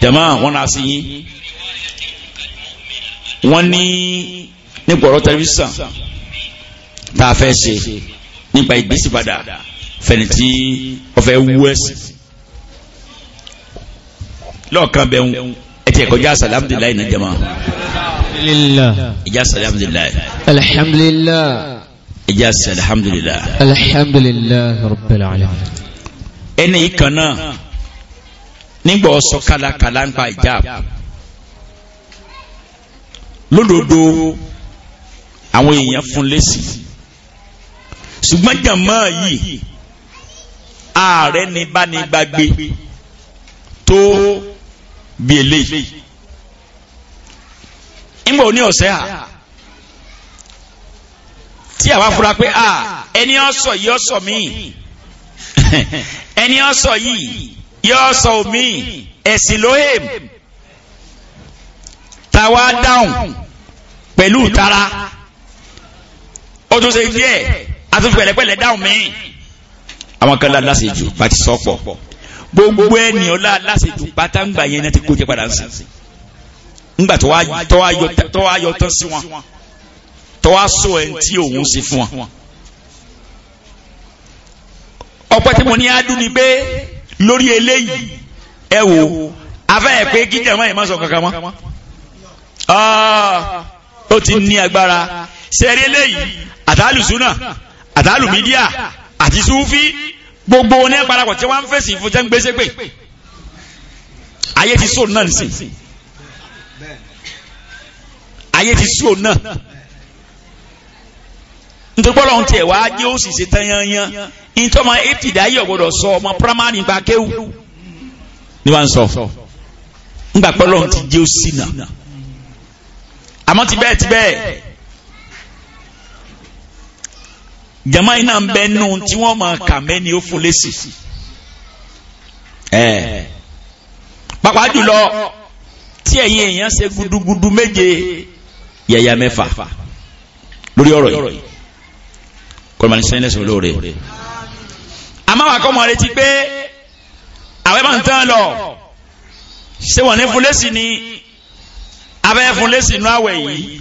jama wọn náà sí yín wọn ní nípa ọ̀rọ̀ tẹlifíṣàn tá a fẹ́ ṣe nípa ìgbésí padà fẹ̀ni tí ọ̀fẹ́ wú ẹ̀sìn lọ́ọ̀kan bẹ̀rù ẹ̀tì ẹ̀kọ́ já sàlámdìláì ní jama ìjà sàlámdìláì alhamdulillah ìjà sàlámdìláì alhamdulillah rabbil alamin ẹni ìkan náà nígbà ọsọ kálákálá ń pa ìjáàb lódodo àwọn èèyàn fún lésì ṣùgbọ́n jàmá yìí ààrẹ ni bá ní gbàgbé tó bí eléyìí nígbà òní ọ̀sẹ̀ à tí àwa fura pé à ẹni ọ̀sọ̀ yìí ọ̀sọ̀ mi ẹni ọ̀sọ̀ yìí yọ ọ̀sọ̀ mi ẹ̀sìn lóhèm tàwa dáhùn pẹ̀lú tara ó tún ṣe díẹ̀ àtúntò pẹ̀lẹ́pẹ̀lẹ́ dáhùn mí. àwọn kan lá lásìjù bá ti sọ pọ̀ gbogbo ènìyàn lá lásìjù pátá ń gbà yẹn náà ti kó jẹ padà ń sìn. ńgbà tó wá yọ tán sí wọn tó wá sọ ẹ̀ tí òun sí fún wọn. ọ̀pọ̀ tí mo ní á ni pé lórí eléyìí ẹ wò afẹ́ pé kíjà máa yẹ sọ kankan mọ́ ah, ó ti ní agbára ṣe eré eléyìí àtàlùsùn náà àtàlùmídíà àti súfí gbogbo oní parapọ̀ tí wọ́n ń fèsì fún jẹ́ ń gbé ségbè ayé ti sóò náà nìsín ayé ti sóò náà nítorí pé Ọlọ́run wá jẹ́ ó sì ṣe tán yanyan nítorí ọmọ apd ayé ọ̀gbọ́dọ̀ sọ ọmọ primary gba kéwù ni wọ́n ń sọ nígbà pé ti jẹ́ ó sì náà àmọ́ ti bẹ́ẹ̀ ti bẹ́ẹ̀. jama iná ń bẹ nù tí wọ́n máa ni mẹ́ni ó fún lẹ́sì. pàpà jùlọ tí ẹ̀yin èèyàn ṣe gudugudu méje yẹ̀yà mẹ́fà lórí ọ̀rọ̀ yìí kọ́ni màá ní sẹ́yìn lẹ́sìn olóore. àmọ́ àkọ́ mọ̀ retí pé àwẹ̀ máa ń tán lọ ṣé wọ́n ní fún lẹ́sì ni abẹ́ fún lẹ́sì inú àwẹ̀ yìí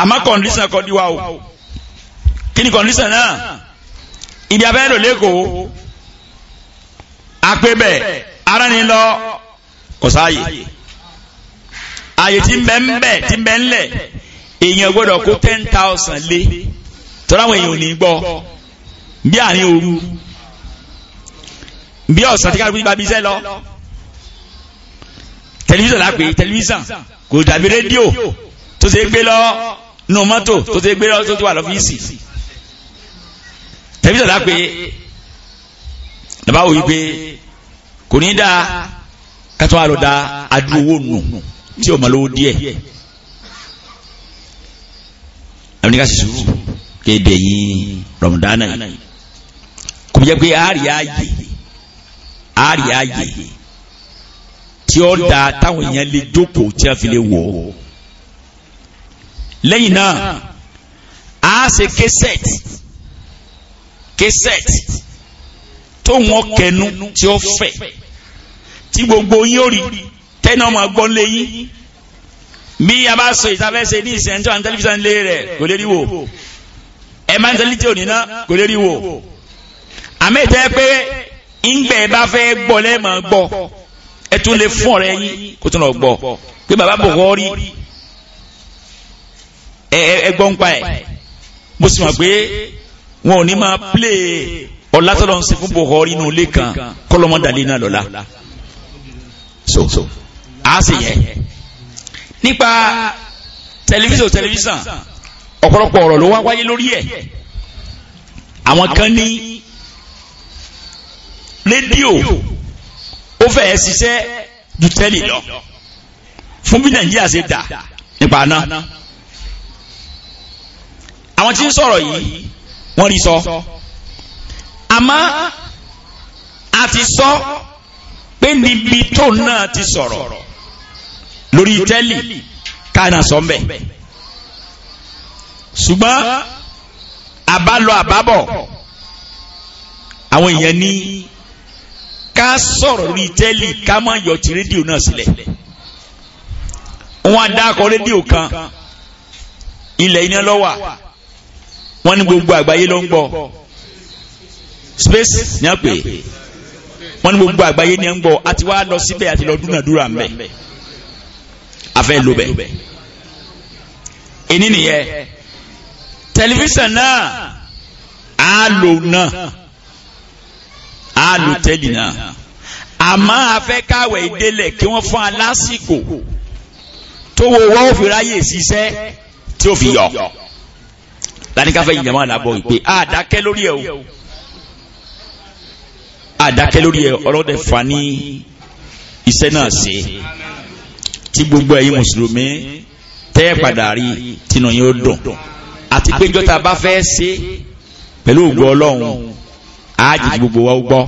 àmọ́ kọ̀ǹdísàn kọ́ diwa o. Kini ni kọ̀ndíṣàn ibi abẹ́rẹ́ lò lẹ́kọ̀ọ́ apẹ́bẹ̀ ara ni lọ kò sáàyè ààyè tí ń bẹ ń bẹ tí ń bẹ ń lẹ̀ èèyàn gbọ́dọ̀ kó ten thousand lé tọ́lá àwọn èèyàn ò ní gbọ́ bí àárín òru bí ọ̀sán tí ká gbé babi iṣẹ́ lọ tẹlifíṣàn lápè tẹlifíṣàn kò dàbí rédíò tó ṣe gbé lọ nù mọ́tò tó ṣe gbé lọ tó ti wà lọ́fíìsì tẹ̀bí sọ̀dá pé bàbá wò yí pé kò ní dáa kátó àlọ́ da adúrówó nù tí o mọ̀ lówó díẹ̀ àwọn oníkà sísú kéde yín rọmọdánà yìí kò jẹ́ pé àárí ààyè tí ó da táwọn èèyàn lè jókòó tí a fi lè wọ̀ lẹ́yìn náà a ṣe késẹ̀tì kẹsẹt tó wọn kẹnu tí ó fẹ tí gbogbo yín ó rí tẹnu ọmọ gbọ́ lé yín bí a bá sọ ìtafẹsẹ ní ìsẹńtọ àti tẹlifíṣàn lé rẹ kò lè rí wò ẹ máa ń tẹlí tí ò ní ná kò lè rí wò àmì ìtẹ́ pé ńgbẹ́ bá fẹ́ gbọ́ lẹ́mọ̀ gbọ́ ẹ tún lè fún ọ̀rẹ́ yín kó tún lọ gbọ́ pé bàbá bò wọ́n rí ẹ ẹ gbọ́ ń pa ẹ̀ mo sì mọ̀ pé wọn ò ní máa plé ọ̀làtọ̀lọ̀ ń sìnkú bò họrí inú ilé kan kọ́lọ́mọ́dàlẹ́ náà lọ́la so so a sì yẹ nípa tẹlifíṣàn tẹlifíṣàn ọ̀pọ̀lọpọ̀ ọ̀rọ̀ ló wá wáyé lórí ẹ̀ àwọn kan ní rédíò ó fẹ́ẹ́ ṣiṣẹ́ ju tẹ́lì lọ fún bí nàìjíríà ṣe dà nípa náà àwọn tí ń sọ̀rọ̀ yìí wọ́n rí sọ àmọ́ a ti sọ pé níbi tó náà ti sọ̀rọ̀ lórí tẹ́lì káàna sọ mbẹ̀ ṣùgbọ́n àbálọ àbábọ̀ àwọn èèyàn ní ká sọ̀rọ̀ lórí tẹ́lì ká má yọ ti rédíò náà sílẹ̀ wọ́n á dákọ̀ rédíò kan ilẹ̀ iná lọ́wà wọ́n ní gbogbo àgbáyé ló ń gbọ́ space ní a pè wọ́n ní gbogbo àgbáyé ní a ń gbọ́ a ti wá lọ síbẹ̀ àti lọ dúnàdúrà ń bẹ̀ afẹ́ ló bẹ̀ èní nìyẹn tẹlifíṣàn náà á lò náà á lò tẹ́lì náà àmọ́ afẹ́ káwẹ̀ ìdélẹ̀ kí wọ́n fún alásìkò tó wo wọ́n ò ṣiṣẹ́ tí ó fi yọ lanikafẹ́ yìí jama làbọ̀ yìí pé àdákẹ́ lórí ẹ̀ o àdákẹ́ lórí ẹ̀ ọ̀rọ̀ dẹ̀ fà ní iṣẹ́ náà ṣe tí gbogbo ẹ̀yin mùsùlùmí tẹ́ padà rí tinú yín ó dùn àti pé njọ́ta bá fẹ́ ṣe pẹ̀lú ògbó ọlọ́run àájì gbogbo wa gbọ́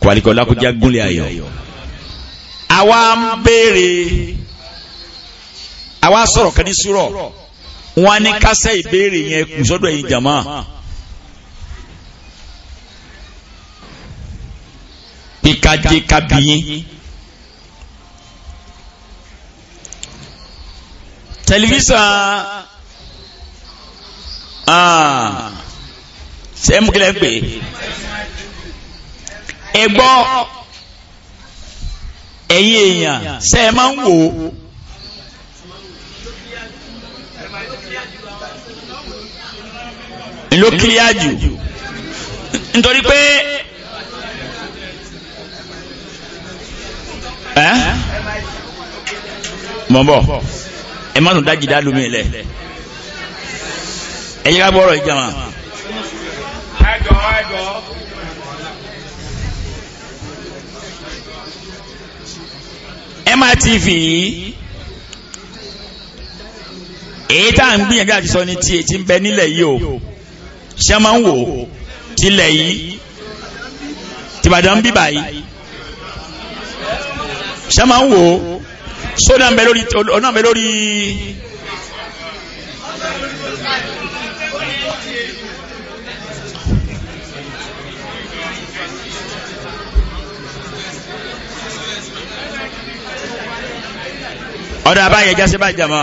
kwàlíkọ̀ lákújá gúnlẹ̀ ayọ̀ àwa ń béèrè àwa sọ̀rọ̀ kan ní sùúrọ̀ wọ́n á ní kásẹ̀ ìbéèrè yẹn kù sọ́dọ̀ ẹ̀yin jàmá. ìkajé kabiyin tẹlifíṣàn sẹ́mukilẹ̀ pé ẹ gbọ́ ẹ̀yin èèyàn sẹ́ẹ̀ máa ń wò ó. ló kílíà jù nítorí pé ẹ́ mọ̀ bọ̀ ẹ má tún dájì dá lómi lẹ̀ ẹ yẹ bọ̀ ọ̀rọ̀ ìjà wọn. MRTV yìí èyí tá à ń gbìyànjú àti sọ ní tiẹ̀ ti ń bẹ nílẹ̀ yìí o ṣé a máa ń wò tilẹ̀ yìí tìbàdàn bíbà yìí ṣé a máa ń wò sódà ń bẹ lórí ọ̀nà ń bẹ lórí. ọ̀dọ̀ àbáyẹ jásẹ́ bá jama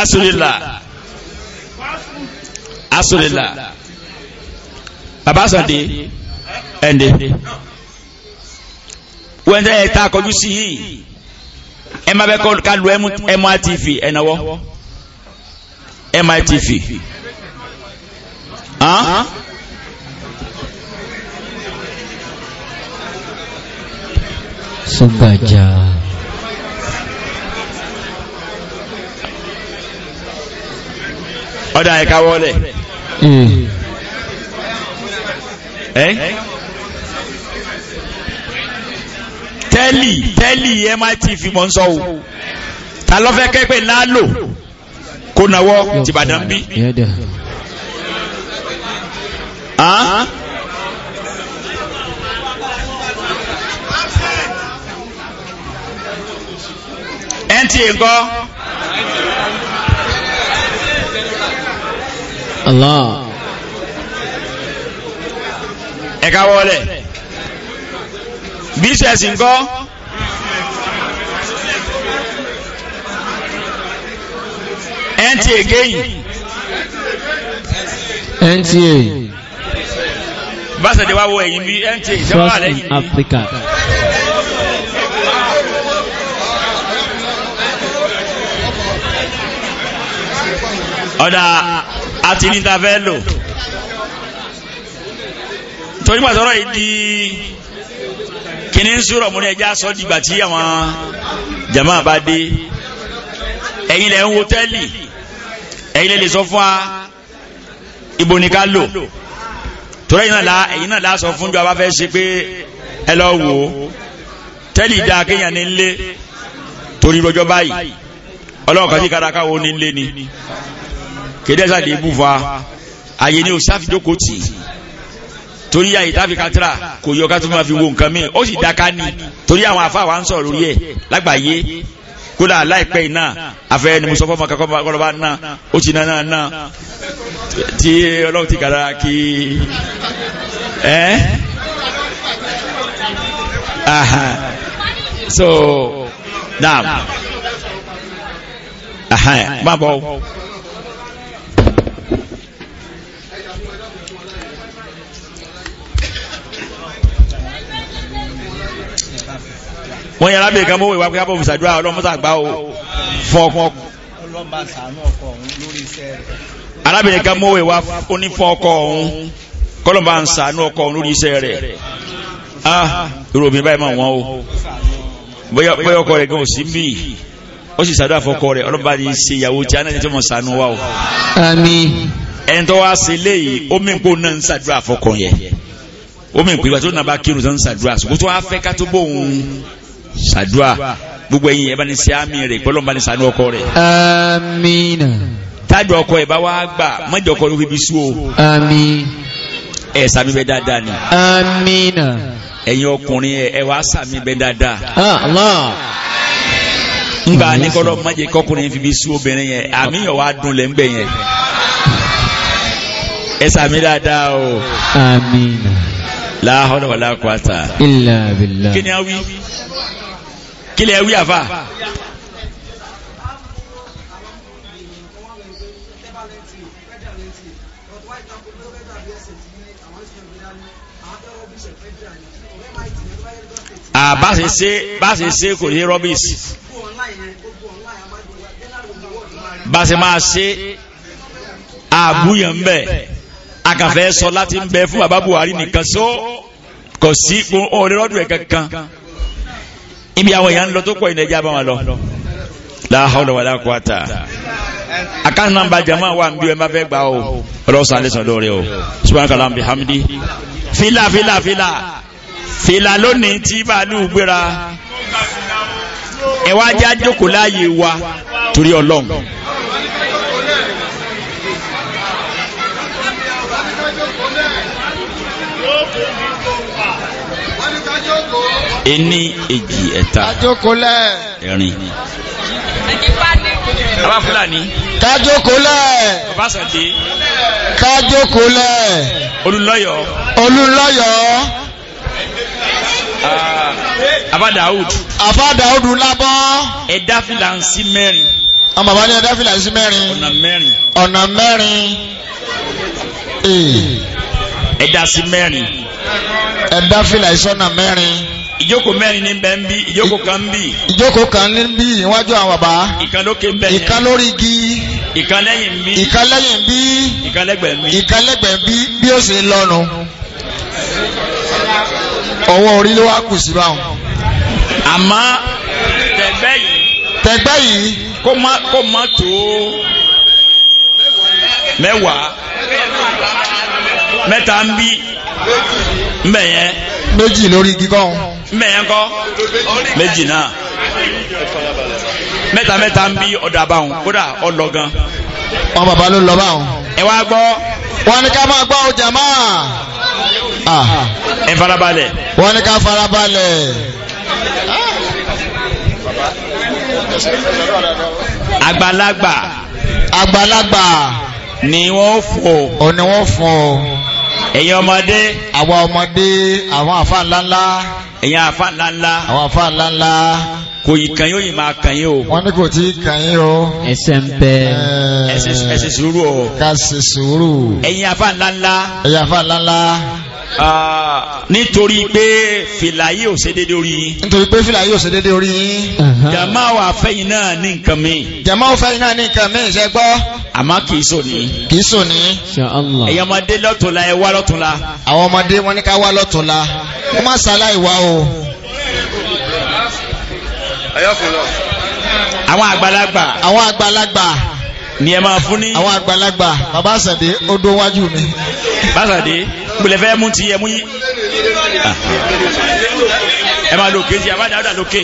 asulila asolila baba sọ̀dé ẹ̀ndé wẹ́ndẹ́ ẹ̀ tá a kọjú sí yìí ẹ má bẹ́ kọ́ ká lu MITV ẹ̀ náwọ́ MITV ẹ́ mm. eh? tẹ́lì tẹ́lì MIT fi mọ́ ń sọ o ta ló fẹ́ kẹ́pẹ́ lálò kó nawọ́ tìbàdàn bí NTA ńkọ́ Allah ẹ̀ka wọlẹ̀ bí sẹ̀sì ń kọ́ NTA gẹ́yìn NTA báṣẹ̀dẹ̀ wá wo ẹ̀yìn bí NTA ìjọba àlẹ́ yìí Africa ọ̀dà àti ní ta fẹ́ lò torí pàtó ọ̀rọ̀ yìí di kíní ń sọ̀rọ̀ mú ní ẹja sọ dìgbà tí àwọn jama bá dé ẹ̀yin lẹ̀ ń wo tẹ́lì ẹ̀yin lè sọ fún wa ibo ni ká lò torí ẹ̀yin náà la ẹ̀yin náà la sọ fún jọ abáfẹ́ ṣe pé ẹ lọ wò ó tẹ́lì dáa kéèyàn ní lé torí rọjọ́ báyìí ọlọ́ọ̀kan sí kárakáwo ní lé ni kèdèsà lè bú fa àyè ni òṣàfijoko tì torí àyè táfi katra kò yọ ká tó máa fi wo nǹkan míì ó sì dáká ní torí àwọn àfáà wa ń sọ̀rọ̀ lórí ẹ̀ lágbàáyé kódà láìpẹ́ iná afẹ́ ni mo sọ fọ́ makakọ́ kọlọ́bá náà ó ti náà náà tí ọlọ́run ti kàdára kí ẹ́ aha so naam aha má bọ́ wọ́n yẹ arábìnrin kan mọ́wé wa pé kábọ̀ fìṣàdúrà ọlọ́mọ́sà gbá o fọ́ọ̀kọ́ arábìnrin kan mọ́wé wa ó ní fọ́ọ̀kọ́ ọ̀hún kọ́lọ́mbà ń sàánú ọkọ ọ̀hún lórí iṣẹ́ rẹ̀ ah irú obìnrin báyìí máa wọ́n o bóyá ọkọ rẹ̀ gan ò sí mbí ó sì sàdúrà fọ́kọ rẹ̀ ọlọ́mọba ni ṣe ìyàwó tí a náà ti mọ̀ sàánú wa o. àmín ẹni tó bá ń ṣàdúrà ṣùgbọ́n tó wá fẹ́ ká ṣàdúà gbogbo ẹ̀yin ẹ̀ bá ní sí àmì rẹ̀ gbọ́dọ̀ bá ní sànú ọkọ rẹ̀. amiina. tájọ ọkọ ẹ̀ bá wá gbà mọ́jọ ọkọ ló fi bí o. ami. ẹ sàmì bẹ dáadáa ni. amiina. ẹ̀yin ọkùnrin ẹ wá sàmì bẹ dáadáa. Ah, Allah ngba ní kọ́dọ̀ mọ́jẹ kọkùnrin fi bí obìnrin yẹn àmì yẹn wá dùn lẹ́ ń yẹn. ẹ sàmì dáadáa o. amiina. la hawla wala quwata. illa billah. kí ni a wí kílẹ̀ wí àfà àbáṣeṣe báṣeṣe kò ní rọ́bìs báṣe máa ṣe àbúyàn bẹ́ẹ̀ akàfẹ́ sọ láti ń bẹ fún bàbá Buhari nìkan só kò sí ohun ọ̀rẹ́rọ́dù ẹ̀ kankan ibi àwọn èèyàn lọ tó pọ̀ ìnà ẹja bá wọn lọ la hawla wala quwata akan namba jama wa n bí ẹ má fẹ́ gbà o ọlọ́sàn alẹ́ sàn lóore o subhanakallah bihamdi fila fila fila fila lónìí tí bàálù gbéra ẹ wá já jókòó láàyè wa torí ọlọ́run. ení èjì ẹ̀ta kájókòlẹ̀ ẹ̀rin bàbá fúlàní kájókòlẹ̀ ọbásàdé kájókòlẹ̀ olùlọ́yọ̀ olùlọ́yọ̀ àbá Dawud Aba Dawud lábọ́ ẹ̀dá fìlànsí mẹ́rin ọmọ bàbá ní ẹ̀dá fìlànsí mẹ́rin ọ̀nà mẹ́rin ọ̀nà mẹ́rin ẹ̀dá sí mẹ́rin ẹ̀dá fìlànsí ọ̀nà mẹ́rin ìjókòó mẹ́rin ní bẹ́ẹ̀ ń bí ìjókòó kan ń bí. ìjókòó kan ní bí iwájú àwọn bàbá. ìkan lókè ń bẹ̀ yẹn. ìkan lórí igi. ìkan lẹ́yìn ń bí. ìkan lẹ́yìn bí. ó sì ń lọ́nu. ọwọ́ orí ló wá kù sí báwọn. àmọ́ tẹ̀gbẹ́ yìí. tẹ̀gbẹ́ yìí. kó má kó má tó mẹ́wàá mẹ́ta ń bí ń méjì lórí igi kọ́ mẹ́yàn kọ́ méjì náà mẹ́ta mẹ́ta ń bí ọ̀dà báwọn kódà ọlọ́gan. wọn bàbá ló lọ báwọn. ẹ wá gbọ́. wọn ní ká máa gbọ́ ọjà máa. ẹ farabalẹ̀. wọn ní ká farabalẹ̀. àgbàlagbà. àgbàlagbà. ni wọ́n fọ́. ò ní wọ́n fọ́ ẹ̀yin ọmọdé àwọn ọmọdé àwọn àfa ńláńlá ẹ̀yin àfa ńláńlá àwọn àfa ńláńlá kò yìí kàn yóò yìí máa kàn yín o. wọ́n ní kò tí ì kàn yín o. ẹsẹ̀ ń bẹ. ẹ ṣe sùúrù o. ká ṣe sùúrù. ẹ̀yin àfa ńláńlá. ẹ̀yin àfa ńláńlá. Ah, nítorí pé filayi ò ṣe dédé orí yín. nítorí pé filayi ò ṣe dédé orí yín. Uh-huh. jama wa fẹ́yìn náà ní nǹkan mi. jama wa fẹ́yìn náà ní nǹkan mi ṣe gbọ́. àmọ́ kì í sò ní. kì í sò ní. ẹ̀yà ọmọdé lọ́tún la ẹ wá lọ́tún la. àwọn ọmọdé wọn ní ká wá lọ́tún la ó má ṣàlàyé wa o. àwọn àgbàlagbà. àwọn àgbàlagbà ni ẹ máa fún ní. àwọn àgbàlagbà bàbá àṣàdé ó dó wájú mi. bàṣàdé gbẹlẹfẹ mú ti ẹmú yín ah. ẹ máa lòkè sí àbájá ọdà lòkè.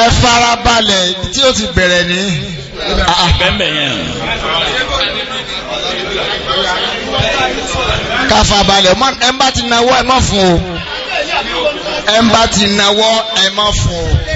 ẹ farabalẹ̀ tí ó ti bẹ̀rẹ̀ ní. Ah, ah. bẹ́ẹ̀ yẹn. káfàbalẹ̀ ẹ bá ti nawọ́ ẹ má fún o ẹ bá ti nawọ́ ẹ má fún o.